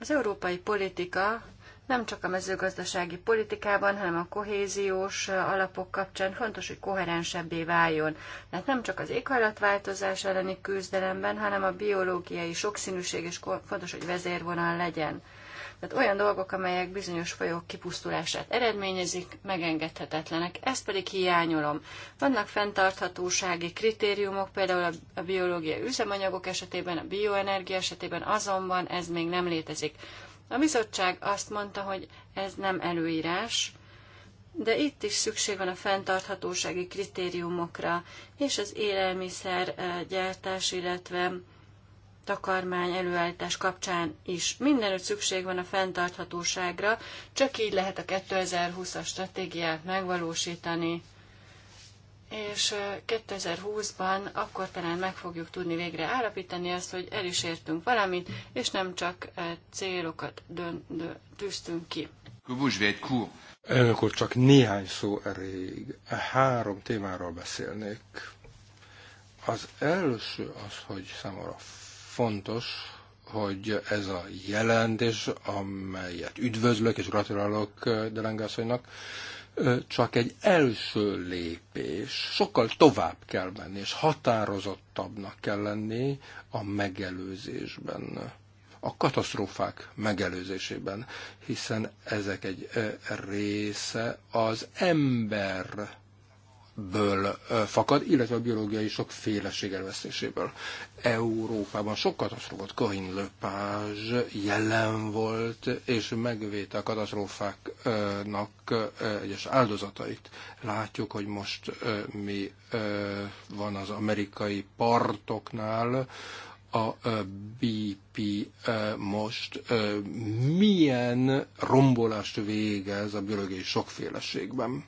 Az európai politika nem csak a mezőgazdasági politikában, hanem a kohéziós alapok kapcsán fontos, hogy koherensebbé váljon. Tehát nem csak az éghajlatváltozás elleni küzdelemben, hanem a biológiai sokszínűség is fontos, hogy vezérvonal legyen. Tehát olyan dolgok, amelyek bizonyos fajok kipusztulását eredményezik, megengedhetetlenek. Ezt pedig hiányolom. Vannak fenntarthatósági kritériumok, például a biológiai üzemanyagok esetében, a bioenergia esetében, azonban ez még nem létezik. A bizottság azt mondta, hogy ez nem előírás, de itt is szükség van a fenntarthatósági kritériumokra, és az élelmiszer eh, gyártás, illetve takarmány előállítás kapcsán is. Mindenütt szükség van a fenntarthatóságra, csak így lehet a 2020-as stratégiát megvalósítani. És 2020-ban akkor talán meg fogjuk tudni végre állapítani azt, hogy el is értünk valamit, és nem csak célokat tűztünk ki.
Elnök úr, csak néhány szó erég. Három témáról beszélnék. Az első az, hogy számomra Fontos, hogy ez a jelentés, amelyet üdvözlök és gratulálok Delengászonynak, csak egy első lépés, sokkal tovább kell menni, és határozottabbnak kell lenni a megelőzésben, a katasztrófák megelőzésében, hiszen ezek egy része az ember ből fakad, illetve a biológiai sokféleség elvesztéséből. Európában sok katasztrófot Cohen Lepage jelen volt, és megvéte a katasztrófáknak egyes áldozatait. Látjuk, hogy most mi van az amerikai partoknál, a BP most milyen rombolást végez a biológiai sokféleségben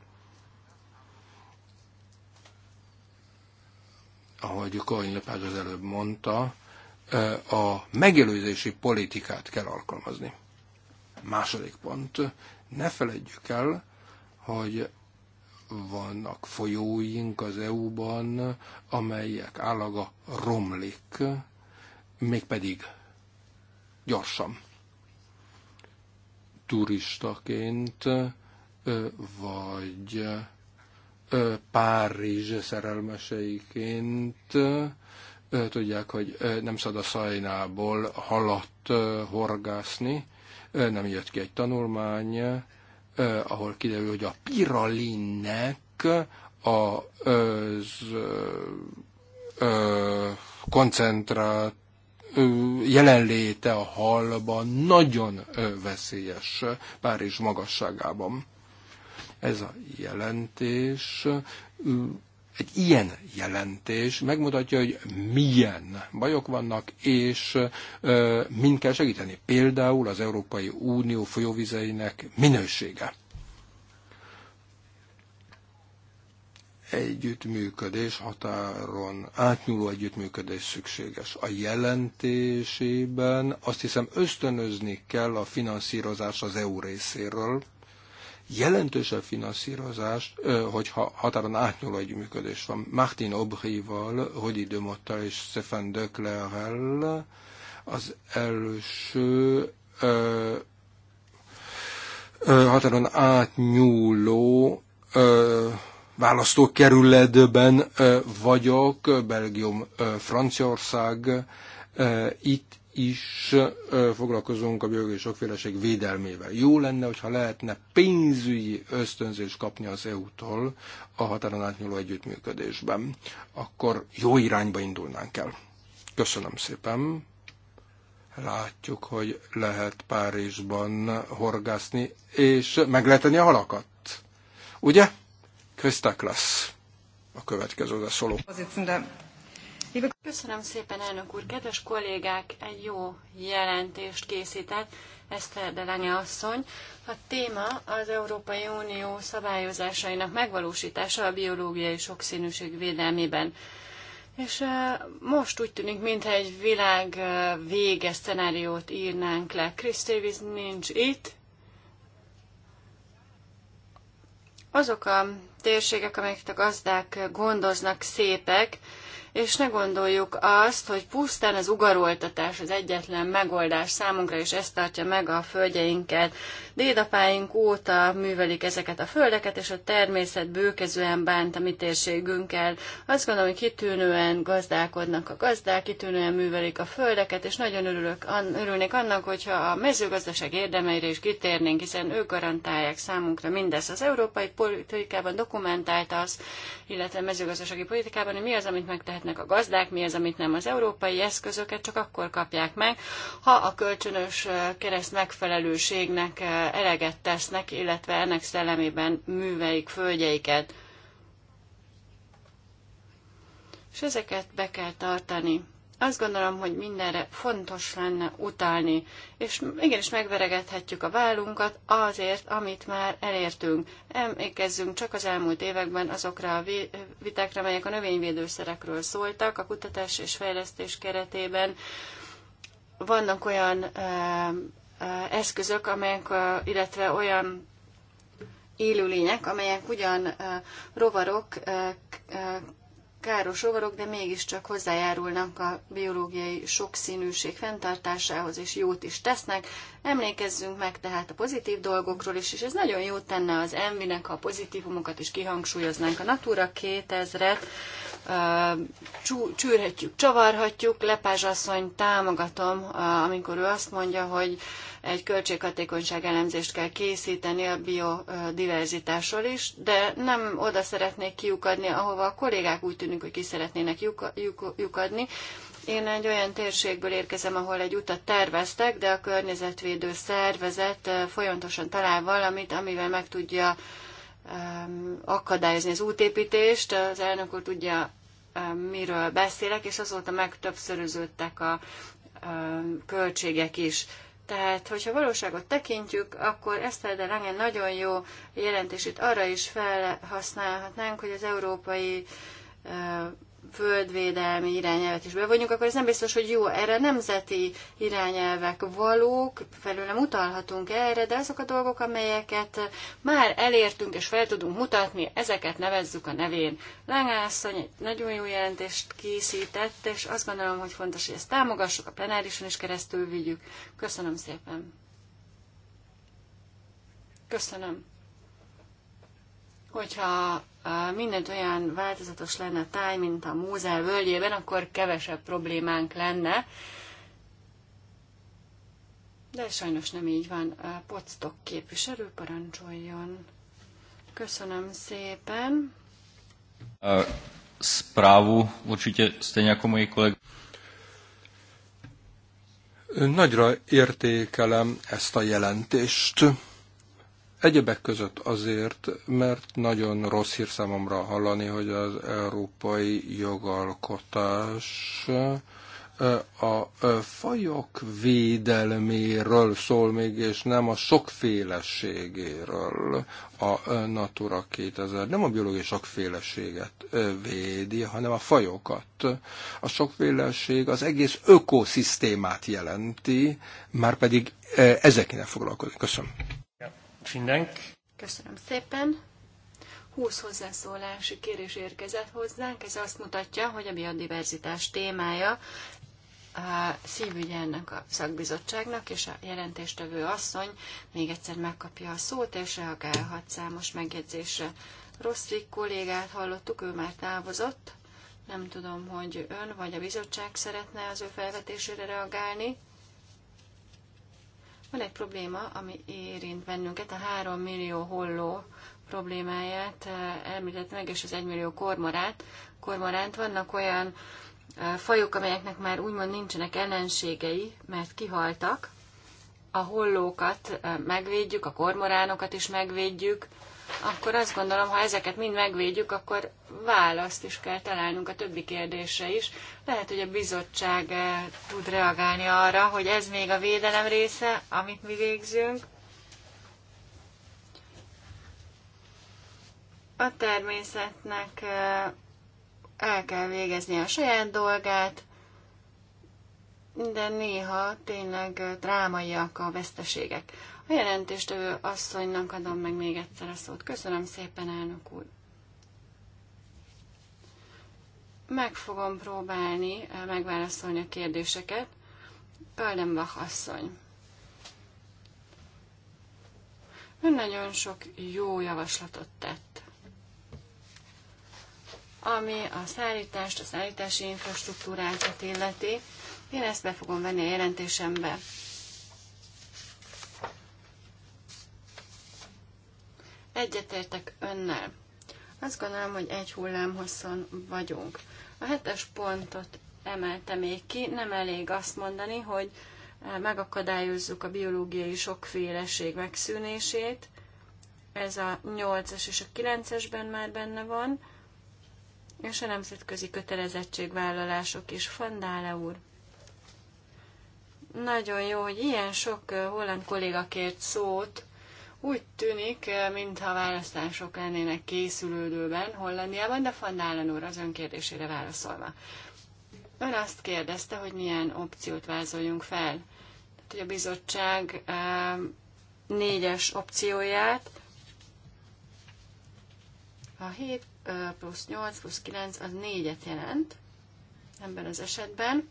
ahogy Koin Lepád az előbb mondta, a megelőzési politikát kell alkalmazni. Második pont, ne feledjük el, hogy vannak folyóink az EU-ban, amelyek állaga romlik, mégpedig gyorsan. Turistaként vagy Párizs szerelmeseiként tudják, hogy nem szabad a szajnából halat horgászni. Nem jött ki egy tanulmány, ahol kiderül, hogy a piralinnek a az, koncentrált jelenléte a halban nagyon veszélyes Párizs magasságában. Ez a jelentés, egy ilyen jelentés megmutatja, hogy milyen bajok vannak, és mind kell segíteni. Például az Európai Unió folyóvizeinek minősége. együttműködés, határon átnyúló együttműködés szükséges. A jelentésében azt hiszem ösztönözni kell a finanszírozás az EU részéről, jelentős a finanszírozás, hogyha határon átnyúló együttműködés van. Martin Aubrey-val, Hodi Dömottal és Stefan Döklerrel az első ö, ö, határon átnyúló ö, választókerületben vagyok, Belgium, Franciaország, itt is foglalkozunk a biológiai sokféleség védelmével. Jó lenne, hogyha lehetne pénzügyi ösztönzést kapni az EU-tól a határon átnyúló együttműködésben. Akkor jó irányba indulnánk el. Köszönöm szépen. Látjuk, hogy lehet Párizsban horgászni, és meglehetni a halakat. Ugye? Kösztak a következő szóló.
Köszönöm szépen, elnök úr. Kedves kollégák, egy jó jelentést készített Eszter Delange asszony. A téma az Európai Unió szabályozásainak megvalósítása a biológiai sokszínűség védelmében. És most úgy tűnik, mintha egy világ vége szenáriót írnánk le. Chris Davis nincs itt. Azok a térségek, amelyeket a gazdák gondoznak szépek, és ne gondoljuk azt, hogy pusztán az ugaroltatás az egyetlen megoldás számunkra, és ez tartja meg a földjeinket. Dédapáink óta művelik ezeket a földeket, és a természet bőkezően bánt a mi térségünkkel. Azt gondolom, hogy kitűnően gazdálkodnak a gazdák, kitűnően művelik a földeket, és nagyon örülök, an, örülnék annak, hogyha a mezőgazdaság érdemeire is kitérnénk, hiszen ők garantálják számunkra mindezt. Az európai politikában dokumentált az, illetve a mezőgazdasági politikában, hogy mi az, amit megtehetnek a gazdák, mi az, amit nem. Az európai eszközöket csak akkor kapják meg, ha a kölcsönös kereszt megfelelőségnek eleget tesznek, illetve ennek szellemében műveik, földjeiket. És ezeket be kell tartani. Azt gondolom, hogy mindenre fontos lenne utálni, és igenis megveregethetjük a vállunkat azért, amit már elértünk. Emlékezzünk csak az elmúlt években azokra a vitákra, melyek a növényvédőszerekről szóltak, a kutatás és fejlesztés keretében, vannak olyan eh, eszközök, amelyek, illetve olyan élőlények, amelyek ugyan rovarok, káros rovarok, de mégiscsak hozzájárulnak a biológiai sokszínűség fenntartásához, és jót is tesznek. Emlékezzünk meg tehát a pozitív dolgokról is, és ez nagyon jót tenne az envinek, ha a pozitívumokat is kihangsúlyoznánk. A Natura 2000-et csűrhetjük, csavarhatjuk. Lepázs asszony támogatom, amikor ő azt mondja, hogy egy költséghatékonyság elemzést kell készíteni a biodiverzitásról is, de nem oda szeretnék kiukadni, ahova a kollégák úgy tűnik, hogy ki szeretnének lyukadni. Én egy olyan térségből érkezem, ahol egy utat terveztek, de a környezetvédő szervezet folyamatosan talál valamit, amivel meg tudja Um, akadályozni az útépítést. Az elnök úr tudja, um, miről beszélek, és azóta megtöbbszöröződtek a um, költségek is. Tehát, hogyha valóságot tekintjük, akkor ezt de Langen nagyon jó jelentését arra is felhasználhatnánk, hogy az európai földvédelmi irányelvet is bevonjuk, akkor ez nem biztos, hogy jó. Erre nemzeti irányelvek valók, felőlem utalhatunk erre, de azok a dolgok, amelyeket már elértünk és fel tudunk mutatni, ezeket nevezzük a nevén. Lángászony egy nagyon jó jelentést készített, és azt gondolom, hogy fontos, hogy ezt támogassuk, a plenárison is keresztül vigyük. Köszönöm szépen. Köszönöm. Hogyha mindent olyan változatos lenne a táj, mint a Mózel völgyében, akkor kevesebb problémánk lenne. De sajnos nem így van. Podstok képviselő parancsoljon. Köszönöm szépen.
Správu určitě stejně jako moji koleg.
Nagyra értékelem ezt a jelentést Egyebek között azért, mert nagyon rossz hír számomra hallani, hogy az európai jogalkotás a fajok védelméről szól még, és nem a sokféleségéről a Natura 2000. Nem a biológiai sokféleséget védi, hanem a fajokat. A sokféleség az egész ökoszisztémát jelenti, már pedig ezekkel foglalkozik. Köszönöm.
Köszönöm szépen. 20 hozzászólási kérés érkezett hozzánk. Ez azt mutatja, hogy a biodiverzitás témája a szívügye ennek a szakbizottságnak, és a jelentéstevő asszony még egyszer megkapja a szót, és reagálhat számos megjegyzésre. Rosszvik kollégát hallottuk, ő már távozott. Nem tudom, hogy ön vagy a bizottság szeretne az ő felvetésére reagálni. Van egy probléma, ami érint bennünket, a 3 millió holló problémáját eh, említett meg, és az 1 millió kormorát. Kormoránt vannak olyan eh, fajok, amelyeknek már úgymond nincsenek ellenségei, mert kihaltak. A hollókat eh, megvédjük, a kormoránokat is megvédjük, akkor azt gondolom, ha ezeket mind megvédjük, akkor választ is kell találnunk a többi kérdésre is. Lehet, hogy a bizottság eh, tud reagálni arra, hogy ez még a védelem része, amit mi végzünk. A természetnek eh, el kell végezni a saját dolgát, de néha tényleg eh, drámaiak a veszteségek. A ő asszonynak adom meg még egyszer a szót. Köszönöm szépen, elnök úr. Meg fogom próbálni eh, megválaszolni a kérdéseket. Öldenbach asszony. Ön nagyon sok jó javaslatot tett, ami a szállítást, a szállítási infrastruktúrákat illeti. Én ezt be fogom venni a jelentésembe. Egyetértek önnel. Azt gondolom, hogy egy hullámhosszon vagyunk. A hetes pontot emelte még ki, nem elég azt mondani, hogy eh, megakadályozzuk a biológiai sokféleség megszűnését. Ez a 8-as és a 9-esben már benne van, és a nemzetközi kötelezettségvállalások is. Fandále úr! Nagyon jó, hogy ilyen sok eh, holland kolléga kért szót, úgy tűnik, eh, mintha választások lennének készülődőben Hollandiában, de Van Dálen úr az ön kérdésére válaszolva. Ön azt kérdezte, hogy milyen opciót vázoljunk fel. Tehát, hogy a bizottság eh, négyes opcióját, a 7 eh, plusz 8 plusz 9 az négyet jelent ebben az esetben.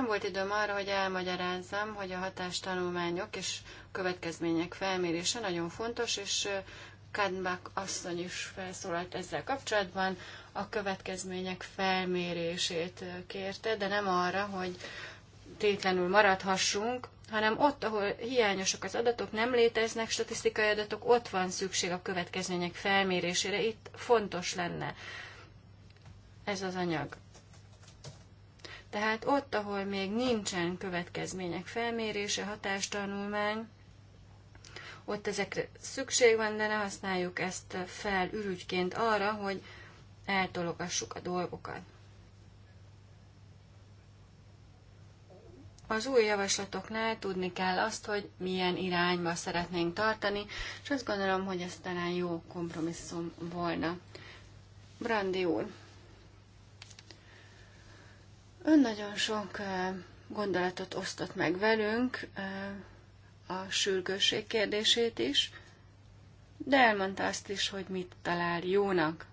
Nem volt időm arra, hogy elmagyarázzam, hogy a hatástanulmányok és következmények felmérése nagyon fontos, és Kadnbach asszony is felszólalt ezzel kapcsolatban, a következmények felmérését kérte, de nem arra, hogy tétlenül maradhassunk, hanem ott, ahol hiányosak az adatok, nem léteznek statisztikai adatok, ott van szükség a következmények felmérésére, itt fontos lenne ez az anyag. Tehát ott, ahol még nincsen következmények felmérése, hatástanulmány, ott ezekre szükség van, de ne használjuk ezt fel ürügyként arra, hogy eltologassuk a dolgokat. Az új javaslatoknál tudni kell azt, hogy milyen irányba szeretnénk tartani, és azt gondolom, hogy ez talán jó kompromisszum volna. Brandi úr! Ön nagyon sok gondolatot osztott meg velünk, a sürgősség kérdését is, de elmondta azt is, hogy mit talál jónak.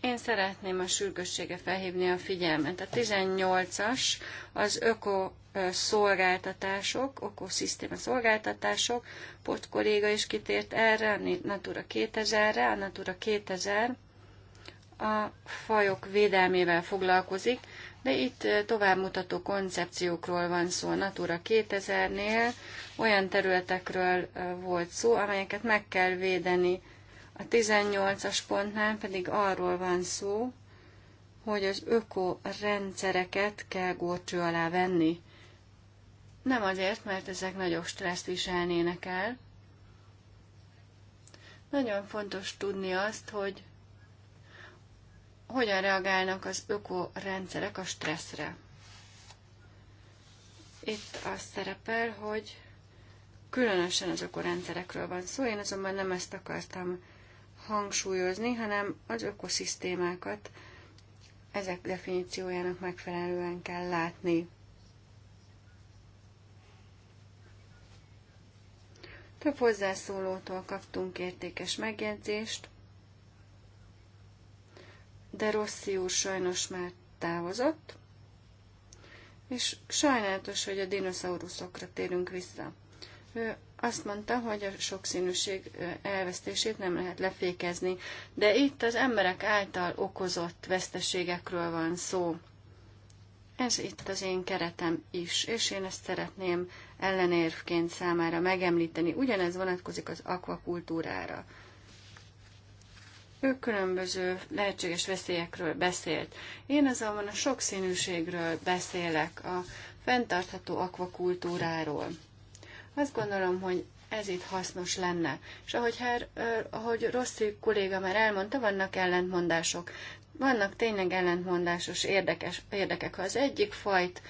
Én szeretném a sürgőssége felhívni a figyelmet. A 18-as az öko szolgáltatások, ökoszisztéma szolgáltatások, pot kolléga is kitért erre, a Natura 2000-re, a Natura 2000 a fajok védelmével foglalkozik, de itt eh, továbbmutató koncepciókról van szó. Natura 2000-nél olyan területekről eh, volt szó, amelyeket meg kell védeni. A 18-as pontnál pedig arról van szó, hogy az ökorendszereket kell górcső alá venni. Nem azért, mert ezek nagyobb stresszt viselnének el. Nagyon fontos tudni azt, hogy hogyan reagálnak az ökorendszerek a stresszre. Itt az szerepel, hogy különösen az ökorendszerekről van szó, én azonban nem ezt akartam hangsúlyozni, hanem az ökoszisztémákat ezek definíciójának megfelelően kell látni. Több hozzászólótól kaptunk értékes megjegyzést, de Rossi úr sajnos már távozott, és sajnálatos, hogy a dinoszauruszokra térünk vissza. Ő azt mondta, hogy a sokszínűség elvesztését nem lehet lefékezni, de itt az emberek által okozott veszteségekről van szó. Ez itt az én keretem is, és én ezt szeretném ellenérvként számára megemlíteni. Ugyanez vonatkozik az akvakultúrára. Ő különböző lehetséges veszélyekről beszélt. Én azonban a sokszínűségről beszélek, a fenntartható akvakultúráról. Azt gondolom, hogy ez itt hasznos lenne. És ahogy, her, ahogy Rossi kolléga már elmondta, vannak ellentmondások. Vannak tényleg ellentmondásos érdekes, érdekek. Ha az egyik fajt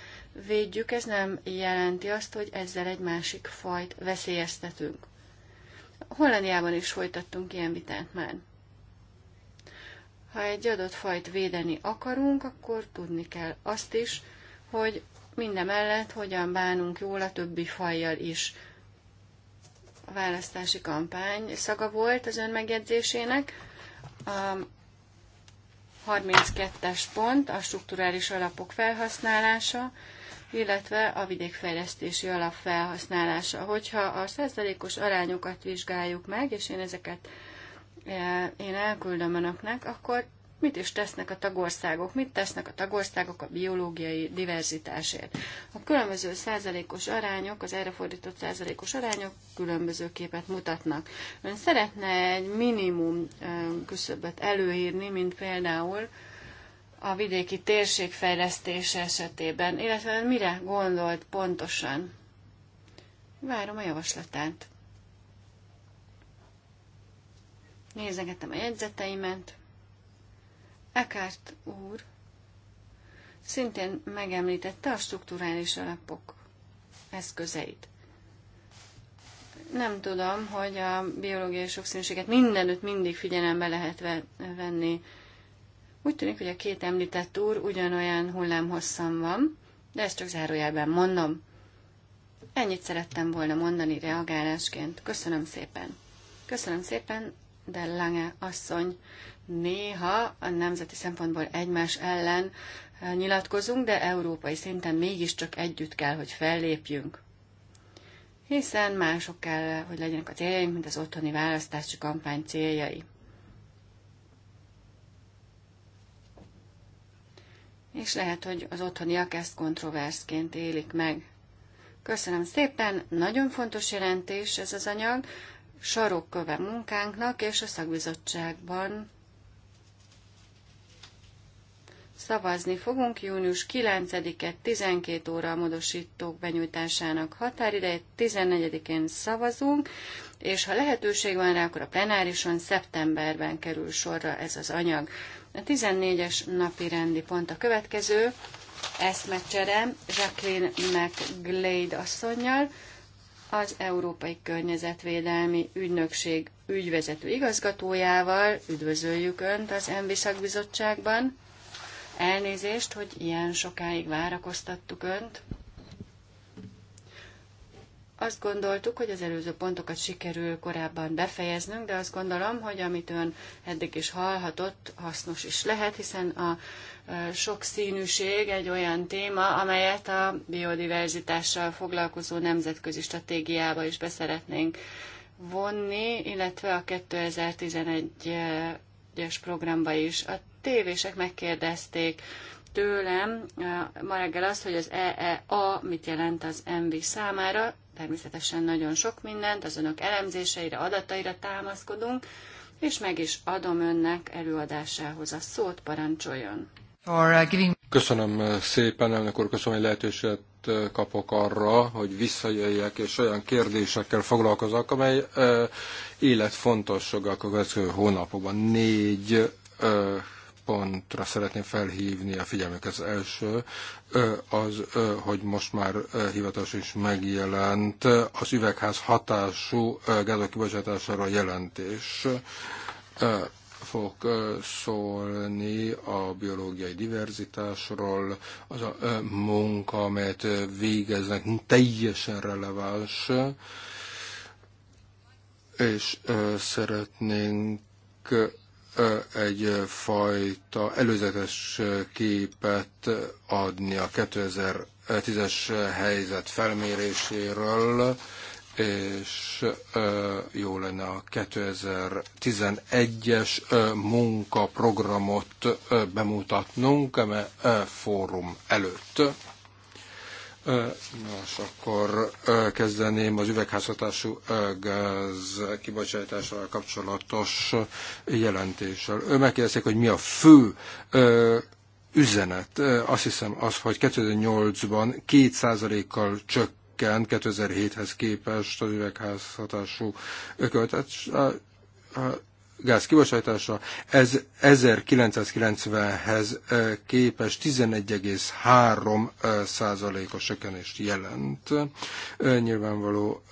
védjük, ez nem jelenti azt, hogy ezzel egy másik fajt veszélyeztetünk. Hollandiában is folytattunk ilyen vitát már. Ha egy adott fajt védeni akarunk, akkor tudni kell azt is, hogy mindemellett hogyan bánunk jól a többi fajjal is. A választási kampány szaga volt az ön megjegyzésének. A 32-es pont a strukturális alapok felhasználása, illetve a vidékfejlesztési alap felhasználása. Hogyha a százalékos arányokat vizsgáljuk meg, és én ezeket E, én elküldöm önöknek, akkor mit is tesznek a tagországok, mit tesznek a tagországok a biológiai diverzitásért. A különböző százalékos arányok, az erre fordított százalékos arányok különböző képet mutatnak. Ön szeretne egy minimum e, küszöbet előírni, mint például a vidéki térség fejlesztése esetében, illetve mire gondolt pontosan? Várom a javaslatát. nézegetem a jegyzeteimet. Ekárt úr szintén megemlítette a strukturális alapok eszközeit. Nem tudom, hogy a biológiai sokszínűséget mindenütt mindig figyelembe lehet venni. Úgy tűnik, hogy a két említett úr ugyanolyan hullámhosszan van, de ezt csak zárójelben mondom. Ennyit szerettem volna mondani reagálásként. Köszönöm szépen. Köszönöm szépen, de Lange asszony néha a nemzeti szempontból egymás ellen nyilatkozunk, de európai szinten mégiscsak együtt kell, hogy fellépjünk. Hiszen mások kell, hogy legyenek a céljaink, mint az otthoni választási kampány céljai. És lehet, hogy az otthoniak ezt kontroverszként élik meg. Köszönöm szépen, nagyon fontos jelentés ez az anyag sarokköve munkánknak, és a szakbizottságban szavazni fogunk június 9-et 12 óra a módosítók benyújtásának határidejét, 14-én szavazunk, és ha lehetőség van rá, akkor a plenárison szeptemberben kerül sorra ez az anyag. A 14-es napi rendi pont a következő, megcserem Jacqueline McGlade asszonynal, az Európai Környezetvédelmi Ügynökség ügyvezető igazgatójával. Üdvözöljük Önt az MV szakbizottságban. Elnézést, hogy ilyen sokáig várakoztattuk Önt. Azt gondoltuk, hogy az előző pontokat sikerül korábban befejeznünk, de azt gondolom, hogy amit ön eddig is hallhatott, hasznos is lehet, hiszen a színűség egy olyan téma, amelyet a biodiverzitással foglalkozó nemzetközi stratégiába is beszeretnénk vonni, illetve a 2011-es programba is. A tévések megkérdezték tőlem ma reggel azt, hogy az EEA mit jelent az MV számára. Természetesen nagyon sok mindent, az önök elemzéseire, adataira támaszkodunk, és meg is adom önnek előadásához a szót, parancsoljon.
Uh,
köszönöm uh, szépen, elnök úr, köszönöm, hogy lehetőséget uh, kapok arra, hogy visszajöjjek és olyan kérdésekkel foglalkozok, amely életfontosság a következő hónapokban négy ö, pontra szeretném felhívni a figyelmük. Az első az, hogy most már hivatalos is megjelent az üvegház hatású gázok kibocsátására jelentés fog szólni a biológiai diverzitásról, az a munka, amelyet végeznek, teljesen releváns, és szeretnénk egyfajta előzetes képet adni a 2010-es helyzet felméréséről, és jó lenne a 2011-es munkaprogramot bemutatnunk a fórum előtt. Nos, akkor kezdeném az üvegházhatású gáz kibocsátással kapcsolatos jelentéssel. Ő megkérdezték, hogy mi a fő üzenet. Azt hiszem az, hogy 2008-ban 2%-kal csökkent csökkent 2007-hez képest az üvegházhatású a gáz kibocsátása, ez 1990-hez képes 11,3 százalékos sökenést jelent. Nyilvánvaló,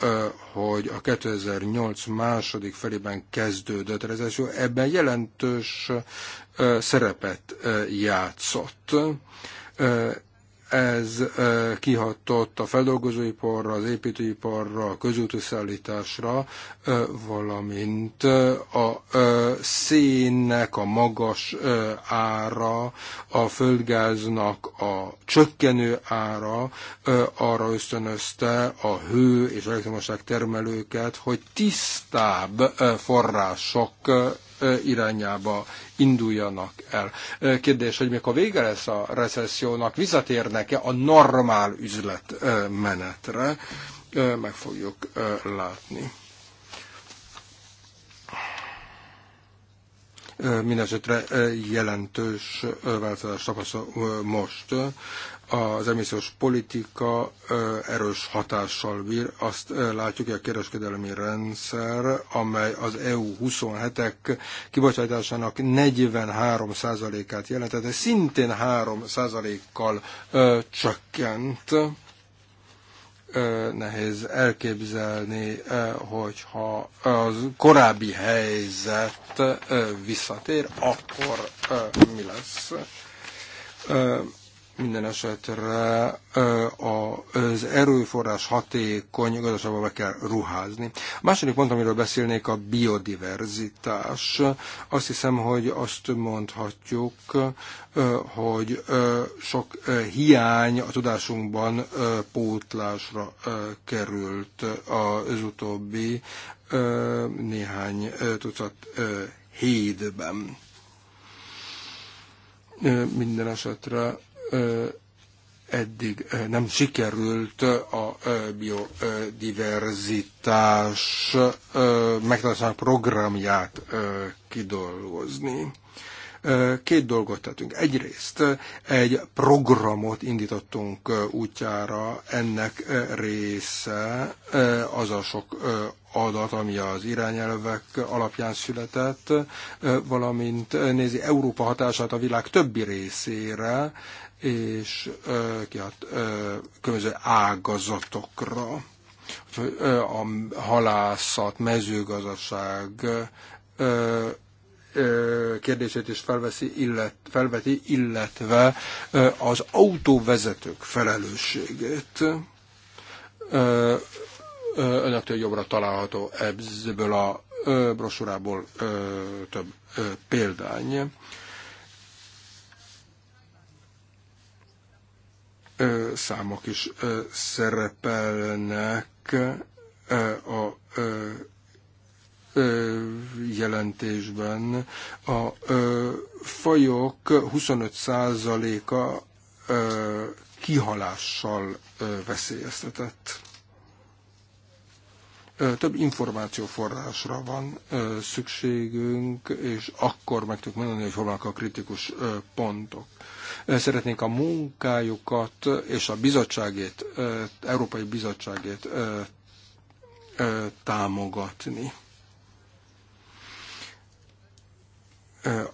hogy a 2008 második felében kezdődött recesszió ebben jelentős szerepet játszott ez kihatott a feldolgozóiparra, az építőiparra, a szállításra, valamint a szénnek a magas ára, a földgáznak a csökkenő ára arra ösztönözte a hő és elektromosság termelőket, hogy tisztább források irányába induljanak el. Kérdés, hogy mikor vége lesz a recessziónak, visszatérnek-e a normál üzletmenetre, meg fogjuk látni. Mindenesetre jelentős változást tapasztal most. Az emissziós politika erős hatással bír. Azt látjuk, hogy a kereskedelmi rendszer, amely az EU 27-ek kibocsátásának 43%-át jelentette, szintén 3%-kal csökkent nehéz elképzelni, hogyha az korábbi helyzet visszatér, akkor mi lesz. Minden esetre az erőforrás hatékony gazdaságban be kell ruházni. A második pont, amiről beszélnék, a biodiverzitás. Azt hiszem, hogy azt mondhatjuk, hogy sok hiány a tudásunkban pótlásra került az utóbbi néhány tucat hídben. Minden esetre eddig nem sikerült a biodiverzitás megtartásának programját kidolgozni. Két dolgot tettünk. Egyrészt egy programot indítottunk útjára, ennek része az a sok adat, ami az irányelvek alapján született, valamint nézi Európa hatását a világ többi részére, és ö, különböző ágazatokra, a halászat, mezőgazdaság kérdését is felveszi, illet, felveti, illetve az autóvezetők felelősségét önöktől jobbra található ebből a brosúrából több példány. számok is szerepelnek a jelentésben. A fajok 25%-a kihalással veszélyeztetett. Több információforrásra van szükségünk, és akkor meg tudjuk mondani, hogy hol vannak a kritikus pontok Szeretnénk a munkájukat és a bizottságét, Európai Bizottságét támogatni.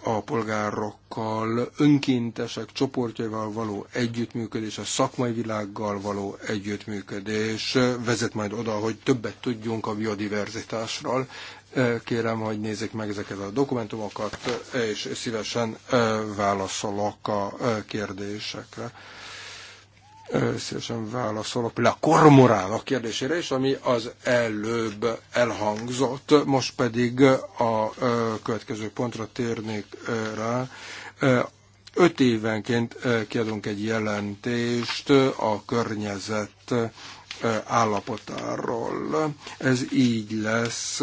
a polgárokkal, önkéntesek csoportjaival való együttműködés, a szakmai világgal való együttműködés vezet majd oda, hogy többet tudjunk a biodiverzitásról. Kérem, hogy nézzék meg ezeket a dokumentumokat, és szívesen válaszolok a kérdésekre. Szívesen válaszolok például a kormoránok kérdésére is, ami az előbb elhangzott. Most pedig a következő pontra térnék rá öt évenként kiadunk egy jelentést a környezet állapotáról. Ez így lesz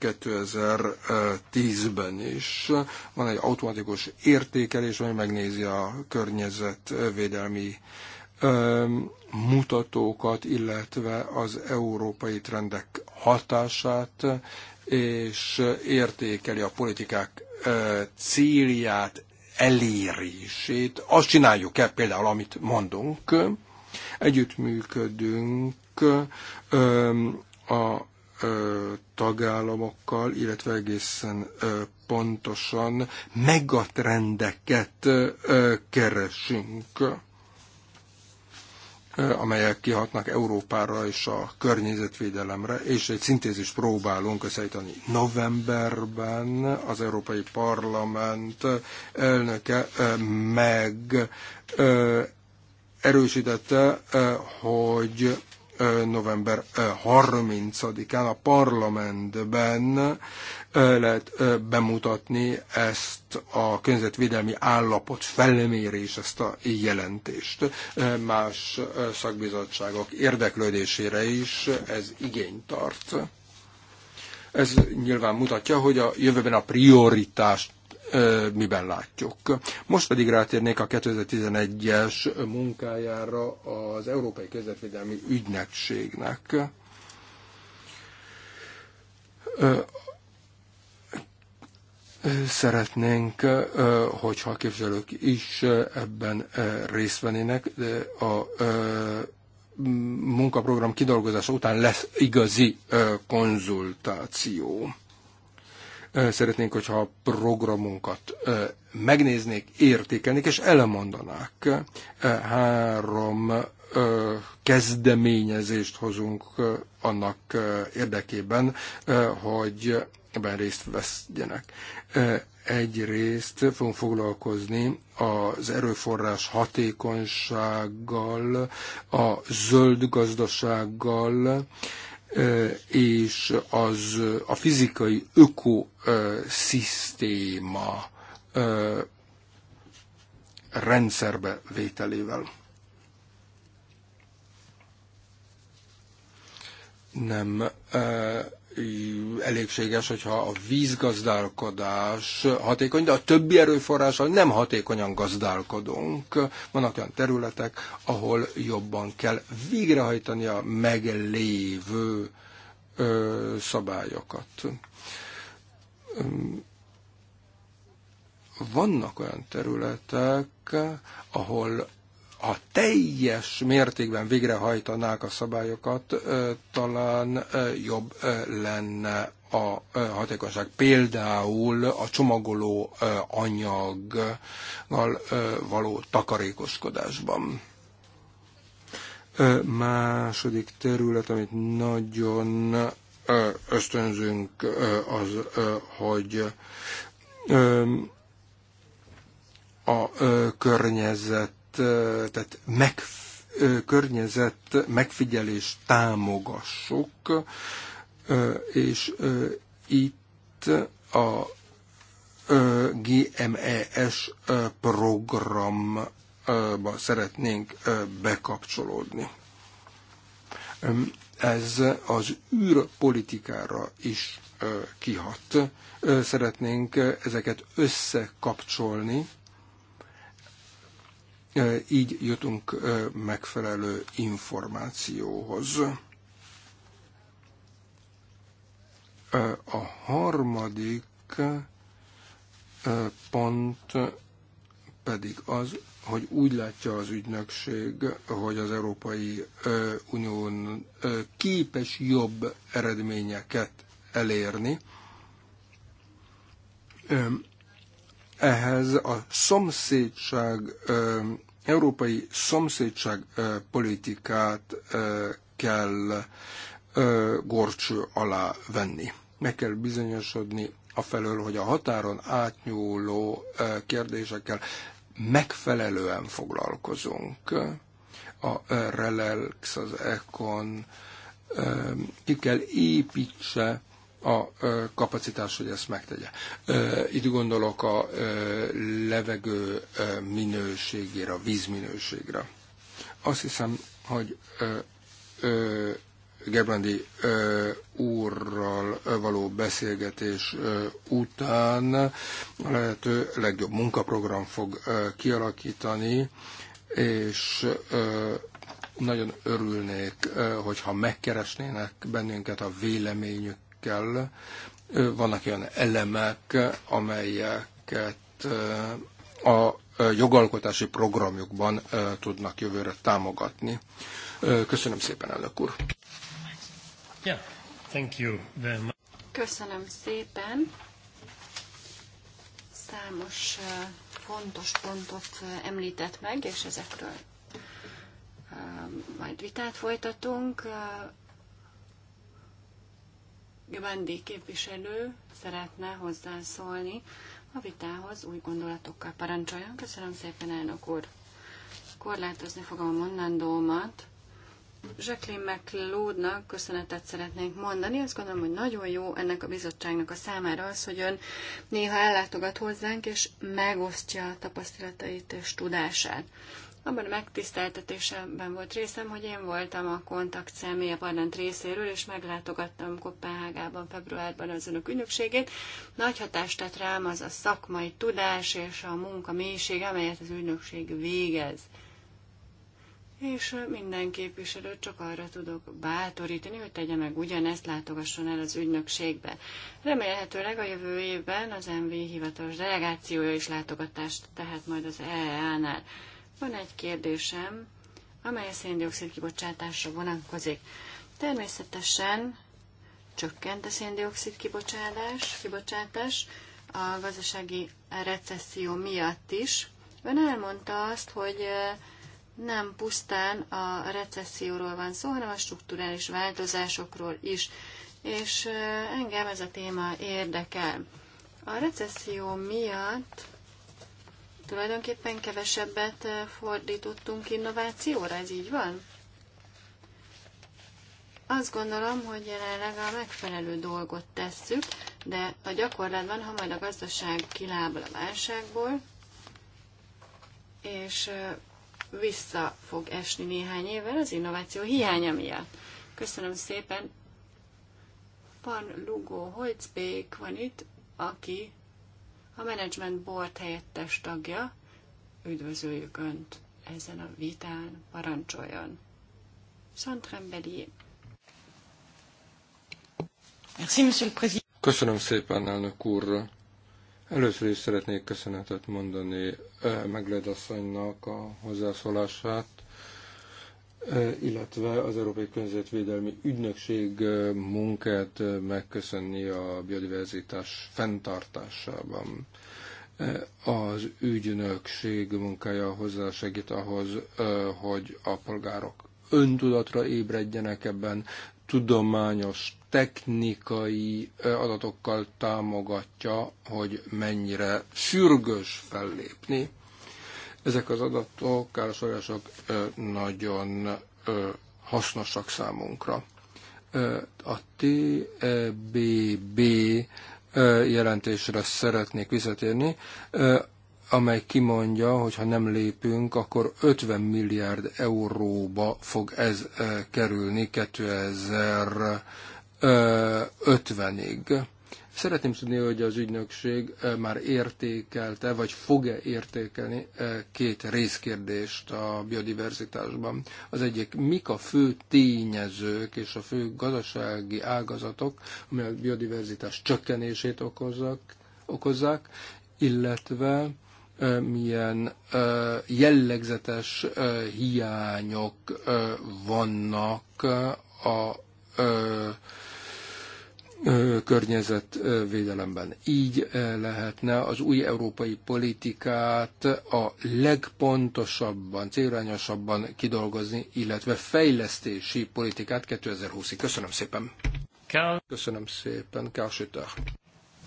2010-ben is. Van egy automatikus értékelés, ami megnézi a környezetvédelmi mutatókat, illetve az európai trendek hatását, és értékeli a politikák célját, elérését. Azt csináljuk-e például, amit mondunk, Együttműködünk a tagállamokkal, illetve egészen pontosan megatrendeket keresünk amelyek kihatnak Európára és a környezetvédelemre, és egy szintézist próbálunk összeállítani. Novemberben az Európai Parlament elnöke meg erősítette, eh, hogy eh, november 30-án eh, a parlamentben lehet bemutatni ezt a környezetvédelmi állapot felmérés, ezt a jelentést. Más szakbizottságok érdeklődésére is ez igény tart. Ez nyilván mutatja, hogy a jövőben a prioritást miben látjuk. Most pedig rátérnék a 2011-es munkájára az Európai Közvetvédelmi Ügynökségnek. Szeretnénk, hogyha a képzelők is ebben részt vennének, de a munkaprogram kidolgozása után lesz igazi konzultáció Szeretnénk, hogyha a programunkat megnéznék, értékelnék és elemondanák. Három kezdeményezést hozunk annak érdekében, hogy ebben részt veszjenek. Egyrészt fogunk foglalkozni az erőforrás hatékonysággal, a zöld gazdasággal, és az a fizikai ökoszisztéma rendszerbe vételével. Nem elégséges, hogyha a vízgazdálkodás hatékony, de a többi erőforrással nem hatékonyan gazdálkodunk. Vannak olyan területek, ahol jobban kell végrehajtani a meglévő ö, szabályokat. Vannak olyan területek, ahol ha teljes mértékben végrehajtanák a szabályokat, talán jobb lenne a hatékonyság. Például a csomagoló anyaggal való takarékoskodásban. Második terület, amit nagyon ösztönzünk, az, hogy a környezet tehát meg, környezet megfigyelést támogassuk, és itt a GMES programba szeretnénk bekapcsolódni. Ez az űrpolitikára is kihat. Szeretnénk ezeket összekapcsolni, így jutunk megfelelő információhoz. A harmadik pont pedig az, hogy úgy látja az ügynökség, hogy az Európai Unión képes jobb eredményeket elérni, ehhez a szomszédság, európai szomszédság politikát kell gorcső alá venni. Meg kell bizonyosodni a felől, hogy a határon átnyúló kérdésekkel megfelelően foglalkozunk. A Relax, az Econ ki kell építse a kapacitás, hogy ezt megtegye. Itt gondolok a levegő minőségére, a víz minőségre. Azt hiszem, hogy Gebrandi úrral való beszélgetés után a lehető legjobb munkaprogram fog kialakítani, és nagyon örülnék, hogyha megkeresnének bennünket a véleményük kell. Vannak olyan elemek, amelyeket a jogalkotási programjukban tudnak jövőre támogatni. Köszönöm szépen, elnök úr!
thank you
Köszönöm szépen! Számos fontos pontot említett meg, és ezekről majd vitát folytatunk. Gvendi képviselő szeretne hozzászólni a vitához új gondolatokkal. Parancsoljon, köszönöm szépen, elnök úr. Korlátozni fogom a mondandómat. Jacqueline McLeodnak köszönetet szeretnénk mondani. Azt gondolom, hogy nagyon jó ennek a bizottságnak a számára az, hogy ön néha ellátogat hozzánk, és megosztja a tapasztalatait és tudását. Abban a megtiszteltetésemben volt részem, hogy én voltam a kontakt a parlament részéről, és meglátogattam Kopenhágában februárban az önök ügynökségét. Nagy hatást tett rám az a szakmai tudás és a munka mélysége, amelyet az ügynökség végez. És minden képviselőt csak arra tudok bátorítani, hogy tegye meg ugyanezt, látogasson el az ügynökségbe. Remélhetőleg a jövő évben az MV hivatalos delegációja is látogatást tehet majd az EEA-nál. Van egy kérdésem, amely a széndiokszid kibocsátásra vonatkozik. Természetesen csökkent a széndiokszid kibocsátás, kibocsátás a gazdasági recesszió miatt is. Ön elmondta azt, hogy nem pusztán a recesszióról van szó, hanem a strukturális változásokról is. És engem ez a téma érdekel. A recesszió miatt tulajdonképpen kevesebbet eh, fordítottunk innovációra, ez így van? Azt gondolom, hogy jelenleg a megfelelő dolgot tesszük, de a gyakorlatban, ha majd a gazdaság kilábal a válságból, és eh, vissza fog esni néhány évvel az innováció hiánya miatt. Köszönöm szépen. Van Lugo Holzbék van itt, aki a Management Board helyettes tagja. Üdvözöljük Önt ezen a vitán, parancsoljon. Santrembeli.
Köszönöm szépen, elnök úr. Először is szeretnék köszönetet mondani eh, Megled asszonynak a hozzászólását E, illetve az Európai Környezetvédelmi Ügynökség e, munkát e, megköszönni a biodiverzitás fenntartásában. Az ügynökség munkája hozzásegít ahhoz, hogy a polgárok öntudatra ébredjenek ebben, tudományos, technikai adatokkal támogatja, hogy mennyire sürgős fellépni ezek az adatok, károsolások nagyon hasznosak számunkra. A TBB e jelentésre szeretnék visszatérni, amely kimondja, hogy ha nem lépünk, akkor 50 milliárd euróba fog ez kerülni 2050-ig. Szeretném tudni, hogy az ügynökség eh, már értékelte, vagy fog-e értékelni eh, két részkérdést a biodiverzitásban. Az egyik, mik a fő tényezők és a fő gazdasági ágazatok, amelyek a biodiverzitás csökkenését okozzak, okozzák, illetve eh, milyen jellegzetes hiányok vannak a környezetvédelemben. Így lehetne az új európai politikát a legpontosabban, célrányosabban kidolgozni, illetve fejlesztési politikát 2020-ig. Köszönöm szépen. Kál. Köszönöm szépen, Kál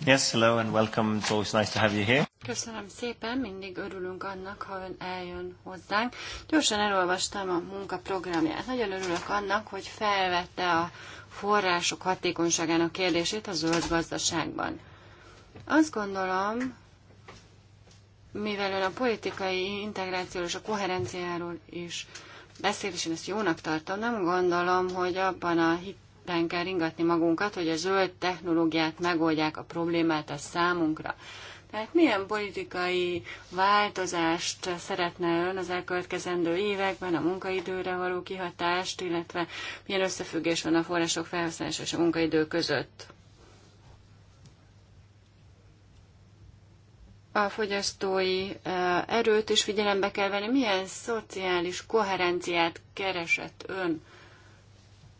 Yes, hello and welcome. It's always nice to have you here.
Köszönöm szépen, mindig örülünk annak, ha ön eljön hozzánk. Gyorsan elolvastam a munkaprogramját. Nagyon örülök annak, hogy felvette a források hatékonyságának kérdését a zöld gazdaságban. Azt gondolom, mivel ön a politikai integrációról és a koherenciáról is beszél, és én ezt jónak tartom, nem gondolom, hogy abban a hitben kell ringatni magunkat, hogy a zöld technológiák megoldják a problémát a számunkra. Tehát milyen politikai változást szeretne ön az elkövetkezendő években, a munkaidőre való kihatást, illetve milyen összefüggés van a források felhasználása és a munkaidő között? a fogyasztói erőt is figyelembe kell venni. Milyen szociális koherenciát keresett ön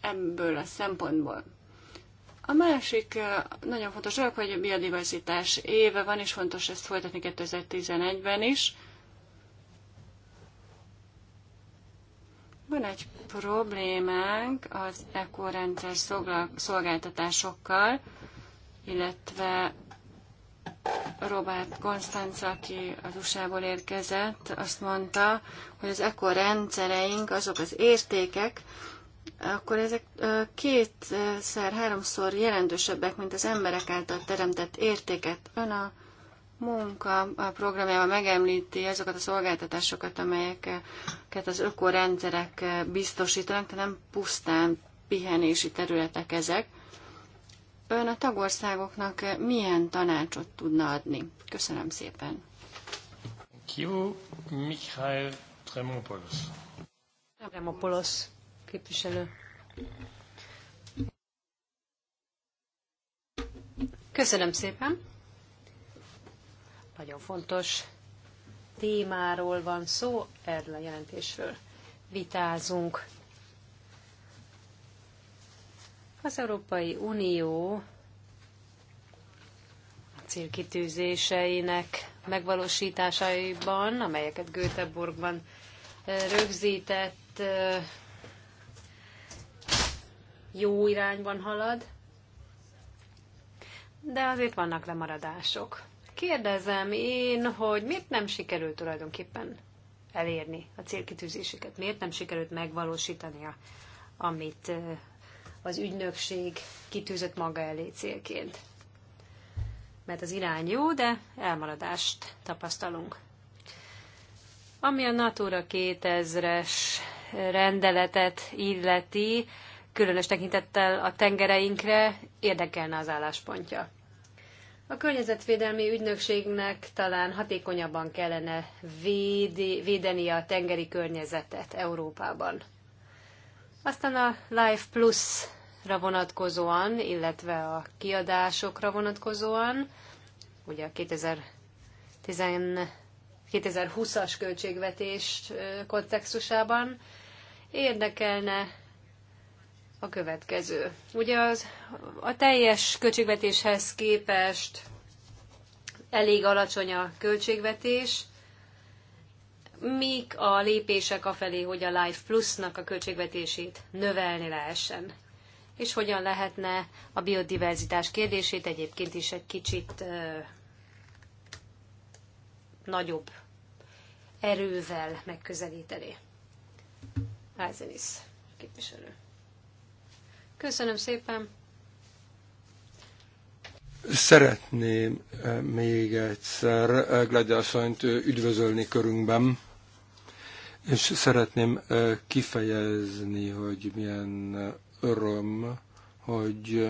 ebből a szempontból? A másik nagyon fontos dolog, hogy a biodiverzitás éve van, és fontos ezt folytatni 2011-ben is. Van egy problémánk az ekorendszer szolgáltatásokkal, illetve Robert Konstanz, aki az USA-ból érkezett, azt mondta, hogy az ekorendszereink azok az értékek, akkor ezek kétszer-háromszor jelentősebbek, mint az emberek által teremtett értéket. Ön a munka programjában megemlíti azokat a szolgáltatásokat, amelyeket az ökorendszerek biztosítanak, tehát nem pusztán pihenési területek ezek. Ön a tagországoknak milyen tanácsot tudna adni? Köszönöm szépen.
Thank Mikhail Tremopoulos.
Tremopoulos képviselő.
Köszönöm szépen. Nagyon fontos témáról van szó, erről a jelentésről vitázunk. Az Európai Unió a célkitűzéseinek megvalósításaiban, amelyeket Göteborgban rögzített, jó irányban halad, de azért vannak lemaradások. Kérdezem én, hogy miért nem sikerült tulajdonképpen elérni a célkitűzéseket, miért nem sikerült megvalósítani a, amit az ügynökség kitűzött maga elé célként. Mert az irány jó, de elmaradást tapasztalunk. Ami a Natura 2000-es rendeletet illeti, különös tekintettel a tengereinkre érdekelne az álláspontja. A környezetvédelmi ügynökségnek talán hatékonyabban kellene védi, védeni a tengeri környezetet Európában. Aztán a Life Plus-ra vonatkozóan, illetve a kiadásokra vonatkozóan, ugye a 2020-as költségvetés kontextusában érdekelne a következő. Ugye az, a teljes költségvetéshez képest elég alacsony a költségvetés, mik a lépések afelé, hogy a Life Plus-nak a költségvetését növelni lehessen, és hogyan lehetne a biodiverzitás kérdését egyébként is egy kicsit uh, nagyobb erővel megközelíteni. Házenis képviselő. Köszönöm szépen.
Szeretném eh, még egyszer eh, Gladi asszonyt eh, üdvözölni körünkben, és szeretném kifejezni, hogy milyen öröm, hogy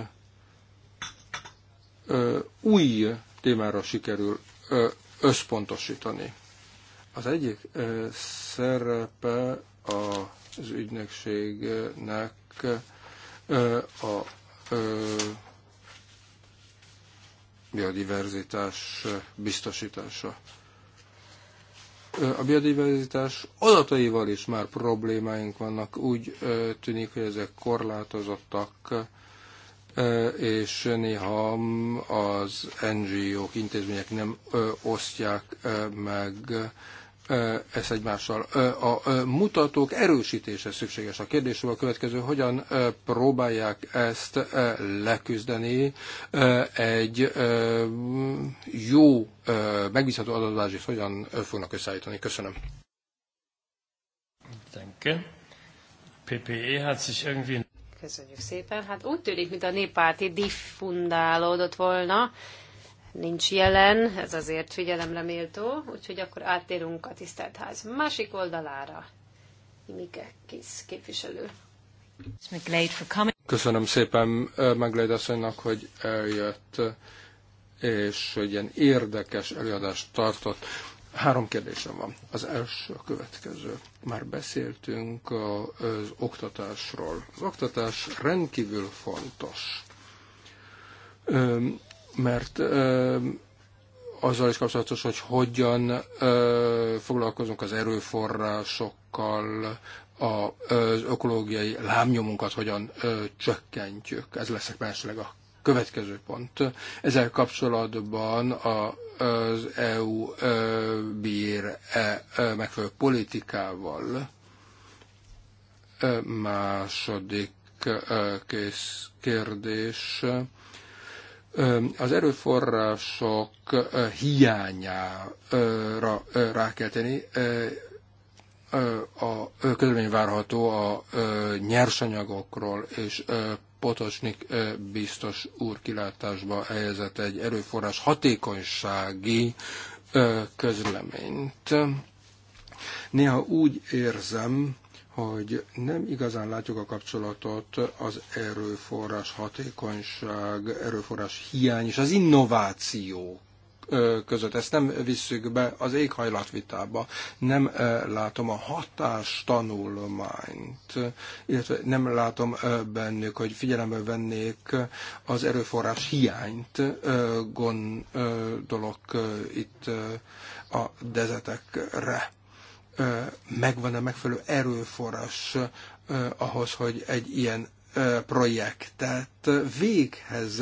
új témára sikerül összpontosítani. Az egyik szerepe az ügynökségnek a biodiverzitás biztosítása. A biodiverzitás adataival is már problémáink vannak, úgy tűnik, hogy ezek korlátozottak, és néha az NGO-k, intézmények nem osztják meg ezt egymással. A mutatók erősítése szükséges. A kérdésről a következő, hogyan próbálják ezt leküzdeni egy jó, megbízható adatbázis hogyan fognak összeállítani. Köszönöm.
Danke. PPE hat sich irgendwie...
Köszönjük szépen. Hát úgy tűnik, mint a néppárti diffundálódott volna nincs jelen, ez azért figyelemre méltó, úgyhogy akkor áttérünk a tisztelt ház másik oldalára. Imike Kis képviselő.
Köszönöm szépen eh, Megléd asszonynak, hogy eljött, és hogy ilyen érdekes előadást tartott. Három kérdésem van. Az első a következő. Már beszéltünk az oktatásról. Az oktatás rendkívül fontos mert azzal is kapcsolatos, hogy hogyan foglalkozunk az erőforrásokkal, az ökológiai lámnyomunkat hogyan csökkentjük. Ez lesz második a következő pont. Ezzel kapcsolatban a, az EU bír -e megfelelő politikával második kész kérdés az erőforrások hiányára rá kell tenni, a közlemény várható a nyersanyagokról, és Potosnik biztos úr kilátásba helyezett egy erőforrás hatékonysági közleményt. Néha úgy érzem, hogy nem igazán látjuk a kapcsolatot az erőforrás hatékonyság, erőforrás hiány és az innováció között. Ezt nem visszük be az éghajlatvitába. Nem látom a hatástanulmányt, illetve nem látom bennük, hogy figyelembe vennék az erőforrás hiányt. Gondolok itt a dezetekre megvan a megfelelő erőforrás ahhoz, hogy egy ilyen projektet véghez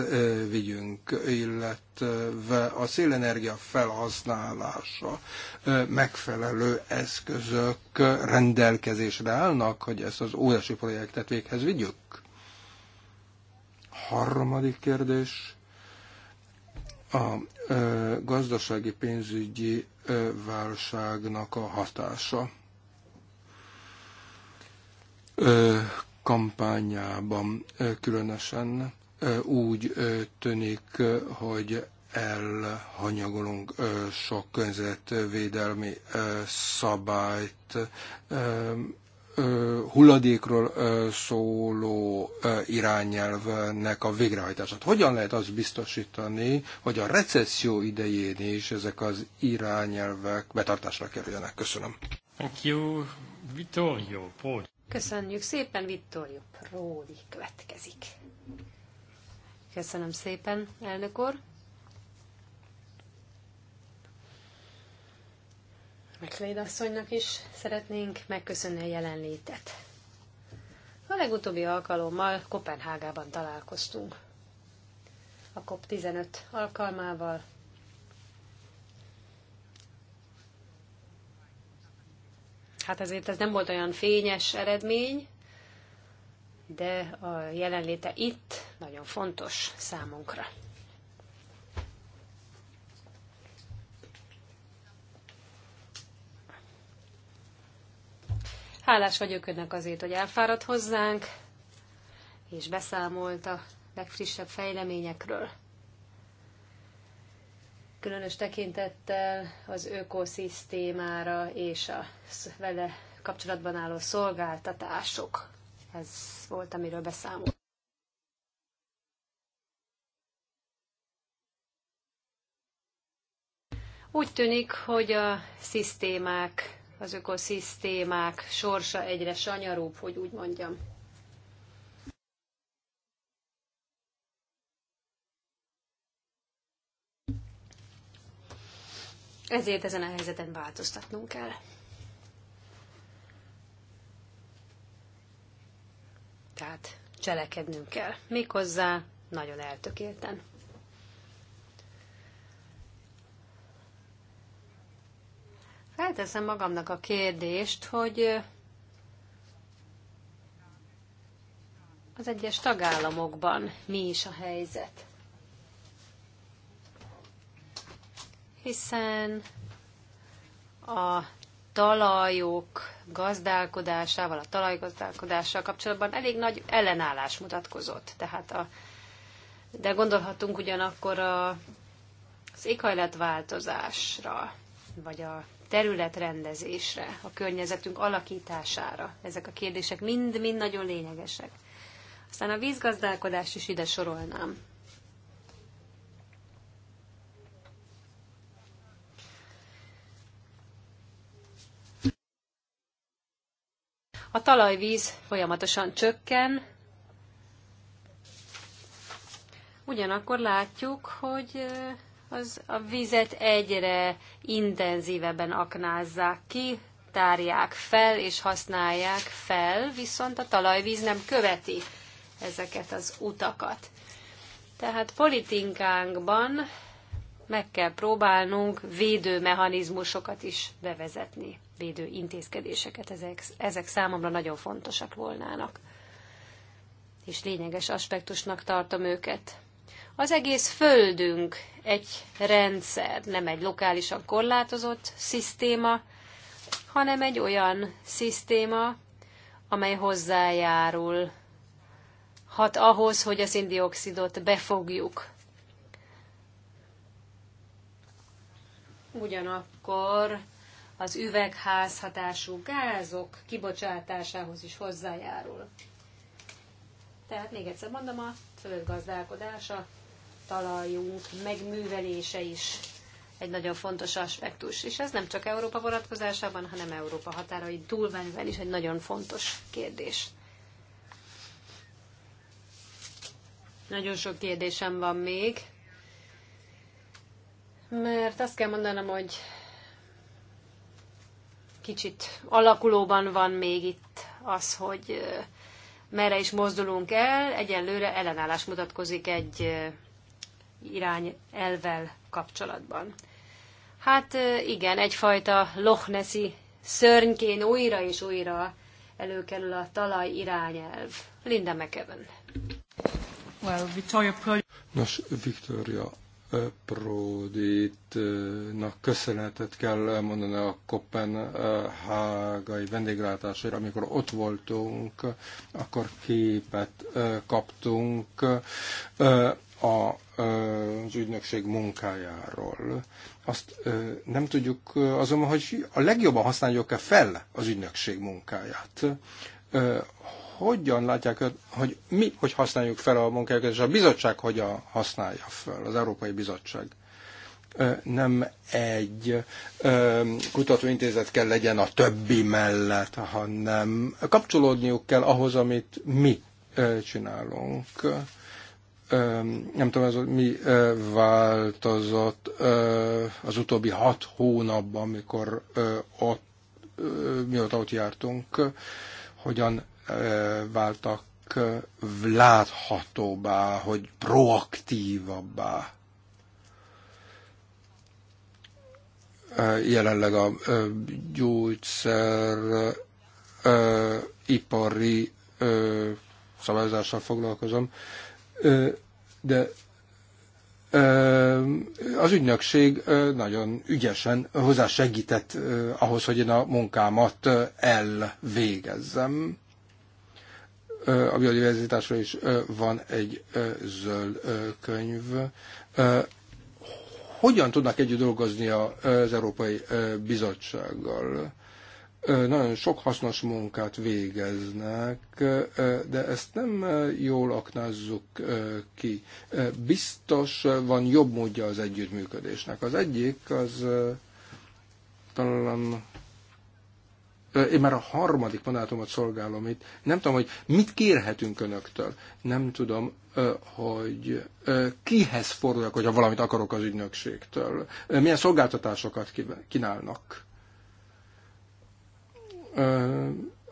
vigyünk, illetve a szélenergia felhasználása megfelelő eszközök rendelkezésre állnak, hogy ezt az óriási projektet véghez vigyük? Harmadik kérdés. A gazdasági pénzügyi válságnak a hatása. Kampányában különösen úgy tűnik, hogy elhanyagolunk sok környezetvédelmi szabályt, hulladékról szóló irányelvnek a végrehajtását. Hogyan lehet azt biztosítani, hogy a recesszió idején is ezek az irányelvek betartásra kerüljenek? Köszönöm.
Thank you, Vittorio Pódi.
Köszönjük szépen, Vittorio Pródi következik. Köszönöm szépen, elnök úr. McLeod asszonynak is szeretnénk megköszönni a jelenlétet. A legutóbbi alkalommal Kopenhágában találkoztunk. A COP15 alkalmával Hát azért ez nem volt olyan fényes eredmény, de a jelenléte itt nagyon fontos számunkra. Hálás vagyok önnek azért, hogy elfáradt hozzánk, és beszámolt a legfrissebb fejleményekről. Különös tekintettel az ökoszisztémára és a vele kapcsolatban álló szolgáltatások. Ez volt, amiről beszámolt. Úgy tűnik, hogy a szisztémák az ökoszisztémák sorsa egyre sanyarúbb, hogy úgy mondjam. Ezért ezen a helyzeten változtatnunk kell. Tehát cselekednünk kell. Méghozzá nagyon eltökélten. felteszem magamnak a kérdést, hogy az egyes tagállamokban mi is a helyzet. Hiszen a talajok gazdálkodásával, a talajgazdálkodással kapcsolatban elég nagy ellenállás mutatkozott. Tehát a, de gondolhatunk ugyanakkor a, az éghajlatváltozásra, vagy a területrendezésre, a környezetünk alakítására. Ezek a kérdések mind-mind nagyon lényegesek. Aztán a vízgazdálkodást is ide sorolnám. A talajvíz folyamatosan csökken, ugyanakkor látjuk, hogy az a vizet egyre intenzívebben aknázzák ki, tárják fel és használják fel, viszont a talajvíz nem követi ezeket az utakat. Tehát politikánkban meg kell próbálnunk védő mechanizmusokat is bevezetni, védő intézkedéseket, ezek, ezek számomra nagyon fontosak volnának. És lényeges aspektusnak tartom őket. Az egész földünk egy rendszer, nem egy lokálisan korlátozott szisztéma, hanem egy olyan szisztéma, amely hozzájárul hat ahhoz, hogy a indioxidot befogjuk. Ugyanakkor az üvegházhatású gázok kibocsátásához is hozzájárul. Tehát még egyszer mondom, a földgazdálkodása talajunk megművelése is egy nagyon fontos aspektus. És ez nem csak Európa vonatkozásában, hanem Európa határai túlmenően is egy nagyon fontos kérdés. Nagyon sok kérdésem van még, mert azt kell mondanom, hogy kicsit alakulóban van még itt az, hogy merre is mozdulunk el. Egyelőre ellenállás mutatkozik egy irány elvel kapcsolatban. Hát igen, egyfajta Nessi szörnyként újra és újra előkerül a talaj irányelv. Linda McEwen.
Well, Victoria Prodi...
Nos, Victoria Proditnak köszönetet kell mondani a kopenhágai vendéglátásért, Amikor ott voltunk, akkor képet kaptunk az ügynökség munkájáról. Azt nem tudjuk azonban, hogy a legjobban használjuk-e fel az ügynökség munkáját. Hogyan látják, hogy mi hogy használjuk fel a munkájukat, és a bizottság hogyan használja fel, az Európai Bizottság? nem egy kutatóintézet kell legyen a többi mellett, hanem kapcsolódniuk kell ahhoz, amit mi csinálunk nem tudom, ez mi változott az utóbbi hat hónapban, amikor ott, mióta ott jártunk, hogyan váltak láthatóbbá, hogy proaktívabbá. Jelenleg a gyógyszer ipari szabályozással foglalkozom, de az ügynökség nagyon ügyesen hozzásegített ahhoz, hogy én a munkámat elvégezzem. A biodiverzitásról is van egy zöld könyv. Hogyan tudnak együtt dolgozni az Európai Bizottsággal? nagyon sok hasznos munkát végeznek, de ezt nem jól aknázzuk ki. Biztos van jobb módja az együttműködésnek. Az egyik az talán én már a harmadik mandátumot szolgálom itt. Nem tudom, hogy mit kérhetünk önöktől. Nem tudom, hogy kihez forduljak, hogyha valamit akarok az ügynökségtől. Milyen szolgáltatásokat kínálnak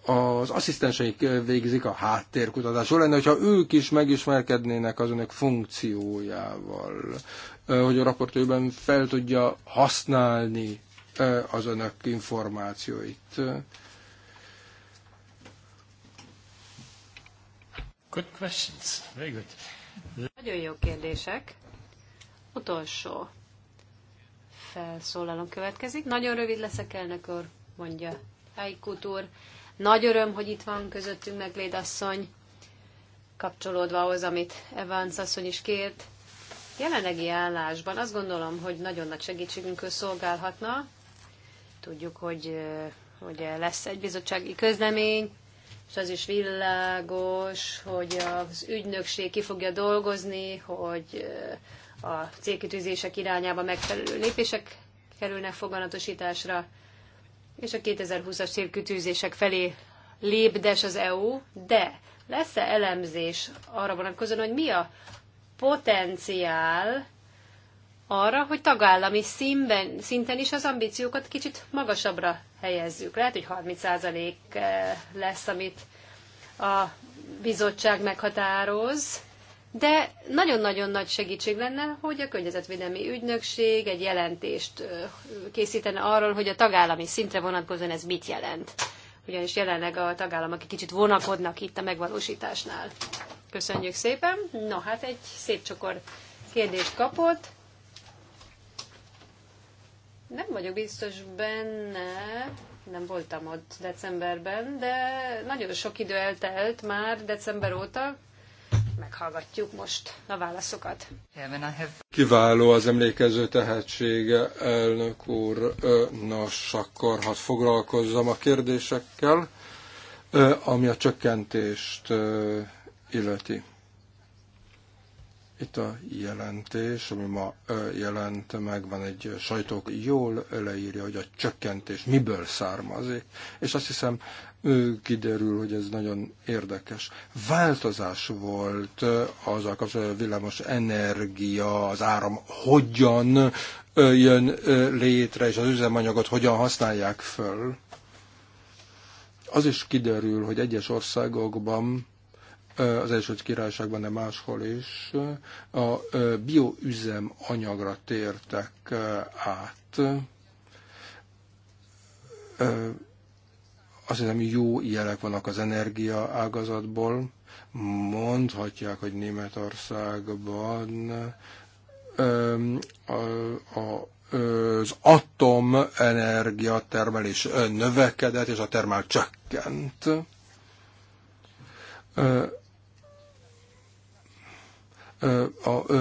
az asszisztenseik végzik a háttérkutatást. Jó lenne, hogyha ők is megismerkednének az önök funkciójával, hogy a raportőben fel tudja használni az önök információit.
Good questions. Very good.
Nagyon jó kérdések. Utolsó felszólalom következik. Nagyon rövid leszek, elnök úr, mondja Tájkút úr. Nagy öröm, hogy itt van közöttünk meg Lédasszony, kapcsolódva ahhoz, amit Evans asszony is kért. Jelenlegi állásban azt gondolom, hogy nagyon nagy segítségünkhöz szolgálhatna. Tudjuk, hogy, hogy lesz egy bizottsági közlemény, és az is világos, hogy az ügynökség ki fogja dolgozni, hogy a célkitűzések irányába megfelelő lépések kerülnek foganatosításra és a 2020-as célkütőzések felé lépdes az EU, de lesz-e elemzés arra vonatkozóan, hogy mi a potenciál arra, hogy tagállami színben, szinten is az ambíciókat kicsit magasabbra helyezzük. Lehet, hogy 30% eh, lesz, amit a bizottság meghatároz, de nagyon-nagyon nagy segítség lenne, hogy a környezetvédelmi ügynökség egy jelentést készítene arról, hogy a tagállami szintre vonatkozóan ez mit jelent. Ugyanis jelenleg a tagállamok egy kicsit vonakodnak itt a megvalósításnál. Köszönjük szépen. No, hát egy szép csokor kérdést kapott. Nem vagyok biztos benne, nem voltam ott decemberben, de nagyon sok idő eltelt már december óta, meghallgatjuk most a válaszokat.
Kiváló az emlékező tehetsége, elnök úr. Nos, akkor hadd foglalkozzam a kérdésekkel, ami a csökkentést illeti. Itt a jelentés, ami ma jelent meg, van egy sajtók jól leírja, hogy a csökkentés miből származik, és azt hiszem kiderül, hogy ez nagyon érdekes. Változás volt az a villamos energia, az áram hogyan jön létre, és az üzemanyagot hogyan használják föl. Az is kiderül, hogy egyes országokban az első Királyságban, de máshol is a bioüzem anyagra tértek át. Azt hiszem, jó jelek vannak az energia ágazatból. Mondhatják, hogy Németországban a az atomenergia termelés növekedett, és a termel csökkent. A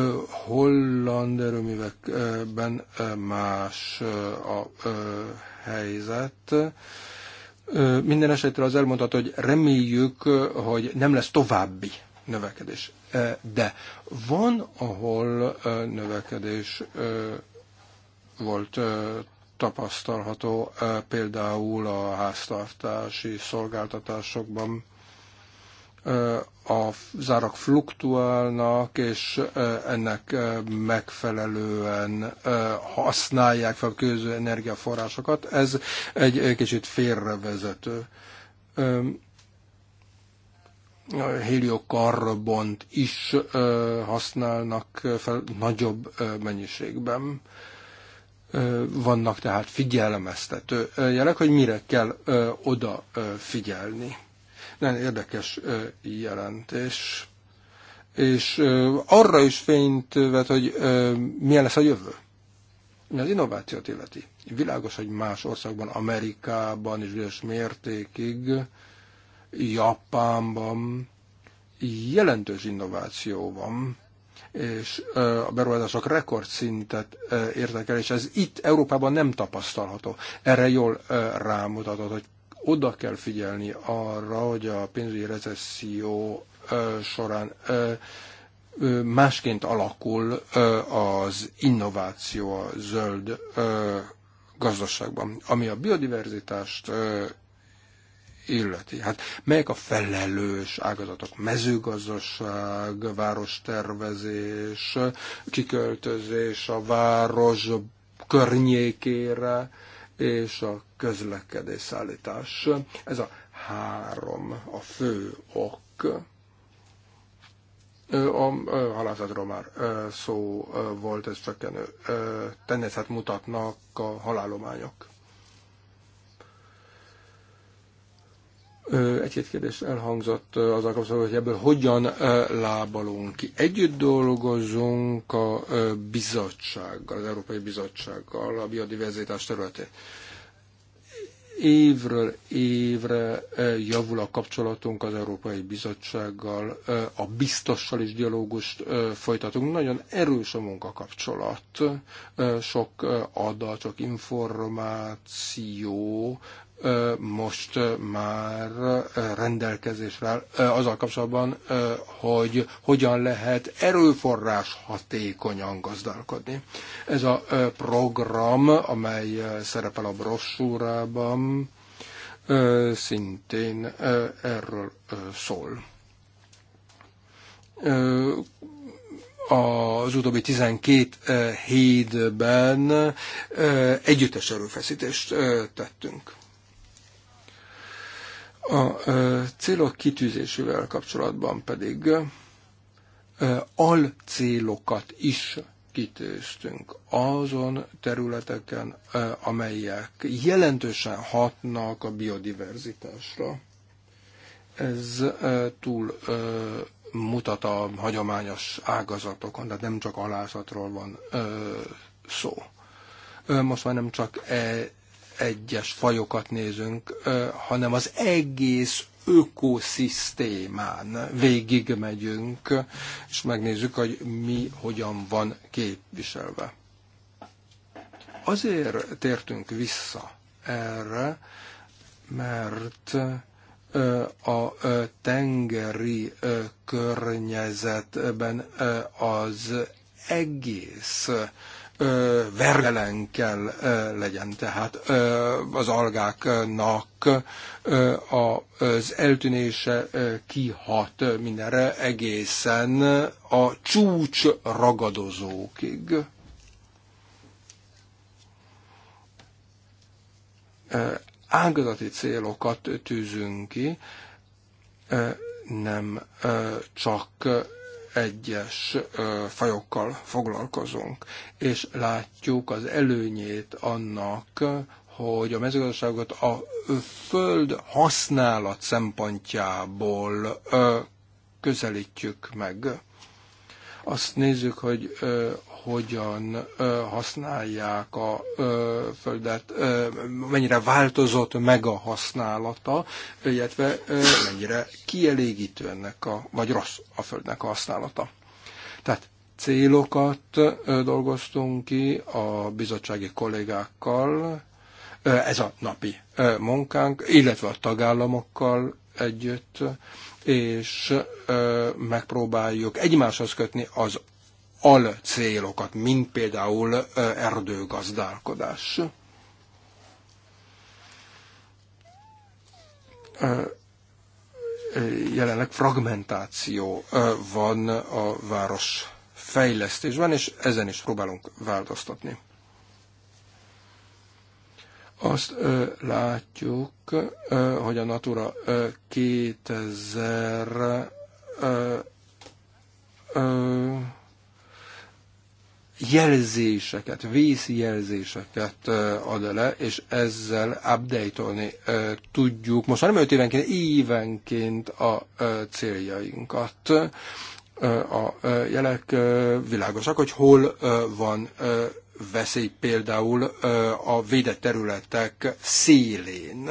holland erőművekben más a helyzet. Minden esetre az elmondható, hogy reméljük, hogy nem lesz további növekedés. De van, ahol növekedés volt tapasztalható, például a háztartási szolgáltatásokban a zárak fluktuálnak, és ennek megfelelően használják fel különböző energiaforrásokat. Ez egy kicsit félrevezető. Heliokarbont is használnak fel nagyobb mennyiségben. Vannak tehát figyelmeztető jelek, hogy mire kell oda figyelni nagyon érdekes jelentés, és arra is fényt vet, hogy milyen lesz a jövő. Mi az innovációt illeti. Világos, hogy más országban, Amerikában is bizonyos mértékig, Japánban jelentős innováció van, és a beruházások rekordszintet értek el, és ez itt Európában nem tapasztalható. Erre jól rámutatott, hogy oda kell figyelni arra, hogy a pénzügyi recesszió során másként alakul az innováció a zöld gazdaságban, ami a biodiverzitást illeti. Hát melyek a felelős ágazatok? Mezőgazdaság, várostervezés, kiköltözés a város környékére, és a közlekedés, szállítás. Ez a három, a fő ok. A halászatról már szó volt, ez csökkenő tendenciát mutatnak a halálományok. Egy-két kérdés elhangzott az a kapcsolatban, hogy ebből hogyan lábalunk ki. Együtt dolgozunk a bizottsággal, az Európai Bizottsággal a biodiverzitás területén évről évre javul a kapcsolatunk az Európai Bizottsággal, a biztossal is dialógust folytatunk. Nagyon erős a munkakapcsolat, sok adat, sok információ most már rendelkezésre áll azzal kapcsolatban, hogy hogyan lehet erőforrás hatékonyan gazdálkodni. Ez a program, amely szerepel a brossúrában, szintén erről szól az utóbbi 12 hétben együttes erőfeszítést tettünk. A célok kitűzésével kapcsolatban pedig alcélokat is kitűztünk azon területeken, amelyek jelentősen hatnak a biodiverzitásra. Ez túl mutat a hagyományos ágazatokon, de nem csak alászatról van szó. Most már nem csak e egyes fajokat nézünk, hanem az egész ökoszisztémán végigmegyünk, és megnézzük, hogy mi hogyan van képviselve. Azért tértünk vissza erre, mert a tengeri környezetben az egész vergelen kell legyen, tehát az algáknak az eltűnése kihat mindenre egészen a csúcs ragadozókig. Ágazati célokat tűzünk ki, nem csak egyes fajokkal foglalkozunk, és látjuk az előnyét annak, hogy a mezőgazdaságot a föld használat szempontjából közelítjük meg. Azt nézzük, hogy hogyan használják a földet, mennyire változott meg a használata, illetve mennyire kielégítő ennek a, vagy rossz a földnek a használata. Tehát célokat dolgoztunk ki a bizottsági kollégákkal, ez a napi munkánk, illetve a tagállamokkal együtt, és megpróbáljuk egymáshoz kötni az al célokat, mint például erdőgazdálkodás. Jelenleg fragmentáció van a város fejlesztésben, és ezen is próbálunk változtatni. Azt ö, látjuk, ö, hogy a Natura ö, 2000 ö, ö, jelzéseket, vészjelzéseket ad le, és ezzel update-olni tudjuk. Most már nem 5 évenként, évenként a céljainkat. A jelek világosak, hogy hol van veszély például a védett területek szélén.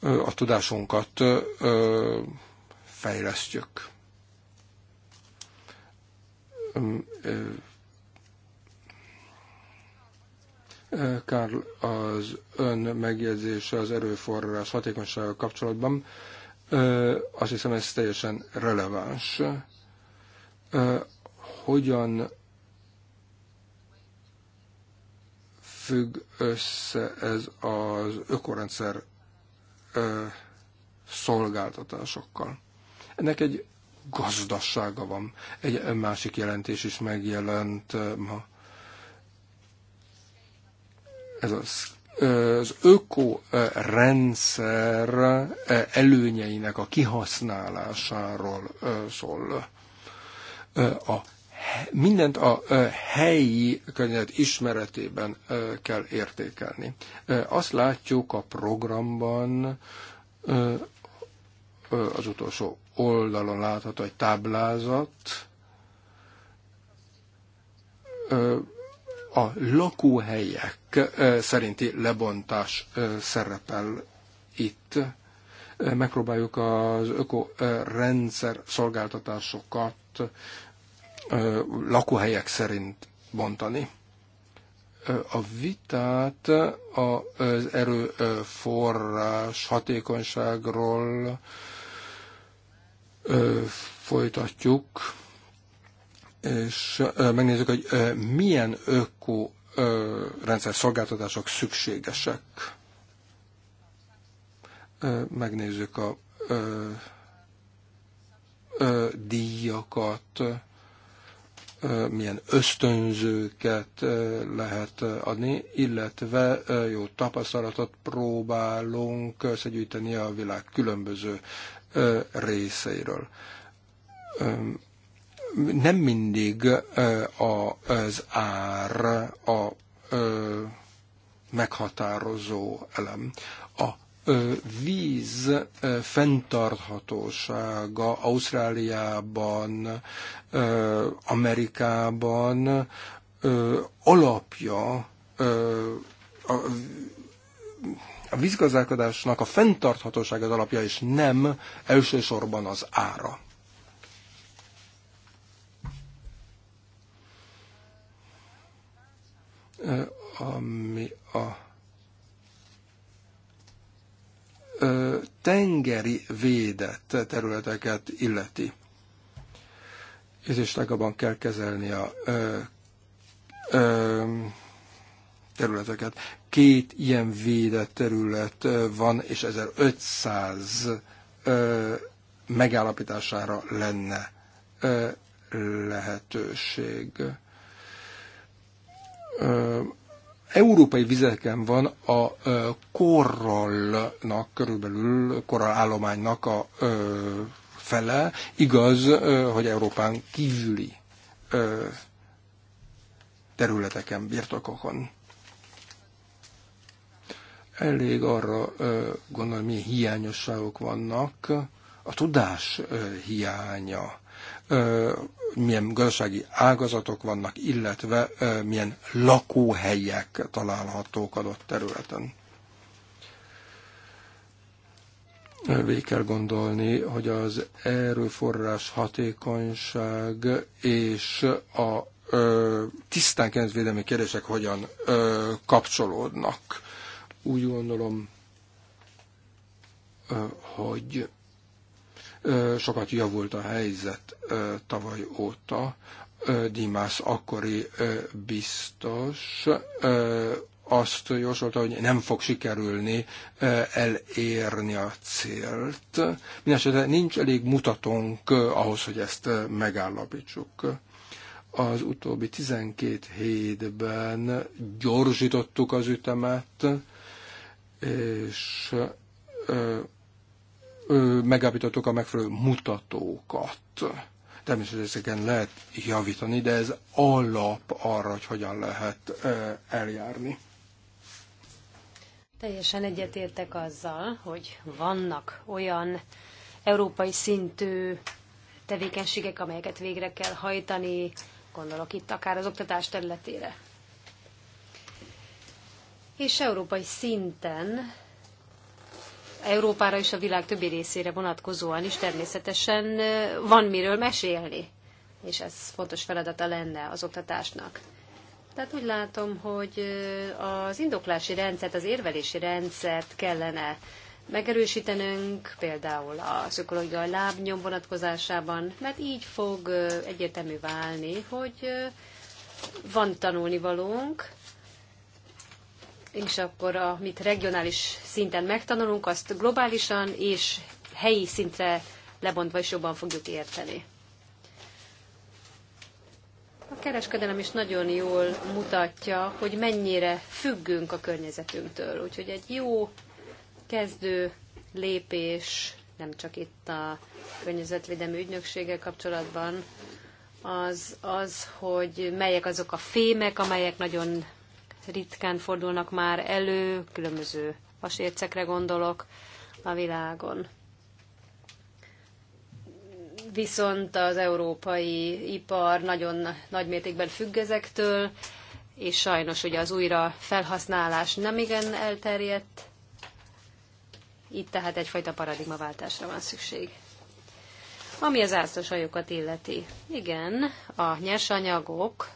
A tudásunkat fejlesztjük Karl az ön megjegyzése az erőforrás hatékonysága kapcsolatban, azt hiszem ez teljesen releváns. Hogyan függ össze ez az ökorendszer szolgáltatásokkal? Ennek egy gazdasága van. Egy másik jelentés is megjelent eh, ma. Ez az eh, az ökorendszer eh, előnyeinek a kihasználásáról szól. A, mindent a helyi környezet ismeretében kell értékelni. Azt látjuk a programban az utolsó oldalon látható egy táblázat. A lakóhelyek szerinti lebontás szerepel itt. Megpróbáljuk az ökorendszer szolgáltatásokat lakóhelyek szerint bontani a vitát az erőforrás hatékonyságról, folytatjuk, és megnézzük, hogy milyen ö, rendszer szolgáltatások szükségesek. Megnézzük a díjakat, milyen ösztönzőket lehet adni, illetve jó tapasztalatot próbálunk összegyűjteni a világ különböző részeiről. Nem mindig az ár a meghatározó elem. A víz fenntarthatósága Ausztráliában, Amerikában alapja a a vízgazdálkodásnak a fenntarthatóság az alapja, és nem elsősorban az ára. Ami a tengeri védett területeket illeti. is Érzéstágabban kell kezelni a területeket két ilyen védett terület van, és 1500 megállapítására lenne lehetőség. Európai vizeken van a korralnak körülbelül, korral állománynak a fele. Igaz, hogy Európán kívüli területeken, birtokokon. Elég arra gondolom, milyen hiányosságok vannak. A tudás hiánya, milyen gazdasági ágazatok vannak, illetve milyen lakóhelyek találhatók adott területen. végig kell gondolni, hogy az erőforrás hatékonyság és a ö, tisztán védelmi kérdések hogyan ö, kapcsolódnak. Úgy gondolom, hogy sokat javult a helyzet tavaly óta. Dimász akkori biztos azt jósolta, hogy nem fog sikerülni elérni a célt. Mindenesetre nincs elég mutatónk ahhoz, hogy ezt megállapítsuk. Az utóbbi 12 hétben gyorsítottuk az ütemet, és megállapítottuk a megfelelő mutatókat. Természetesen ezeken lehet javítani, de ez alap arra, hogy hogyan lehet eljárni.
Teljesen egyetértek azzal, hogy vannak olyan európai szintű tevékenységek, amelyeket végre kell hajtani, gondolok itt akár az oktatás területére és európai szinten Európára és a világ többi részére vonatkozóan is természetesen van miről mesélni, és ez fontos feladata lenne az oktatásnak. Tehát úgy látom, hogy az indoklási rendszert, az érvelési rendszert kellene megerősítenünk, például a szökológiai lábnyom vonatkozásában, mert így fog egyértelmű válni, hogy van tanulnivalónk, és akkor amit regionális szinten megtanulunk, azt globálisan és helyi szintre lebontva is jobban fogjuk érteni. A kereskedelem is nagyon jól mutatja, hogy mennyire függünk a környezetünktől. Úgyhogy egy jó kezdő lépés, nem csak itt a környezetvédelmi ügynökséggel kapcsolatban, az az, hogy melyek azok a fémek, amelyek nagyon ritkán fordulnak már elő, különböző vasércekre gondolok a világon. Viszont az európai ipar nagyon nagy mértékben függ ezektől, és sajnos ugye az újra felhasználás nem igen elterjedt. Itt tehát egyfajta paradigmaváltásra van szükség. Ami az ászlósajokat illeti. Igen, a nyersanyagok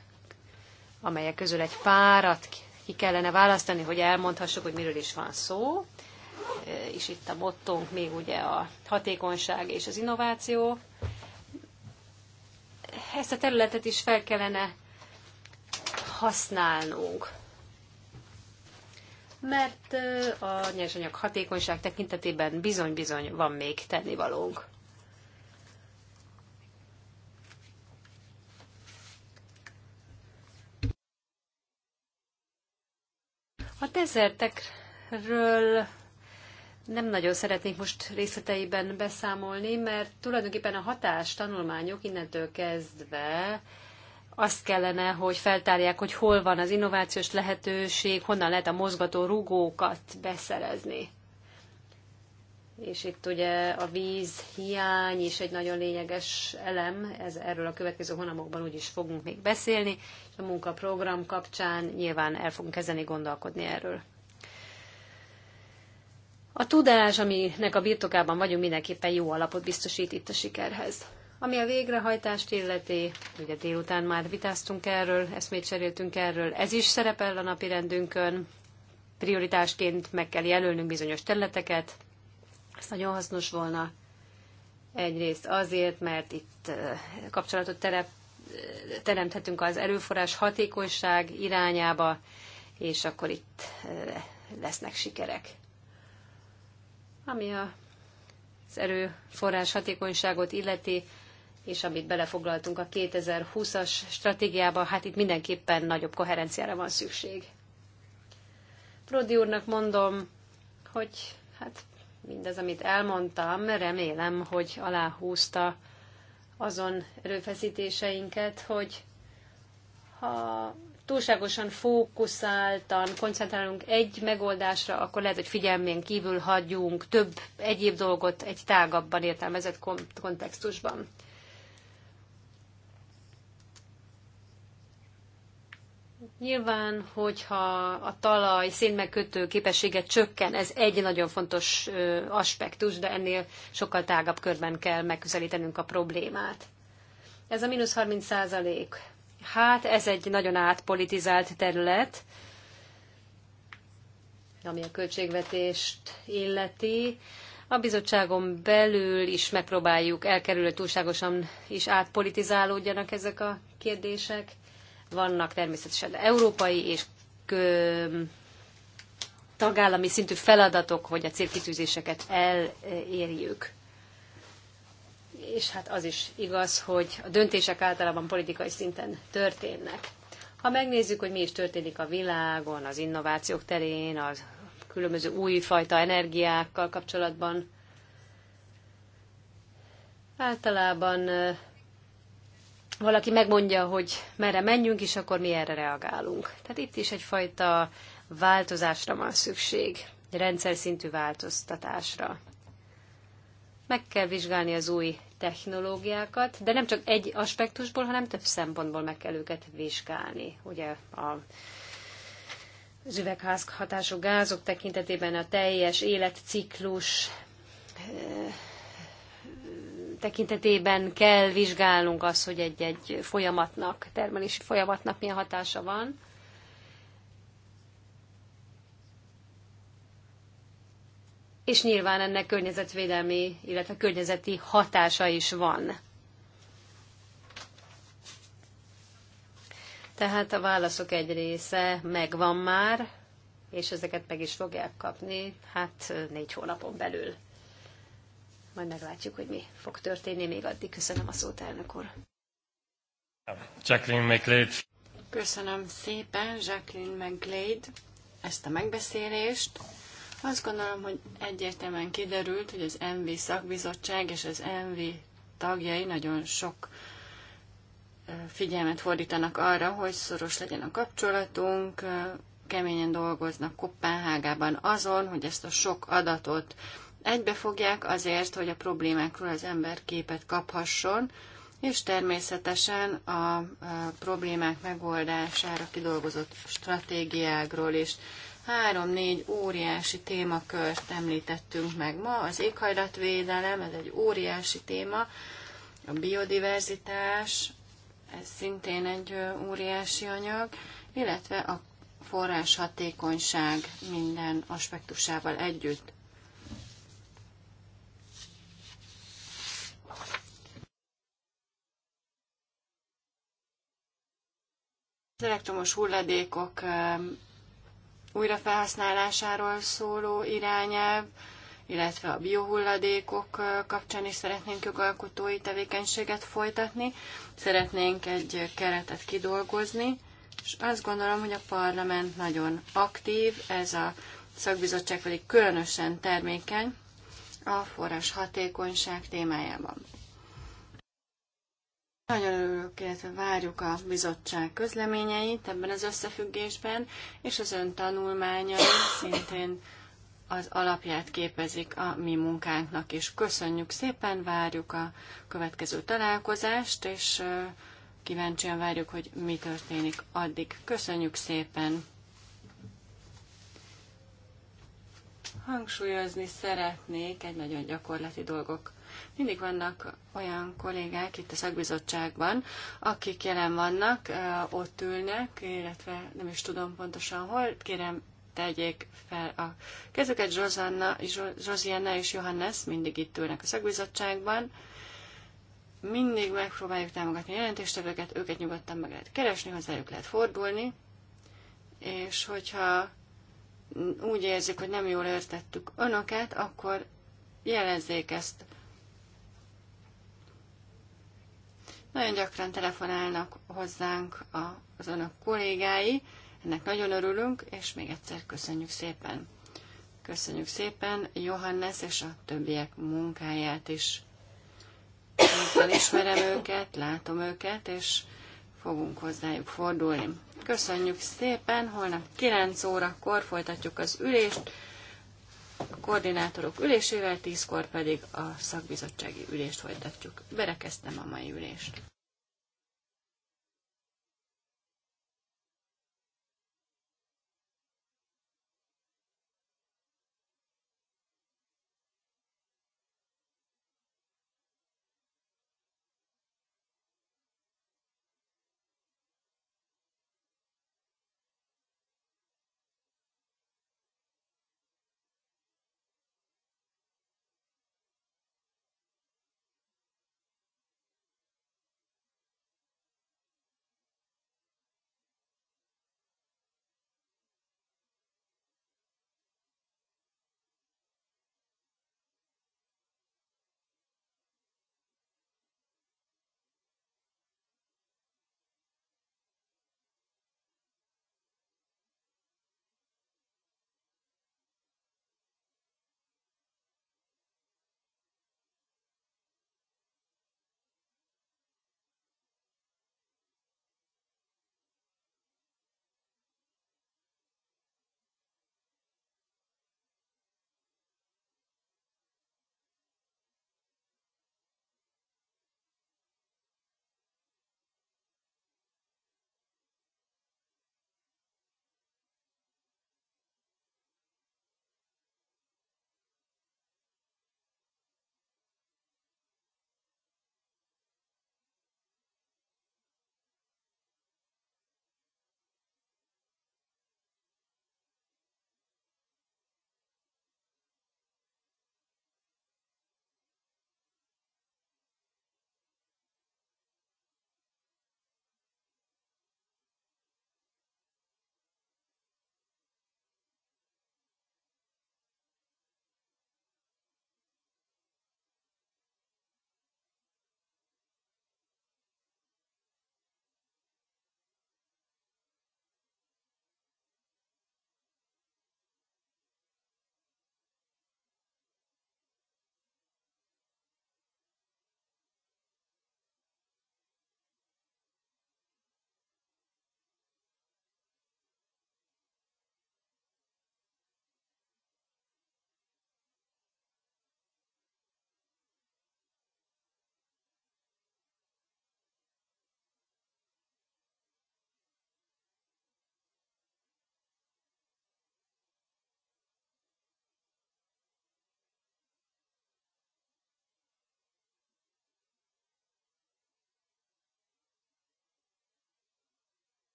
amelyek közül egy párat ki kellene választani, hogy elmondhassuk, hogy miről is van szó. E, és itt a mottónk még ugye a hatékonyság és az innováció. Ezt a területet is fel kellene használnunk. Mert e, a nyersanyag hatékonyság tekintetében bizony-bizony van még tennivalónk. A dezertekről nem nagyon szeretnék most részleteiben beszámolni, mert tulajdonképpen a hatás tanulmányok innentől kezdve azt kellene, hogy feltárják, hogy hol van az innovációs lehetőség, honnan lehet a mozgató rugókat beszerezni és itt ugye a víz hiány is egy nagyon lényeges elem, ez, erről a következő hónapokban úgy is fogunk még beszélni, és a munkaprogram kapcsán nyilván el fogunk kezdeni gondolkodni erről. A tudás, aminek a birtokában vagyunk, mindenképpen jó alapot biztosít itt a sikerhez. Ami a végrehajtást illeti, ugye délután már vitáztunk erről, eszmét cseréltünk erről, ez is szerepel a napi rendünkön. Prioritásként meg kell jelölnünk bizonyos területeket, ez nagyon hasznos volna. Egyrészt azért, mert itt kapcsolatot terep, teremthetünk az erőforrás hatékonyság irányába, és akkor itt lesznek sikerek. Ami az erőforrás hatékonyságot illeti, és amit belefoglaltunk a 2020-as stratégiába, hát itt mindenképpen nagyobb koherenciára van szükség. Prodi úrnak mondom, hogy hát mindez, amit elmondtam, remélem, hogy aláhúzta azon erőfeszítéseinket, hogy ha túlságosan fókuszáltan koncentrálunk egy megoldásra, akkor lehet, hogy figyelmén kívül hagyjunk több egyéb dolgot egy tágabban értelmezett kontextusban. Nyilván, hogyha a talaj szénmegkötő képessége csökken, ez egy nagyon fontos aspektus, de ennél sokkal tágabb körben kell megközelítenünk a problémát. Ez a mínusz 30 százalék. Hát ez egy nagyon átpolitizált terület, ami a költségvetést illeti. A bizottságon belül is megpróbáljuk elkerülni, túlságosan is átpolitizálódjanak ezek a kérdések vannak természetesen európai és tagállami szintű feladatok, hogy a célkitűzéseket elérjük. És hát az is igaz, hogy a döntések általában politikai szinten történnek. Ha megnézzük, hogy mi is történik a világon, az innovációk terén, a különböző újfajta energiákkal kapcsolatban, általában valaki megmondja, hogy merre menjünk, és akkor mi erre reagálunk. Tehát itt is egyfajta változásra van szükség, egy rendszer szintű változtatásra. Meg kell vizsgálni az új technológiákat, de nem csak egy aspektusból, hanem több szempontból meg kell őket vizsgálni. Ugye a az üvegházhatású gázok tekintetében a teljes életciklus eh, tekintetében kell vizsgálnunk azt, hogy egy-egy folyamatnak, termelési folyamatnak milyen hatása van. És nyilván ennek környezetvédelmi, illetve környezeti hatása is van. Tehát a válaszok egy része megvan már, és ezeket meg is fogják kapni, hát négy hónapon belül majd meglátjuk, hogy mi fog történni még addig. Köszönöm a szót, elnök úr.
Jacqueline McLeod.
Köszönöm szépen, Jacqueline McLeod, ezt a megbeszélést. Azt gondolom, hogy egyértelműen kiderült, hogy az MV szakbizottság és az MV tagjai nagyon sok figyelmet fordítanak arra, hogy szoros legyen a kapcsolatunk, keményen dolgoznak Kopenhágában azon, hogy ezt a sok adatot egybefogják azért, hogy a problémákról az ember képet kaphasson, és természetesen a problémák megoldására kidolgozott stratégiákról is. Három-négy óriási témakört említettünk meg ma. Az éghajlatvédelem, ez egy óriási téma, a biodiverzitás, ez szintén egy óriási anyag, illetve a forráshatékonyság minden aspektusával együtt. Az elektromos hulladékok újrafelhasználásáról szóló irányelv, illetve a biohulladékok kapcsán is szeretnénk jogalkotói tevékenységet folytatni. Szeretnénk egy keretet kidolgozni, és azt gondolom, hogy a parlament nagyon aktív, ez a szakbizottság pedig különösen termékeny a forrás hatékonyság témájában. Nagyon örülök, illetve várjuk a bizottság közleményeit ebben az összefüggésben, és az ön tanulmányai szintén az alapját képezik a mi munkánknak is. Köszönjük szépen, várjuk a következő találkozást, és kíváncsian várjuk, hogy mi történik addig. Köszönjük szépen! Hangsúlyozni szeretnék egy nagyon gyakorlati dolgok mindig vannak olyan kollégák itt a szakbizottságban, akik jelen vannak, ott ülnek, illetve nem is tudom pontosan hol. Kérem, tegyék fel a kezüket. Zsozanna, Zsosianna és Johannes mindig itt ülnek a szakbizottságban. Mindig megpróbáljuk támogatni a jelentéstevőket, őket nyugodtan meg lehet keresni, hozzájuk lehet fordulni. És hogyha úgy érzik, hogy nem jól értettük önöket, akkor jelezzék ezt Nagyon gyakran telefonálnak hozzánk az önök kollégái, ennek nagyon örülünk, és még egyszer köszönjük szépen. Köszönjük szépen Johannes és a többiek munkáját is. Én ismerem őket, látom őket, és fogunk hozzájuk fordulni. Köszönjük szépen, holnap 9 órakor folytatjuk az ülést koordinátorok ülésével, tízkor pedig a szakbizottsági ülést folytatjuk. Berekeztem a mai ülést.